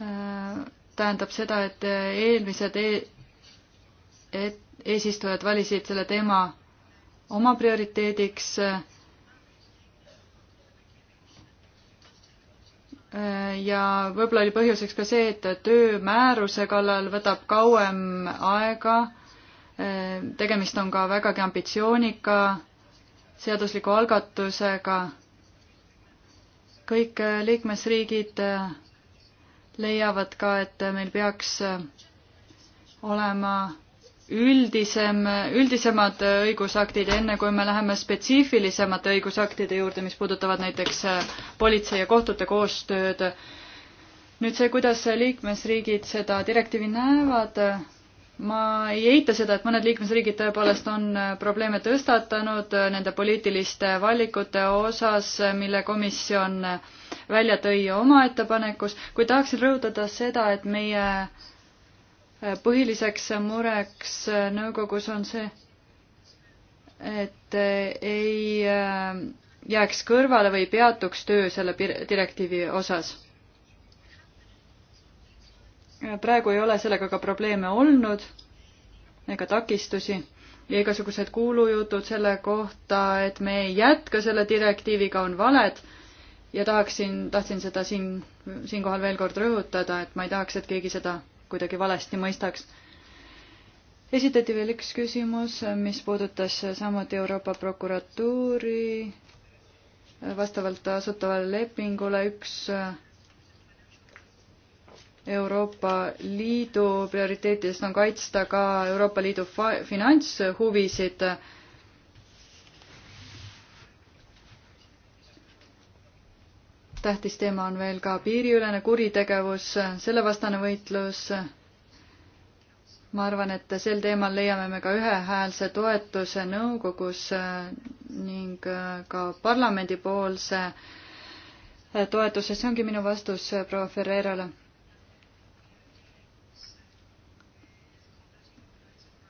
äh, tähendab seda, et eelmised e et eesistujad valisid selle teema oma prioriteediks. Äh, ja võib-olla oli põhjuseks ka see, et töö määruse kallal võtab kauem aega. Äh, tegemist on ka vägagi ambitsioonika seadusliku algatusega kõik äh, liikmesriigid äh, leiavad ka, et äh, meil peaks olema üldisem, üldisemad õigusaktid ja enne kui me läheme spetsiifilisemate õigusaktide juurde, mis puudutavad näiteks politsei ja kohtute koostööd, nüüd see, kuidas liikmesriigid seda direktiivi näevad, ma ei eita seda, et mõned liikmesriigid tõepoolest on äh, probleeme tõstatanud äh, nende poliitiliste valikute osas, äh, mille komisjon välja tõi oma ettepanekus, kuid tahaksin rõhutada seda, et meie põhiliseks mureks nõukogus on see, et ei jääks kõrvale või peatuks töö selle direktiivi osas praegu ei ole sellega ka probleeme olnud ega takistusi ja igasugused kuulujutud selle kohta, et me ei jätka selle direktiiviga, on valed ja tahaksin, tahtsin seda siin, siinkohal veel kord rõhutada, et ma ei tahaks, et keegi seda kuidagi valesti mõistaks. esitati veel üks küsimus, mis puudutas samuti Euroopa prokuratuuri vastavalt asutavale lepingule üks Euroopa Liidu prioriteetidest on kaitsta ka Euroopa Liidu finantshuvisid. tähtis teema on veel ka piiriülene kuritegevus, sellevastane võitlus. ma arvan, et sel teemal leiame me ka ühehäälse toetuse nõukogus ning ka parlamendipoolse toetuse, see ongi minu vastus proua Ferreirale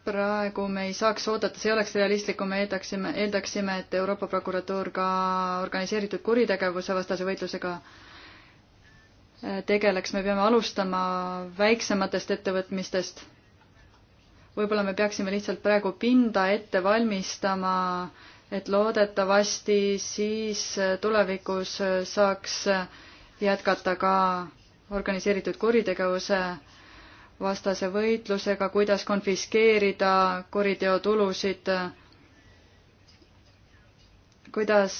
praegu me ei saaks oodata, see oleks realistlik, kui me eeldaksime, eeldaksime, et Euroopa prokuratuur ka organiseeritud kuritegevuse vastase võitlusega äh, tegeleks, me peame alustama väiksematest ettevõtmistest. võib-olla me peaksime lihtsalt praegu pinda ette valmistama, et loodetavasti siis äh, tulevikus äh, saaks jätkata ka organiseeritud kuritegevuse vastase võitlusega, kuidas konfiskeerida kuriteotulusid, kuidas,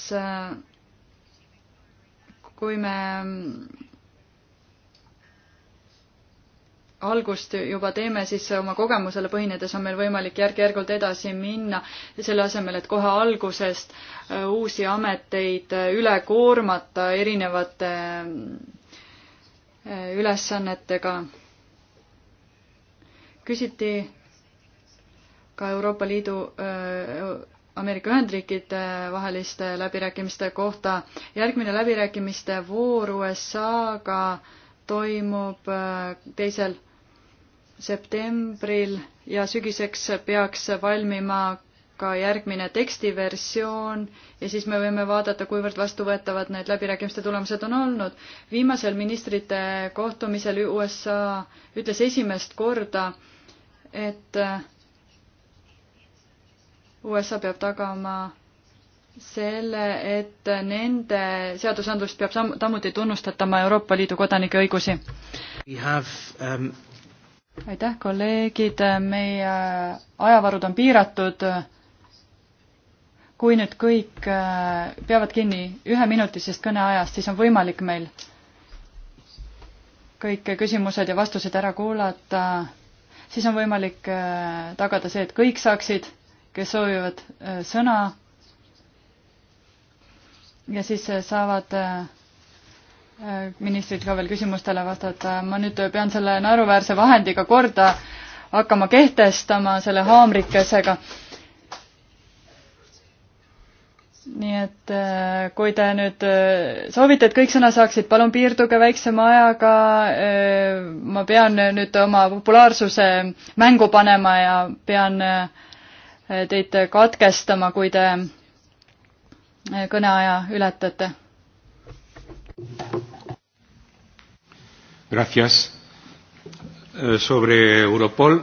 kui me algust juba teeme, siis oma kogemusele põhinedes on meil võimalik järk-järgult edasi minna, selle asemel, et kohe algusest äh, uusi ameteid äh, üle koormata erinevate äh, ülesannetega küsiti ka Euroopa Liidu Ameerika Ühendriikide vaheliste läbirääkimiste kohta. järgmine läbirääkimiste voor USA-ga toimub teisel septembril ja sügiseks peaks valmima ka järgmine tekstiversioon ja siis me võime vaadata, kuivõrd vastuvõetavad need läbirääkimiste tulemused on olnud. viimasel ministrite kohtumisel USA ütles esimest korda, et äh, USA peab tagama selle, et nende seadusandlust peab sam-, samuti tunnustatama Euroopa Liidu kodanike õigusi. Um... aitäh, kolleegid, meie ajavarud on piiratud. kui nüüd kõik äh, peavad kinni üheminutilisest kõneajast, siis on võimalik meil kõik küsimused ja vastused ära kuulata siis on võimalik äh, tagada see, et kõik saaksid, kes soovivad äh, sõna. ja siis äh, saavad ministrid ka veel küsimustele vastata. ma nüüd pean selle naeruväärse vahendiga korda hakkama kehtestama, selle haamrikesega nii et äh, kui te nüüd äh, soovite, et kõik sõna saaksid, palun piirduge väiksema ajaga. Äh, ma pean nüüd oma populaarsuse mängu panema ja pean teid katkestama, kui te kõneaja ületate. Gracias. Eh, sobre Europol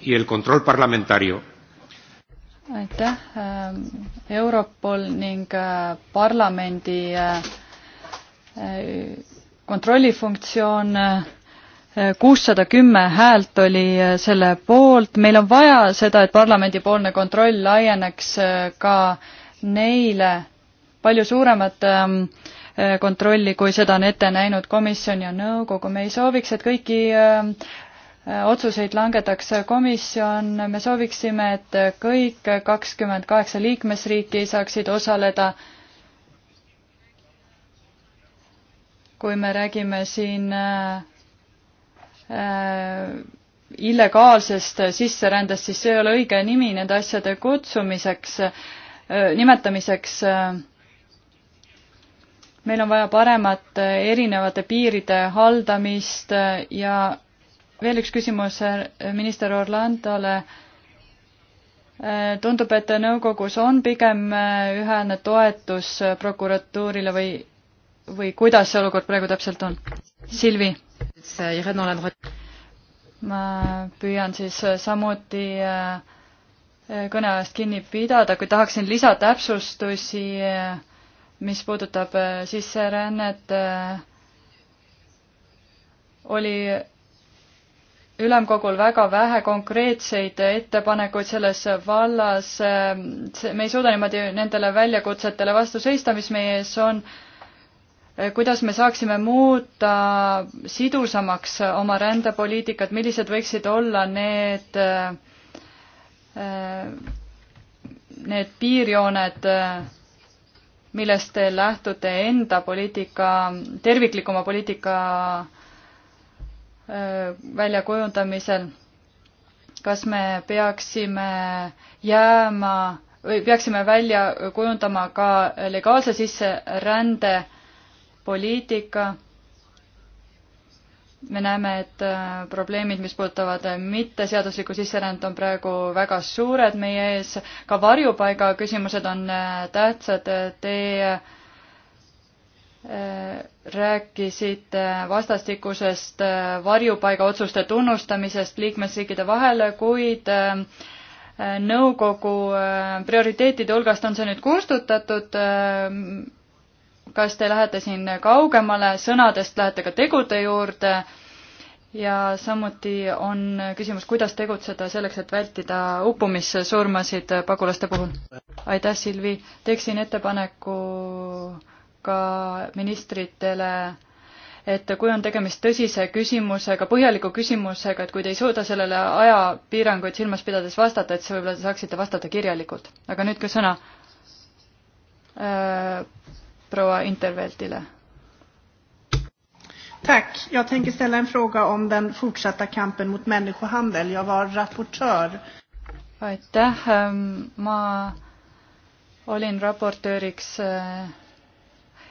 y el control parlamentario aitäh, äh, Europol ning äh, parlamendi äh, kontrollifunktsioon kuussada kümme häält oli selle poolt, meil on vaja seda, et parlamendipoolne kontroll laieneks ka neile palju suuremat ähm, kontrolli, kui seda on ette näinud komisjon ja nõukogu, me ei sooviks, et kõiki Äh, otsuseid langetaks komisjon, me sooviksime, et kõik kakskümmend kaheksa liikmesriiki saaksid osaleda. kui me räägime siin äh, äh illegaalsest sisserändest, siis see ei ole õige nimi nende asjade kutsumiseks äh,, nimetamiseks äh, meil on vaja paremat erinevate piiride haldamist ja veel üks küsimus äh, minister Orlandole. Äh, tundub, et nõukogus on pigem äh, ühene toetus prokuratuurile või, või kuidas see olukord praegu täpselt on? Silvi? ma püüan siis samuti kõne ajast kinni pidada, kui tahaksin lisatäpsustusi, mis puudutab sisserännet, oli ülemkogul väga vähe konkreetseid ettepanekuid selles vallas. me ei suuda niimoodi nendele väljakutsetele vastu seista, mis meie ees on. kuidas me saaksime muuta sidusamaks oma rändepoliitikat, millised võiksid olla need, need piirjooned, millest te lähtute enda poliitika, terviklikuma poliitika väljakujundamisel. kas me peaksime jääma või peaksime välja kujundama ka legaalse sisserände poliitika? me näeme, et äh, probleemid, mis puudutavad mitteseaduslikku sisserännet, on praegu väga suured meie ees. ka varjupaiga küsimused on äh, tähtsad. Teie Äh, rääkisite äh, vastastikusest äh, varjupaigaotsuste tunnustamisest liikmesriikide vahel, kuid nõukogu prioriteetide hulgast on see nüüd kustutatud. kas te lähete siin kaugemale, sõnadest lähete ka tegude juurde? ja samuti on küsimus, kuidas tegutseda selleks, et vältida uppumissurmasid pagulaste puhul. aitäh, Silvi, teeksin ettepaneku ka ministritele, et kui on tegemist tõsise küsimusega, põhjaliku küsimusega, et kui te ei suuda sellele ajapiiranguid silmas pidades vastata, et siis võib-olla te saaksite vastata kirjalikult. aga nüüd ka sõna äh, proua Interveltile. Tack. Jag tänker ställa en fråga om den fortsatta kampen mot människohandel. Jag var rapportör. Aitäh. Ähm, ma olin raportööriks äh,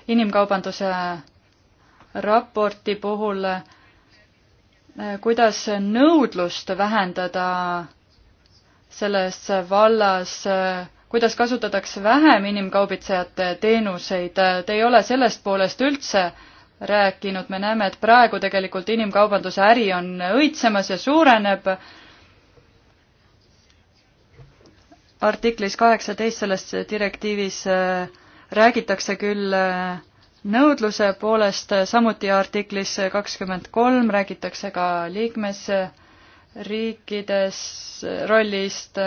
inimkaubanduse raporti puhul, eh, kuidas nõudlust vähendada selles vallas, eh, kuidas kasutatakse vähem inimkaubitsejate teenuseid, eh, te ei ole sellest poolest üldse rääkinud, me näeme, et praegu tegelikult inimkaubanduse äri on õitsemas ja suureneb. artiklis kaheksateist selles direktiivis äh, räägitakse küll äh, nõudluse poolest, äh, samuti artiklis kakskümmend kolm räägitakse ka liikmesriikides äh, rollist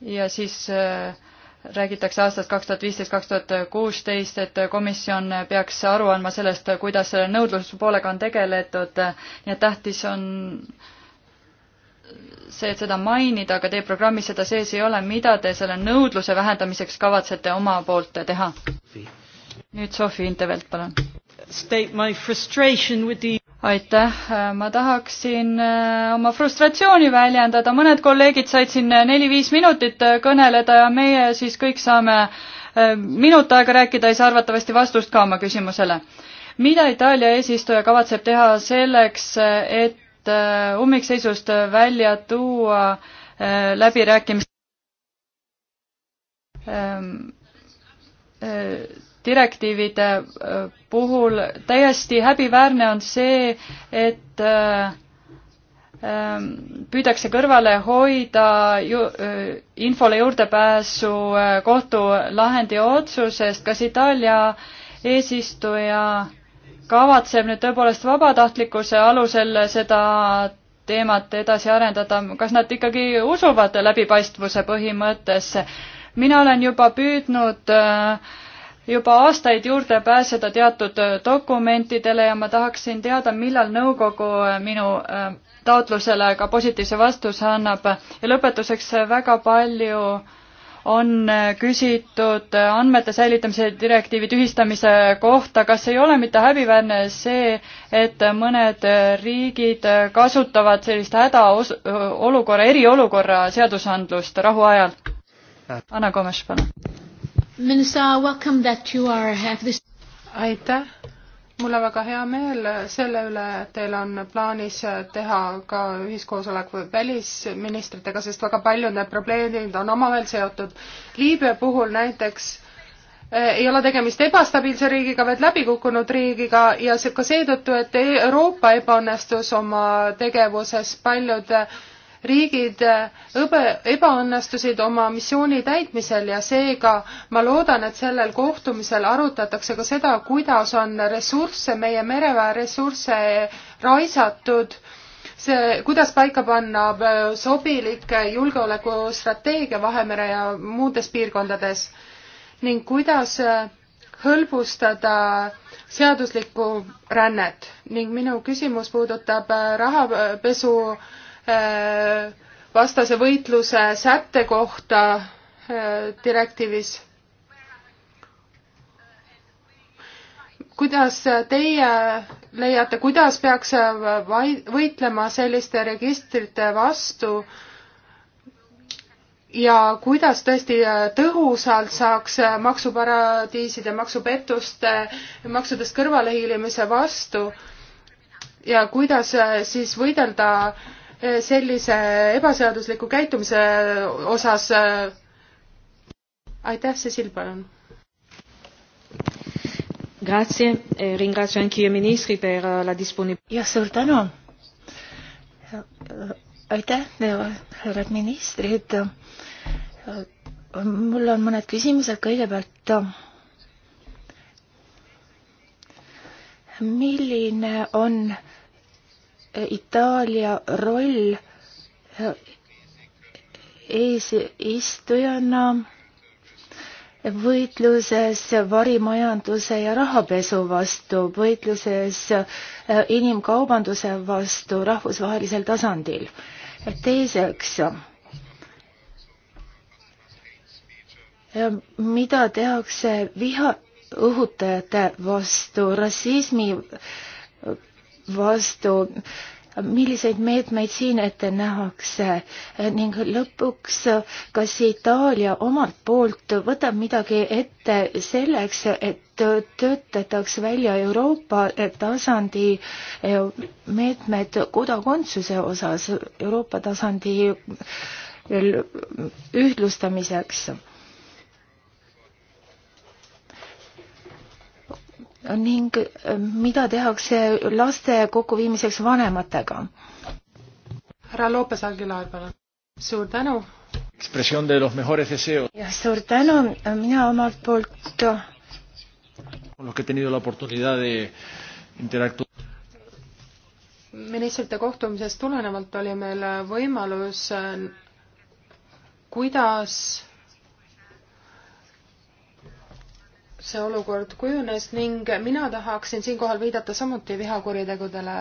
ja siis räägitakse aastast kaks tuhat viisteist, kaks tuhat kuusteist, et komisjon peaks aru andma sellest, kuidas selle nõudluspoolega on tegeletud ja tähtis on äh, see, et seda mainida, aga teie programmis seda sees ei ole, mida te selle nõudluse vähendamiseks kavatsete oma poolt teha? nüüd Sofi Intevelt, palun. The... aitäh, ma tahaksin äh, oma frustratsiooni väljendada, mõned kolleegid said siin äh, neli-viis minutit äh, kõneleda ja meie siis kõik saame minut aega rääkida, ei saa arvatavasti vastust ka oma küsimusele. mida Itaalia eesistuja kavatseb teha selleks, et Äh, ummikseisust äh, välja tuua äh, läbirääkimist ähm, direktiivide puhul täiesti häbiväärne on see, et ähm, püütakse kõrvale hoida ju, infole juurdepääsu kohtulahendi otsusest, kas Itaalia eesistuja kavatseb nüüd tõepoolest vabatahtlikkuse alusel seda teemat edasi arendada, kas nad ikkagi usuvad läbipaistvuse põhimõttesse? mina olen juba püüdnud äh, juba aastaid juurde pääseda teatud äh, dokumentidele ja ma tahaksin teada, millal nõukogu äh, minu taotlusele ka positiivse vastuse annab ja lõpetuseks väga palju äh, on küsitud andmete säilitamise direktiivi tühistamise kohta, kas ei ole mitte häbiväärne see, et mõned riigid kasutavad sellist hädaolukorra, eriolukorra seadusandlust rahuajal? Anna Komes, palun. aitäh mul on väga hea meel selle üle, et teil on plaanis teha ka ühiskoosolek välisministritega, sest väga paljud need probleemid on omavahel seotud. Liibüa puhul näiteks eh, ei ole tegemist ebastabiilse riigiga, vaid läbikukkunud riigiga ja ka seetõttu, et Euroopa ebaõnnestus oma tegevuses paljude äh, riigid äh, ebaõnnestusid oma missiooni täitmisel ja seega ma loodan, et sellel kohtumisel arutatakse ka seda, kuidas on ressursse, meie mereväe ressursse raisatud, see, kuidas paika panna äh, sobilik äh, julgeolekustrateegia Vahemere ja muudes piirkondades ning kuidas hõlbustada seaduslikku rännet ning minu küsimus puudutab rahapesu Äh, vastase võitluse sätte kohta äh, direktiivis. kuidas teie leiate, kuidas peaks võitlema selliste registrite vastu ja kuidas tõesti tõhusalt saaks maksuparadiiside, maksupettuste, maksudest kõrvalehiilimise vastu ja kuidas siis võidelda äh, Eh, sellise ebaseadusliku käitumise eh, osas. Eh, aitäh, Cecil, palun. E jah, suur tänu. aitäh, härrad ministrid. mul on mõned küsimused kõigepealt milline on Itaalia roll eh, eesistujana võitluses varimajanduse ja rahapesu vastu, võitluses eh, inimkaubanduse vastu rahvusvahelisel tasandil. teiseks, eh, mida tehakse viha õhutajate vastu, rassismi vastu. milliseid meetmeid siin ette nähakse ning lõpuks, kas Itaalia omalt poolt võtab midagi ette selleks, et töötataks välja Euroopa tasandi meetmed kodakondsuse osas, Euroopa tasandi ühtlustamiseks? ning eh, mida tehakse laste kokkuviimiseks vanematega? härra Lopes Aguilar, palun. suur tänu. jah, suur tänu, mina omalt poolt eh, ministrite kohtumisest tulenevalt oli meil võimalus, eh, kuidas see olukord kujunes ning mina tahaksin siinkohal viidata samuti vihakuritegudele.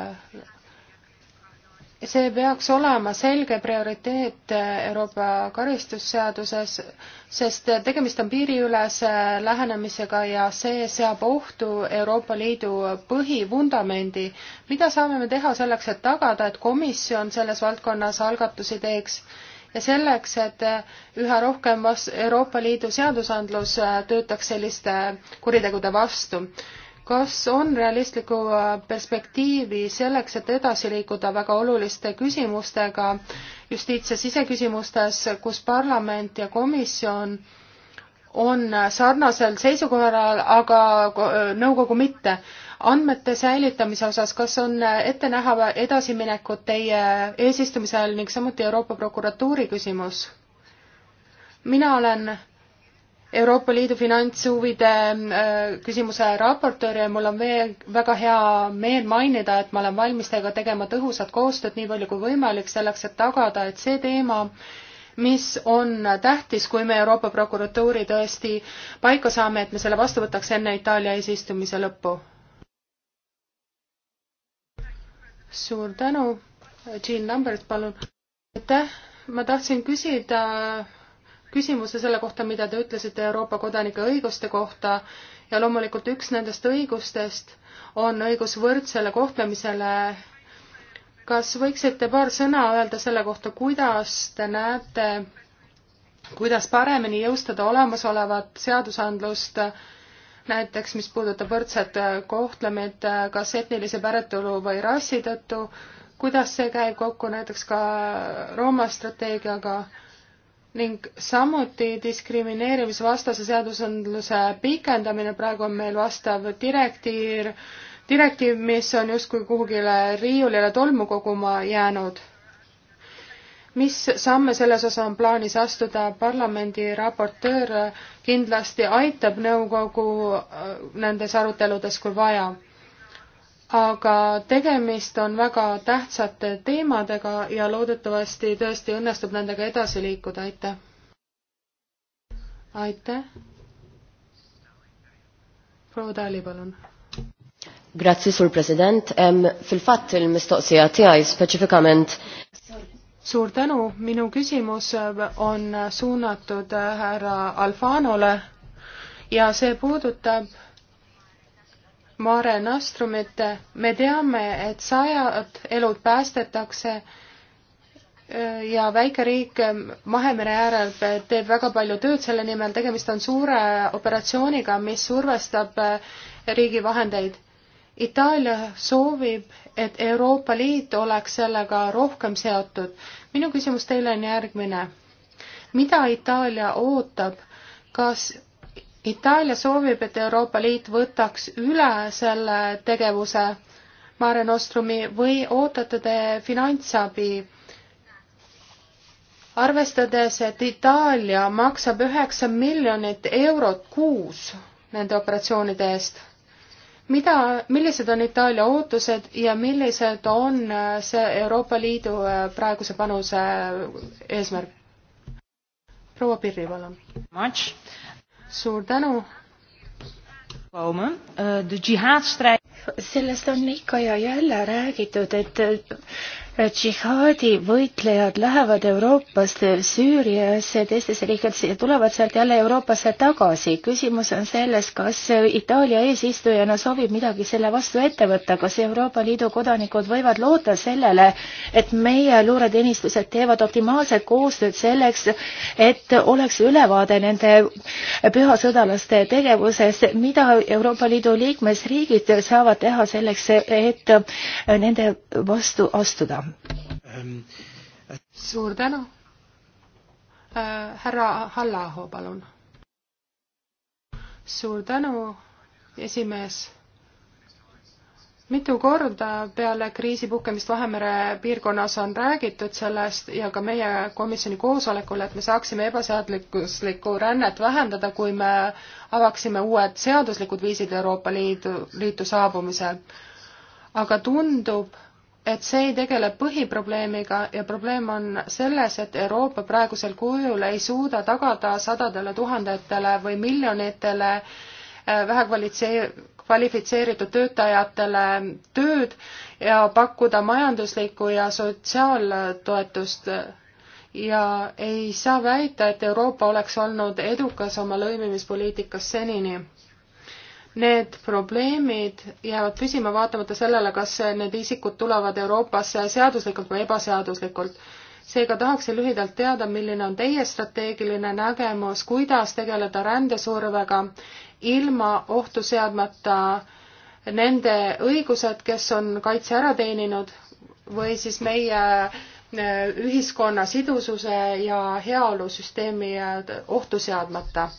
see peaks olema selge prioriteet Euroopa karistusseaduses, sest tegemist on piiriülese lähenemisega ja see seab ohtu Euroopa Liidu põhivundamendi. mida saame me teha selleks, et tagada, et komisjon selles valdkonnas algatusi teeks? ja selleks, et üha rohkem vas-, Euroopa Liidu seadusandlus äh, töötaks selliste kuritegude vastu. kas on realistlikku äh, perspektiivi selleks, et edasi liikuda väga oluliste küsimustega justiits- ja siseküsimustes, kus parlament ja komisjon on äh, sarnasel seisukohal, aga nõukogu mitte? andmete säilitamise osas, kas on ette näha edasiminekut teie eesistumise ajal ning samuti Euroopa prokuratuuri küsimus? mina olen Euroopa Liidu finantshuvide äh, küsimuse raportöör ja mul on veel väga hea meel mainida, et ma olen valmis teiega tegema tõhusat koostööd nii palju kui võimalik, selleks et tagada, et see teema, mis on tähtis, kui me Euroopa prokuratuuri tõesti paika saame, et me selle vastu võtaks enne Itaalia eesistumise lõppu suur tänu. Jean Lambert, palun. aitäh, ma tahtsin küsida küsimuse selle kohta, mida te ütlesite Euroopa kodanike õiguste kohta ja loomulikult üks nendest õigustest on õigus võrdsele kohtlemisele. kas võiksite paar sõna öelda selle kohta, kuidas te näete, kuidas paremini jõustada olemasolevat seadusandlust äh, näiteks mis puudutab võrdset äh, kohtlemit äh, kas etnilise päritolu või rassi tõttu, kuidas see käib kokku näiteks ka Rooma strateegiaga ning samuti diskrimineerimisvastase seadusandluse pikendamine, praegu on meil vastav direktiiv, direktiiv, mis on justkui kuhugile riiulile tolmu koguma jäänud mis samme selles osa on plaanis astuda, parlamendi raportöör kindlasti aitab nõukogu äh, nendes aruteludes, kui vaja. aga tegemist on väga tähtsate teemadega ja loodetavasti tõesti õnnestub nendega edasi liikuda, aitäh! aitäh! proua Tali, palun! Grazzi, sul president, fil-fatt il-mistoqsija tiegħi speċifikament suur tänu, minu küsimus on suunatud härra Alfanole ja see puudutab Mare Nostrumit. me teame, et sajad elud päästetakse ja väikeriik Vahemere äärel teeb väga palju tööd selle nimel, tegemist on suure operatsiooniga, mis survestab riigi vahendeid Itaalia soovib, et Euroopa Liit oleks sellega rohkem seotud. minu küsimus teile on järgmine. mida Itaalia ootab, kas Itaalia soovib, et Euroopa Liit võtaks üle selle tegevuse Mare Nostrumi või ootate te finantsabi? arvestades, et Itaalia maksab üheksa miljonit eurot kuus nende operatsioonide eest mida, millised on Itaalia ootused ja millised on äh, see Euroopa Liidu äh, praeguse panuse äh, eesmärk? proua Pirri, palun. suur tänu. sellest on ikka ja jälle räägitud, et džihaadi võitlejad lähevad Euroopast Süüriasse, teistesse riikidesse ja tulevad sealt jälle Euroopasse tagasi. küsimus on selles, kas Itaalia eesistujana soovib midagi selle vastu ette võtta, kas Euroopa Liidu kodanikud võivad loota sellele, et meie luureteenistused teevad optimaalset koostööd selleks, et oleks ülevaade nende pühasõdalaste tegevusest, mida Euroopa Liidu liikmesriigid saavad teha selleks, et nende vastu astuda suur tänu. Äh, härra Hallaaho, palun. suur tänu, esimees. mitu korda peale kriisi puhkemist Vahemere piirkonnas on räägitud sellest ja ka meie komisjoni koosolekul, et me saaksime ebaseaduslikku rännet vähendada, kui me avaksime uued seaduslikud viisid Euroopa Liidu, liitu saabumisel. aga tundub, et see ei tegele põhiprobleemiga ja probleem on selles, et Euroopa praegusel kujul ei suuda tagada sadadele tuhandetele või miljonitele äh, vähekvalifitseeritud töötajatele tööd ja pakkuda majanduslikku ja sotsiaaltoetust ja ei saa väita, et Euroopa oleks olnud edukas oma lõimimispoliitikas senini need probleemid jäävad püsima vaatamata sellele, kas need isikud tulevad Euroopasse seaduslikult või ebaseaduslikult. seega tahaksin lühidalt teada, milline on teie strateegiline nägemus, kuidas tegeleda rändesurvega ilma ohtu seadmata nende õigused, kes on kaitse ära teeninud või siis meie e, ühiskonna sidususe ja heaolusüsteemi e, ohtu seadmata.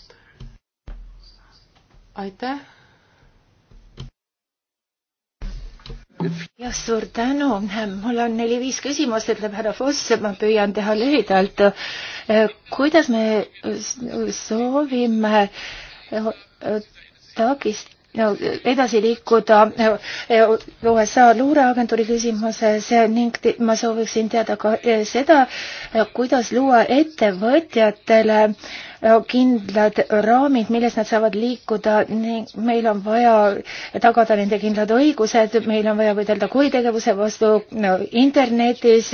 aitäh jah, suur tänu. mul on neli-viis küsimust, ütleb härra Foss, ma püüan teha lühidalt. Eh, kuidas me soovime eh, takist-, no edasi liikuda eh, USA luureagentuuri küsimuses ning ma sooviksin teada ka seda, kuidas luua ettevõtjatele äh, kindlad raamid, milles nad saavad liikuda ning meil on vaja tagada nende kindlad õigused, meil on vaja võidelda kuritegevuse vastu no, internetis.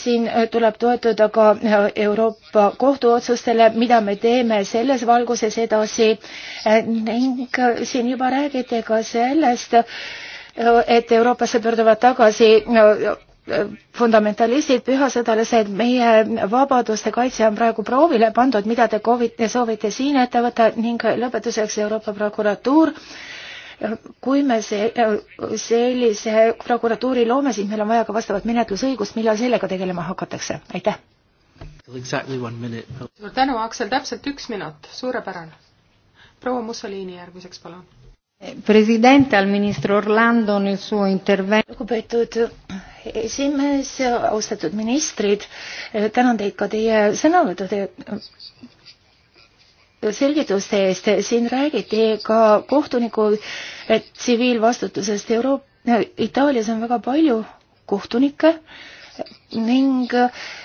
siin tuleb toetuda ka Euroopa kohtuotsustele, mida me teeme selles valguses edasi ning siin juba räägiti ka sellest, et Euroopasse pöörduvad tagasi fundamentalistid, pühasõdalased, meie vabaduste kaitse on praegu proovile pandud, mida te soovite siin ette võtta ning lõpetuseks Euroopa prokuratuur. kui me see, sellise prokuratuuri loome, siis meil on vaja ka vastavat menetlusõigust, millal sellega tegelema hakatakse, aitäh! suur tänu, Aksel, täpselt üks minut, suurepärane. proua Mussolini järgmiseks, palun president, al minister Orlando nel suo intervento. lugupeetud esimees, austatud ministrid, eh, tänan teid ka teie sõnavõttude eh, selgituste eest. siin räägiti ka kohtuniku eh, tsiviilvastutusest Euroopa, Itaalias on väga palju kohtunikke ning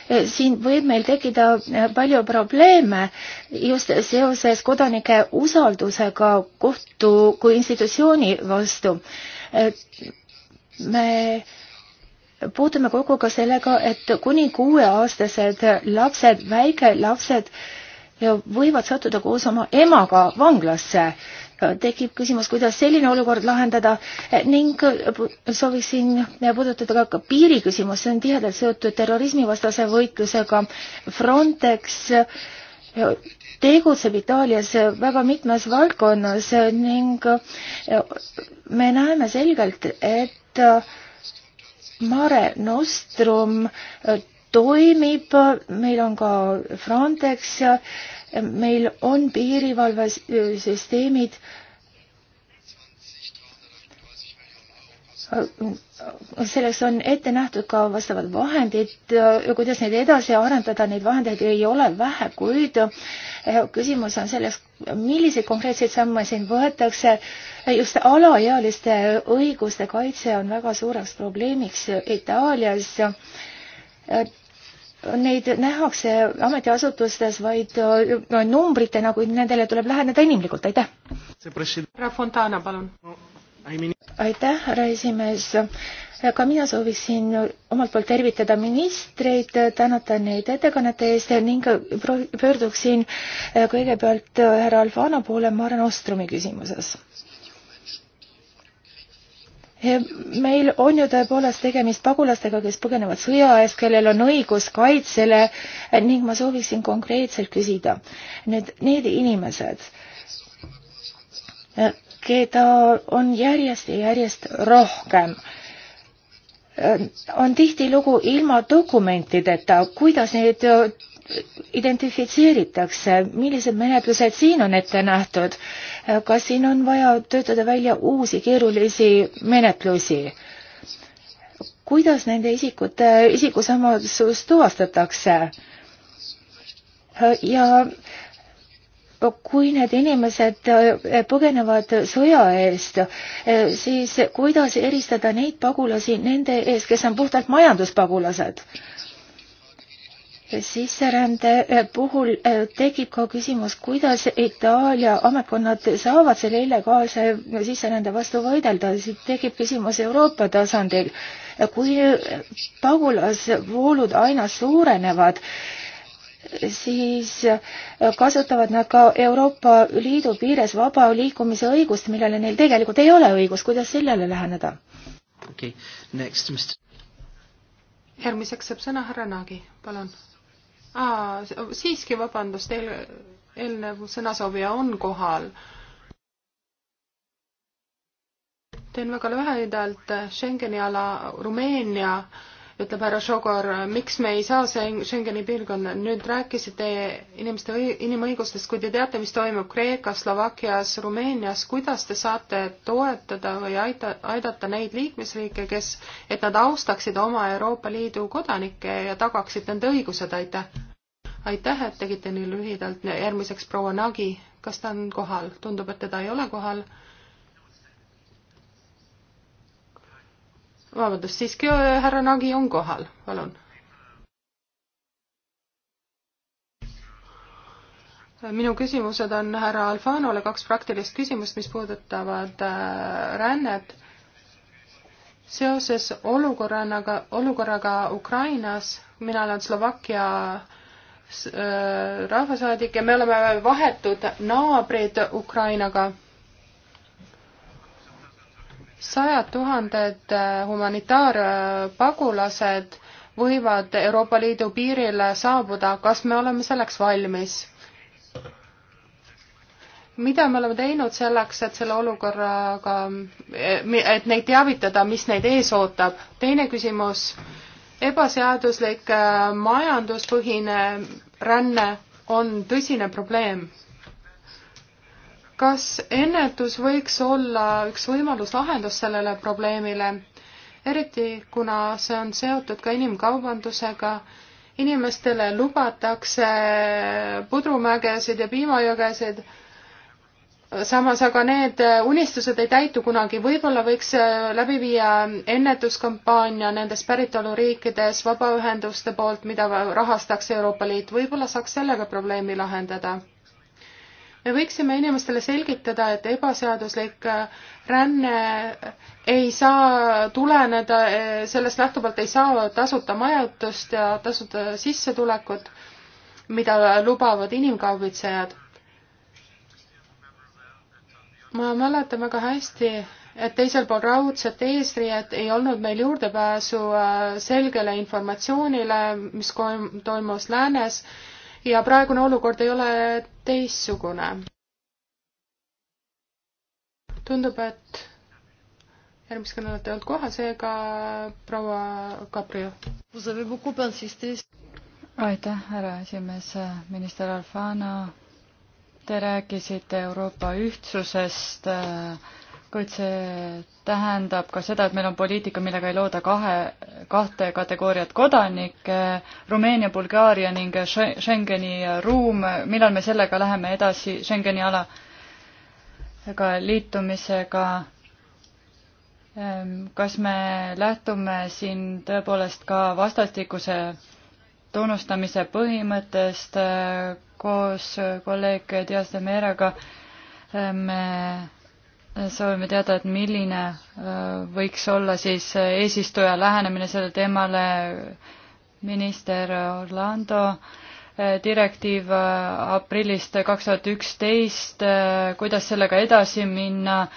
eh, siin võib meil tekkida eh, palju probleeme just seoses kodanike usaldusega kohtu kui institutsiooni vastu. Eh, me puutume kokku ka sellega, et kuni kuueaastased lapsed, väikelapsed võivad sattuda koos oma emaga vanglasse Äh, tekib küsimus, kuidas selline olukord lahendada äh, ning äh, sooviksin puudutada ka piiriküsimust, see on tihedalt seotud terrorismivastase võitlusega. Frontex tegutseb Itaalias väga mitmes valdkonnas ning me näeme selgelt, et Mare Nostrum toimib, meil on ka Frontex meil on piirivalvesüsteemid selleks on ette nähtud ka vastavad vahendid ja kuidas neid edasi arendada, neid vahendeid ei ole vähe, kuid eh, küsimus on selles, milliseid konkreetseid samme siin võetakse. just alaealiste õiguste kaitse on väga suureks probleemiks Itaalias neid nähakse ametiasutustes vaid numbritena, nagu kuid nendele tuleb läheneda inimlikult, aitäh. härra Fontana, palun. aitäh, härra esimees. ka mina sooviksin omalt poolt tervitada ministreid, tänada neid ettekannete eest ning pöörduksin kõigepealt härra Alfano poole Mare Nostrumi küsimuses meil on ju tõepoolest tegemist pagulastega, kes põgenevad sõja eest, kellel on õigus kaitsele ning ma sooviksin konkreetselt küsida. nüüd need inimesed, keda on järjest ja järjest rohkem, on tihtilugu ilma dokumentideta, kuidas neid identifitseeritakse, millised menetlused siin on ette nähtud, kas siin on vaja töötada välja uusi keerulisi menetlusi? kuidas nende isikute isikusamadus tuvastatakse? ja kui need inimesed põgenevad sõja eest, siis kuidas eristada neid pagulasi nende ees, kes on puhtalt majanduspagulased? sisserände eh, puhul eh, tekib ka küsimus, kuidas Itaalia ametkonnad saavad selle illegaalse sisserände vastu võidelda, siit tekib küsimus Euroopa tasandil. kui eh, pagulasvoolud aina suurenevad, siis kasutavad nad ka Euroopa Liidu piires vaba liikumise õigust, millele neil tegelikult ei ole õigust, kuidas sellele läheneda? okei okay., next, mis järgmiseks saab sõna härra Naagi, palun Aa, siiski vabandust, eel, eelnev sõnasoovija on kohal. teen väga lühidalt Schengeni ala Rumeenia äh, ütleb härra Šogor, miks me ei saa Schengeni piirkonna, nüüd rääkisite inimeste, inimõigustest, kui te teate, mis toimub Kreekas, Slovakkias, Rumeenias, kuidas te saate toetada või aita, aidata neid liikmesriike, kes, et nad austaksid oma Euroopa Liidu kodanikke ja tagaksid nende õigused, aitäh! aitäh, et tegite nii lühidalt, järgmiseks proua Nagi, kas ta on kohal? tundub, et teda ei ole kohal vabandust, siiski härra Nagi on kohal, palun. minu küsimused on härra Alfanole kaks praktilist küsimust, mis puudutavad äh, rännet. seoses olukorraga, olukorraga Ukrainas, mina olen Slovakkia äh, rahvasaadik ja me oleme vahetud naabrid Ukrainaga sajad tuhanded äh, humanitaarpagulased võivad Euroopa Liidu piirile saabuda, kas me oleme selleks valmis? mida me oleme teinud selleks, et selle olukorraga, e, et neid teavitada, mis neid ees ootab? teine küsimus, ebaseaduslik äh, majanduspõhine ränne on tõsine probleem kas ennetus võiks olla üks võimalus lahendus sellele probleemile, eriti kuna see on seotud ka inimkaubandusega, inimestele lubatakse pudrumägesid ja piimajõgesid, samas aga need unistused ei täitu kunagi, võib-olla võiks läbi viia ennetuskampaania nendes päritoluriikides vabaühenduste poolt, mida rahastaks Euroopa Liit, võib-olla saaks sellega probleemi lahendada me võiksime inimestele selgitada, et ebaseaduslik äh, ränne äh, ei saa tuleneda, äh, sellest lähtuvalt ei saa tasuta majutust ja tasuta sissetulekut, mida lubavad inimkaubitsejad. ma mäletan väga hästi, et teisel pool raudset eesriiet ei olnud meil juurdepääsu selgele informatsioonile, mis toimus läänes ja praegune olukord ei ole teistsugune. tundub, et järgmist kõnelat ei olnud kohal, seega proua Gabriel. aitäh, härra esimees, minister Alfano. Te rääkisite Euroopa ühtsusest äh, kuid see tähendab ka seda, et meil on poliitika, millega ei looda kahe, kahte kategooriat kodanikke, Rumeenia, Bulgaaria ning Schengeni ruum, millal me sellega läheme edasi Schengeni alaga liitumisega? Ehm, kas me lähtume siin tõepoolest ka vastastikuse tunnustamise põhimõttest eh, koos kolleeg Dias de Meraga ehm, me soovime teada, et milline äh, võiks olla siis äh, eesistuja lähenemine sellele teemale. minister Orlando äh, direktiiv aprillist kaks tuhat üksteist, kuidas sellega edasi minna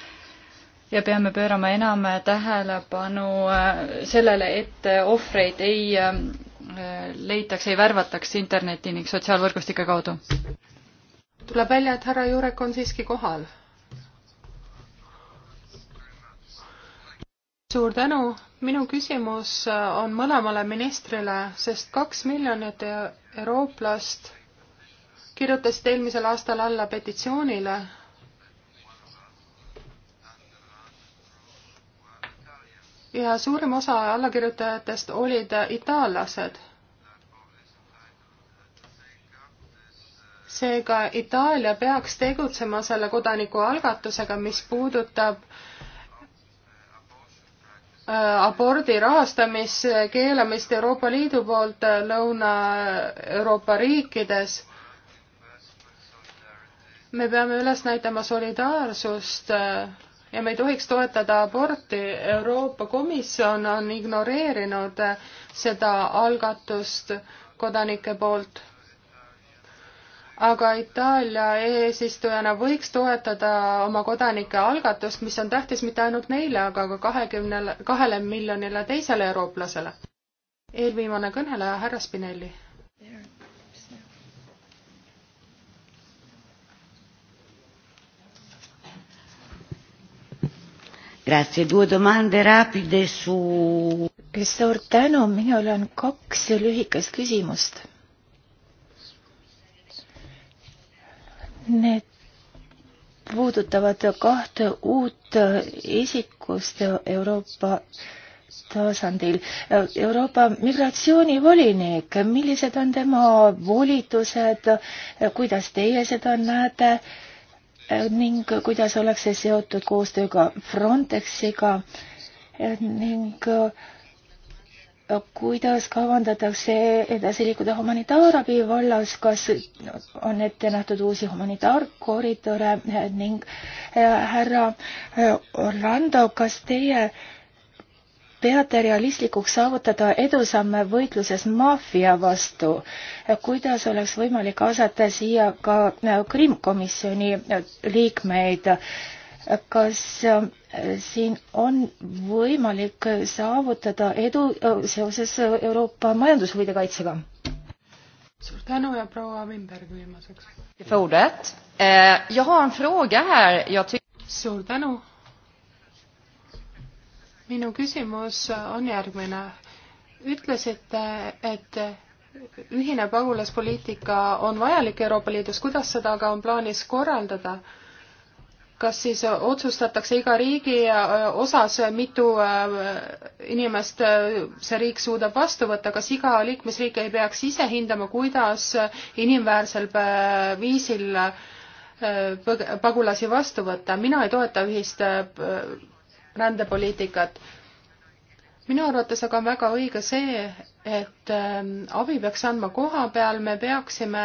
ja peame pöörama enam tähelepanu sellele, et ohvreid ei leitakse, ei värvataks interneti ning sotsiaalvõrgustike kaudu. tuleb välja, et härra Jurek on siiski kohal suur tänu, minu küsimus äh, on mõlemale ministrile, sest kaks miljonit e- eurooplast kirjutasid eelmisel aastal alla petitsioonile, ja suurem osa allakirjutajatest olid itaallased. seega Itaalia peaks tegutsema selle kodanikualgatusega, mis puudutab äh, Äh, abordi rahastamise keelamist Euroopa Liidu poolt äh, Lõuna-Euroopa riikides. me peame üles näitama solidaarsust äh, ja me ei tohiks toetada aborti. Euroopa Komisjon on ignoreerinud seda algatust kodanike poolt aga Itaalia eesistujana võiks toetada oma kodanike algatust, mis on tähtis mitte ainult neile, aga ka kahekümnele, kahele miljonile teisele eurooplasele. eelviimane kõneleja, härra Spinelli. Grazie, due domande rapide su. suur tänu, minul on kaks lühikest küsimust Need puudutavad kahte uut isikust Euroopa tasandil. Euroopa migratsioonivolinik, millised on tema volitused, kuidas teie seda näete ning kuidas oleks see seotud koostööga Frontexiga ning äh, kuidas kavandatakse edasi liikuda humanitaarabi vallas, kas on ette nähtud uusi humanitaarkoridore ning eh, härra eh, Orlando, kas teie peate realistlikuks saavutada edusamme võitluses maffia vastu. Eh, kuidas oleks võimalik kaasata siia ka Krimm komisjoni liikmeid? kas äh, siin on võimalik saavutada edu äh, seoses äh, Euroopa majandushuvide kaitsega? suur tänu ja proua Wimberg viimaseks. Eh, suur tänu. minu küsimus on järgmine. ütlesite, et ühine pagulaspoliitika on vajalik Euroopa Liidus, kuidas seda aga on plaanis korraldada? kas siis otsustatakse iga riigi äh, osas, äh, mitu äh, inimest see riik suudab vastu võtta, kas iga liikmesriik ei peaks ise hindama, kuidas inimväärsel viisil pagulasi vastu võtta, mina ei toeta ühist rändepoliitikat. minu arvates aga on väga õige see, et ähm, abi peaks andma koha peal, me peaksime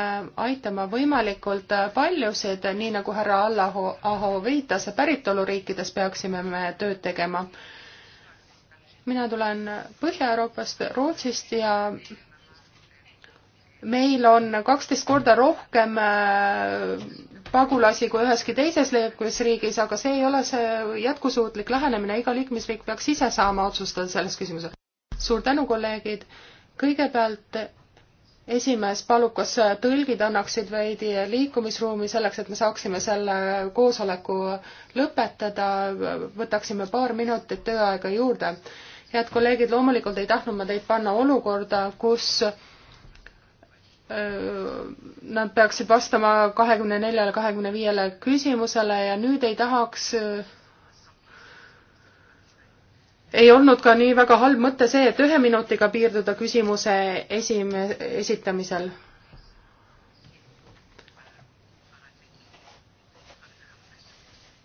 aitama võimalikult äh, paljusid, nii nagu härra Allaho viitas, päritoluriikides peaksime me tööd tegema. mina tulen Põhja-Euroopast, Rootsist ja meil on kaksteist korda rohkem äh, pagulasi kui üheski teises liikmesriigis, aga see ei ole see jätkusuutlik lähenemine, iga liikmesriik peaks ise saama otsustada selles küsimuses. suur tänu, kolleegid! kõigepealt esimees palub, kas tõlgid annaksid veidi liikumisruumi selleks, et me saaksime selle koosoleku lõpetada, võtaksime paar minutit tööaega juurde. head kolleegid, loomulikult ei tahtnud ma teid panna olukorda, kus nad peaksid vastama kahekümne neljale, kahekümne viiele küsimusele ja nüüd ei tahaks ei olnud ka nii väga halb mõte see, et ühe minutiga piirduda küsimuse esime-, esitamisel.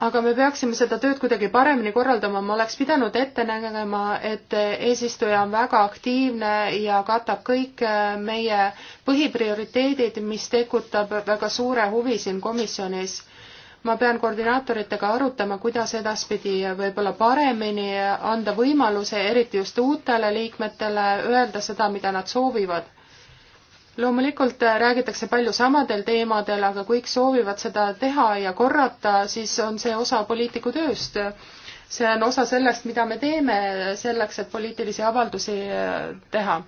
aga me peaksime seda tööd kuidagi paremini korraldama, ma oleks pidanud ette nägema, et eesistuja on väga aktiivne ja katab kõik äh, meie põhiprioriteedid, mis tekutab väga suure huvi siin komisjonis ma pean koordinaatoritega arutama, kuidas edaspidi võib-olla paremini anda võimaluse, eriti just uutele liikmetele, öelda seda, mida nad soovivad. loomulikult räägitakse palju samadel teemadel, aga kõik soovivad seda teha ja korrata, siis on see osa poliitiku tööst. see on osa sellest, mida me teeme selleks, et poliitilisi avaldusi teha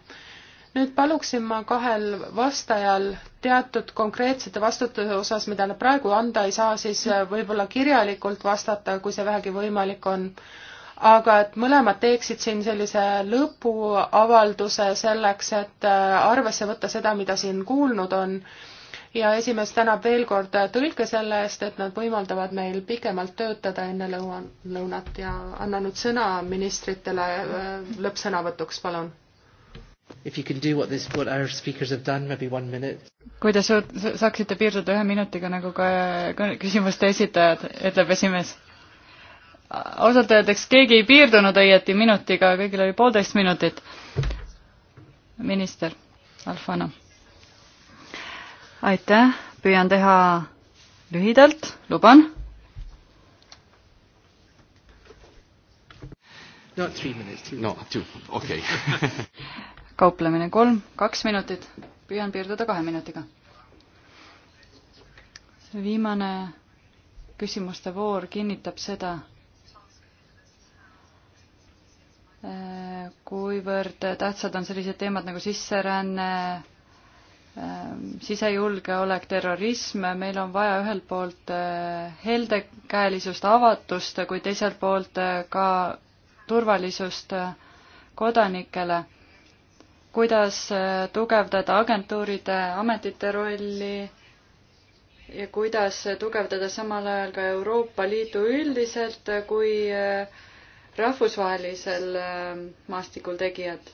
nüüd paluksin ma kahel vastajal teatud konkreetsete vastutuse osas, mida nad praegu anda ei saa, siis võib-olla kirjalikult vastata, kui see vähegi võimalik on. aga et mõlemad teeksid siin sellise lõpuavalduse selleks, et äh, arvesse võtta seda, mida siin kuulnud on. ja esimees tänab veel kord tõlke selle eest, et nad võimaldavad meil pikemalt töötada enne lõuna, lõunat ja annan nüüd sõna ministritele äh, lõppsõnavõtuks, palun If you can do what this, what our speakers have done, maybe one minute. kui te saaksite piirduda ühe minutiga, nagu ka küsimuste esitajad, ütleb esimees. ausalt öeldeks keegi ei piirdunud õieti minutiga, kõigil oli poolteist minutit. minister Alfano. aitäh, püüan teha lühidalt, luban Not three minutes. Two. No, two. Okay. kauplemine kolm, kaks minutit, püüan piirduda kahe minutiga. see viimane küsimuste voor kinnitab seda, eh, kuivõrd tähtsad on sellised teemad nagu sisseränne, eh, sisejulgeolek, terrorism, meil on vaja ühelt poolt eh, heldekäelisust, avatust, kuid teiselt poolt ka turvalisust kodanikele kuidas äh, tugevdada agentuuride ametite rolli ja kuidas tugevdada samal ajal ka Euroopa Liidu üldiselt kui äh, rahvusvahelisel äh, maastikul tegijad.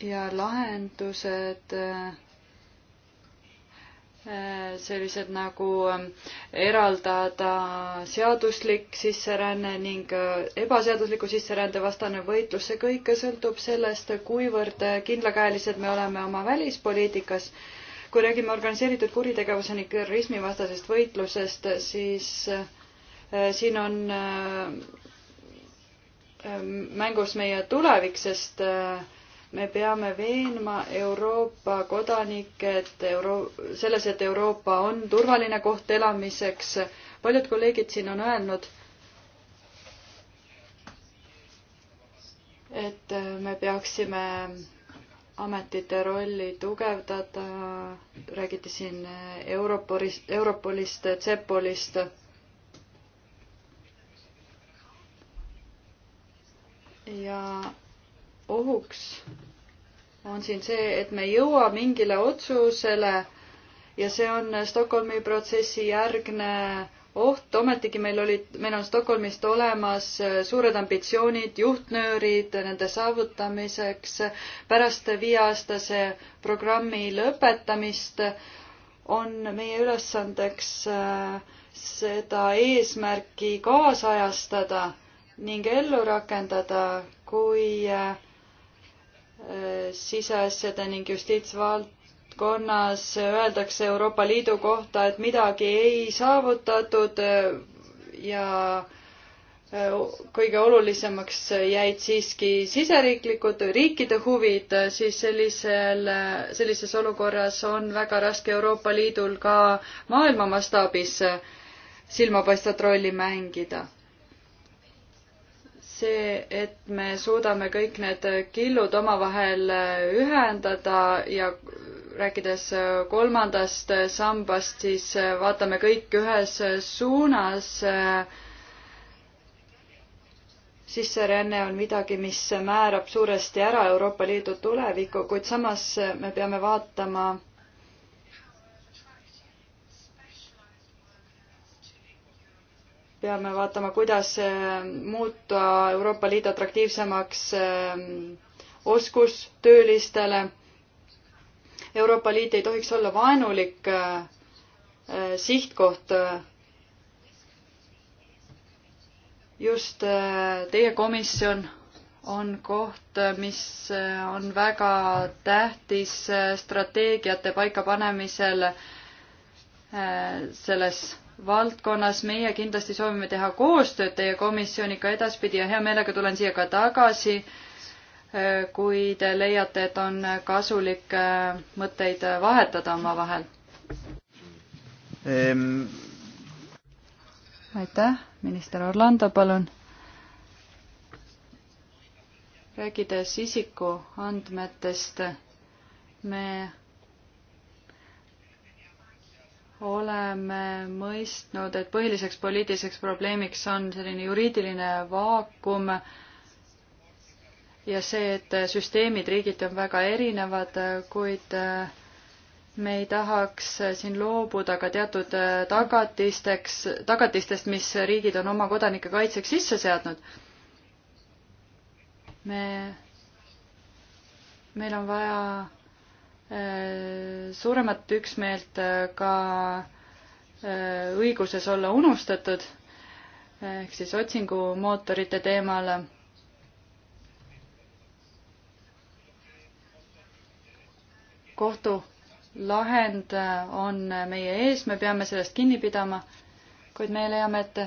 ja lahendused sellised nagu ähm, eraldada seaduslik sisseränne ning äh, ebaseadusliku sisserände vastane võitlus, see kõik sõltub sellest, kuivõrd äh, kindlakäelised me oleme oma välispoliitikas. kui räägime organiseeritud kuritegevuse ning terrorismi vastasest võitlusest, siis äh, siin on mängus meie tulevik, sest äh, me peame veenma Euroopa kodanikke, et euro-, selles, et Euroopa on turvaline koht elamiseks. paljud kolleegid siin on öelnud, et me peaksime ametite rolli tugevdada, räägiti siin Europolist, Europolist, Cepolist. ja ohuks on siin see, et me ei jõua mingile otsusele ja see on Stockholmi protsessi järgne oht, ometigi meil olid, meil on Stockholmist olemas suured ambitsioonid, juhtnöörid nende saavutamiseks. pärast viieaastase programmi lõpetamist on meie ülesandeks äh, seda eesmärki kaasajastada ning ellu rakendada, kui äh, siseasjade ning justiitsvaldkonnas öeldakse Euroopa Liidu kohta, et midagi ei saavutatud ja kõige olulisemaks jäid siiski siseriiklikud riikide huvid, siis sellisel, sellises olukorras on väga raske Euroopa Liidul ka maailma mastaabis silmapaistvat rolli mängida see, et me suudame kõik need killud omavahel äh, ühendada ja rääkides äh, kolmandast äh, sambast, siis vaatame kõik ühes suunas. sisseränne on midagi, mis määrab suuresti ära Euroopa Liidu tulevikku, kuid samas me peame vaatama peame vaatama, kuidas äh, muuta Euroopa Liit atraktiivsemaks ähm, oskustöölistele. Euroopa Liit ei tohiks olla vaenulik äh, äh, sihtkoht just teie komisjon on koht, mis on väga tähtis strateegiate paikapanemisel selles valdkonnas meie kindlasti soovime teha koostööd teie komisjoniga edaspidi ja hea meelega tulen siia ka tagasi, eh, kui te leiate, et on kasulik eh, mõtteid vahetada omavahel ehm.. aitäh, minister Orlando, palun. rääkides isikuandmetest, me oleme mõistnud, et põhiliseks poliitiliseks probleemiks on selline juriidiline vaakum ja see, et süsteemid riigiti on väga erinevad, kuid äh, me ei tahaks äh, siin loobuda ka teatud äh, tagatisteks, tagatistest, mis riigid on oma kodanike kaitseks sisse seadnud. me, meil on vaja Äh, suuremat üksmeelt äh, ka äh, õiguses olla unustatud, ehk siis otsingumootorite teemal. kohtulahend on meie ees, me peame sellest kinni pidama, kuid me leiame, et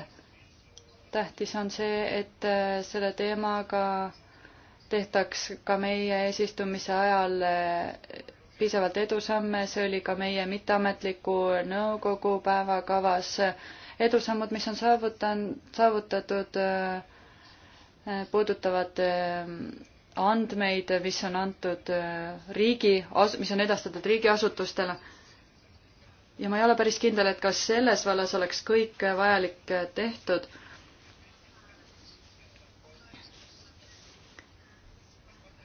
tähtis on see, et selle teemaga tehtaks ka meie eesistumise ajal piisavalt edusamme, see oli ka meie mitteametliku nõukogu päevakavas. edusammud, mis on saavutan-, saavutatud, äh, puudutavad äh, andmeid, mis on antud äh, riigi, mis on edastatud riigiasutustele. ja ma ei ole päris kindel, et kas selles vallas oleks kõik vajalik tehtud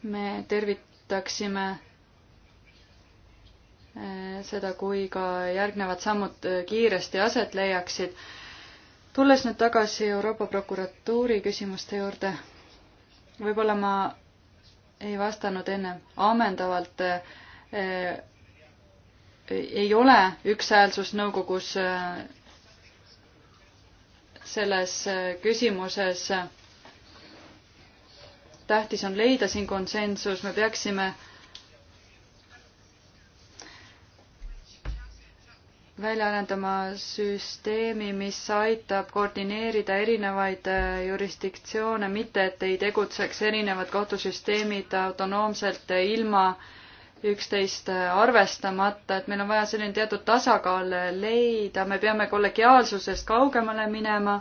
me tervitaksime Äh, seda, kui ka järgnevad sammud äh, kiiresti aset leiaksid. tulles nüüd tagasi Euroopa prokuratuuri küsimuste juurde, võib-olla ma ei vastanud enne ammendavalt eh,. ei ole ükshäälsus nõukogus eh, selles küsimuses. tähtis on leida siin konsensus, me peaksime eh, välja arendama süsteemi, mis aitab koordineerida erinevaid äh, jurisdiktsioone, mitte et ei tegutseks erinevad kohtusüsteemid autonoomselt ilma üksteist äh, arvestamata, et meil on vaja selline teatud tasakaal leida, me peame kollegiaalsusest kaugemale minema,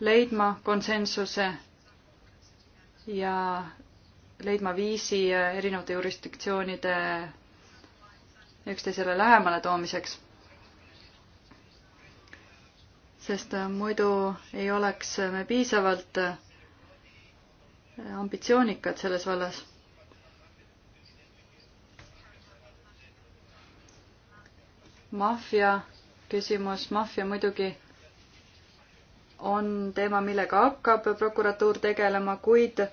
leidma konsensuse ja leidma viisi äh, erinevate jurisdiktsioonide üksteisele lähemale toomiseks. sest äh, muidu ei oleks me piisavalt äh, ambitsioonikad selles vallas. maffia küsimus, maffia muidugi on teema, millega hakkab prokuratuur tegelema, kuid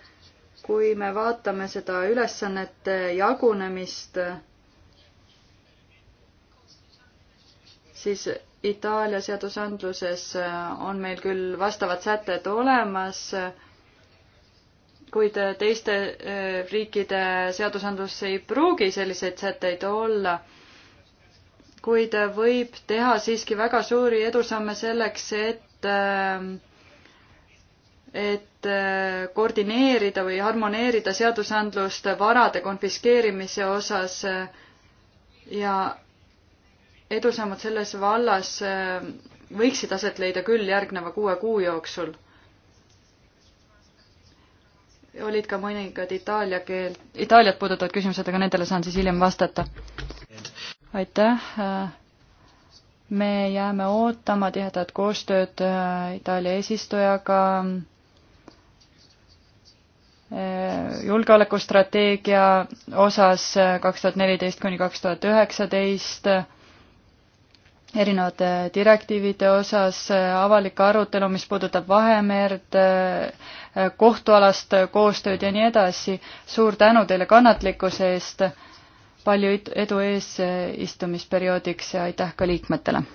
kui me vaatame seda ülesannete jagunemist siis Itaalia seadusandluses äh, on meil küll vastavad sätted olemas, kuid teiste äh, riikide seadusandlus ei pruugi selliseid sätteid olla, kuid võib teha siiski väga suuri edusamme selleks, et äh, et koordineerida või harmoneerida seadusandlust varade konfiskeerimise osas ja edusammud selles vallas äh, võiksid aset leida küll järgneva kuue kuu jooksul. olid ka mõningad itaalia keel, Itaaliat puudutavad küsimused, aga nendele saan siis hiljem vastata. aitäh. Äh, me jääme ootama tihedat koostööd äh, Itaalia eesistujaga julgeolekustrateegia osas kaks tuhat neliteist kuni kaks tuhat üheksateist erinevate äh, direktiivide osas, äh, avalik arutelu, mis puudutab Vahemerd, äh, kohtualast koostööd ja nii edasi. suur tänu teile kannatlikkuse eest, palju edu eesistumisperioodiks ja aitäh ka liikmetele!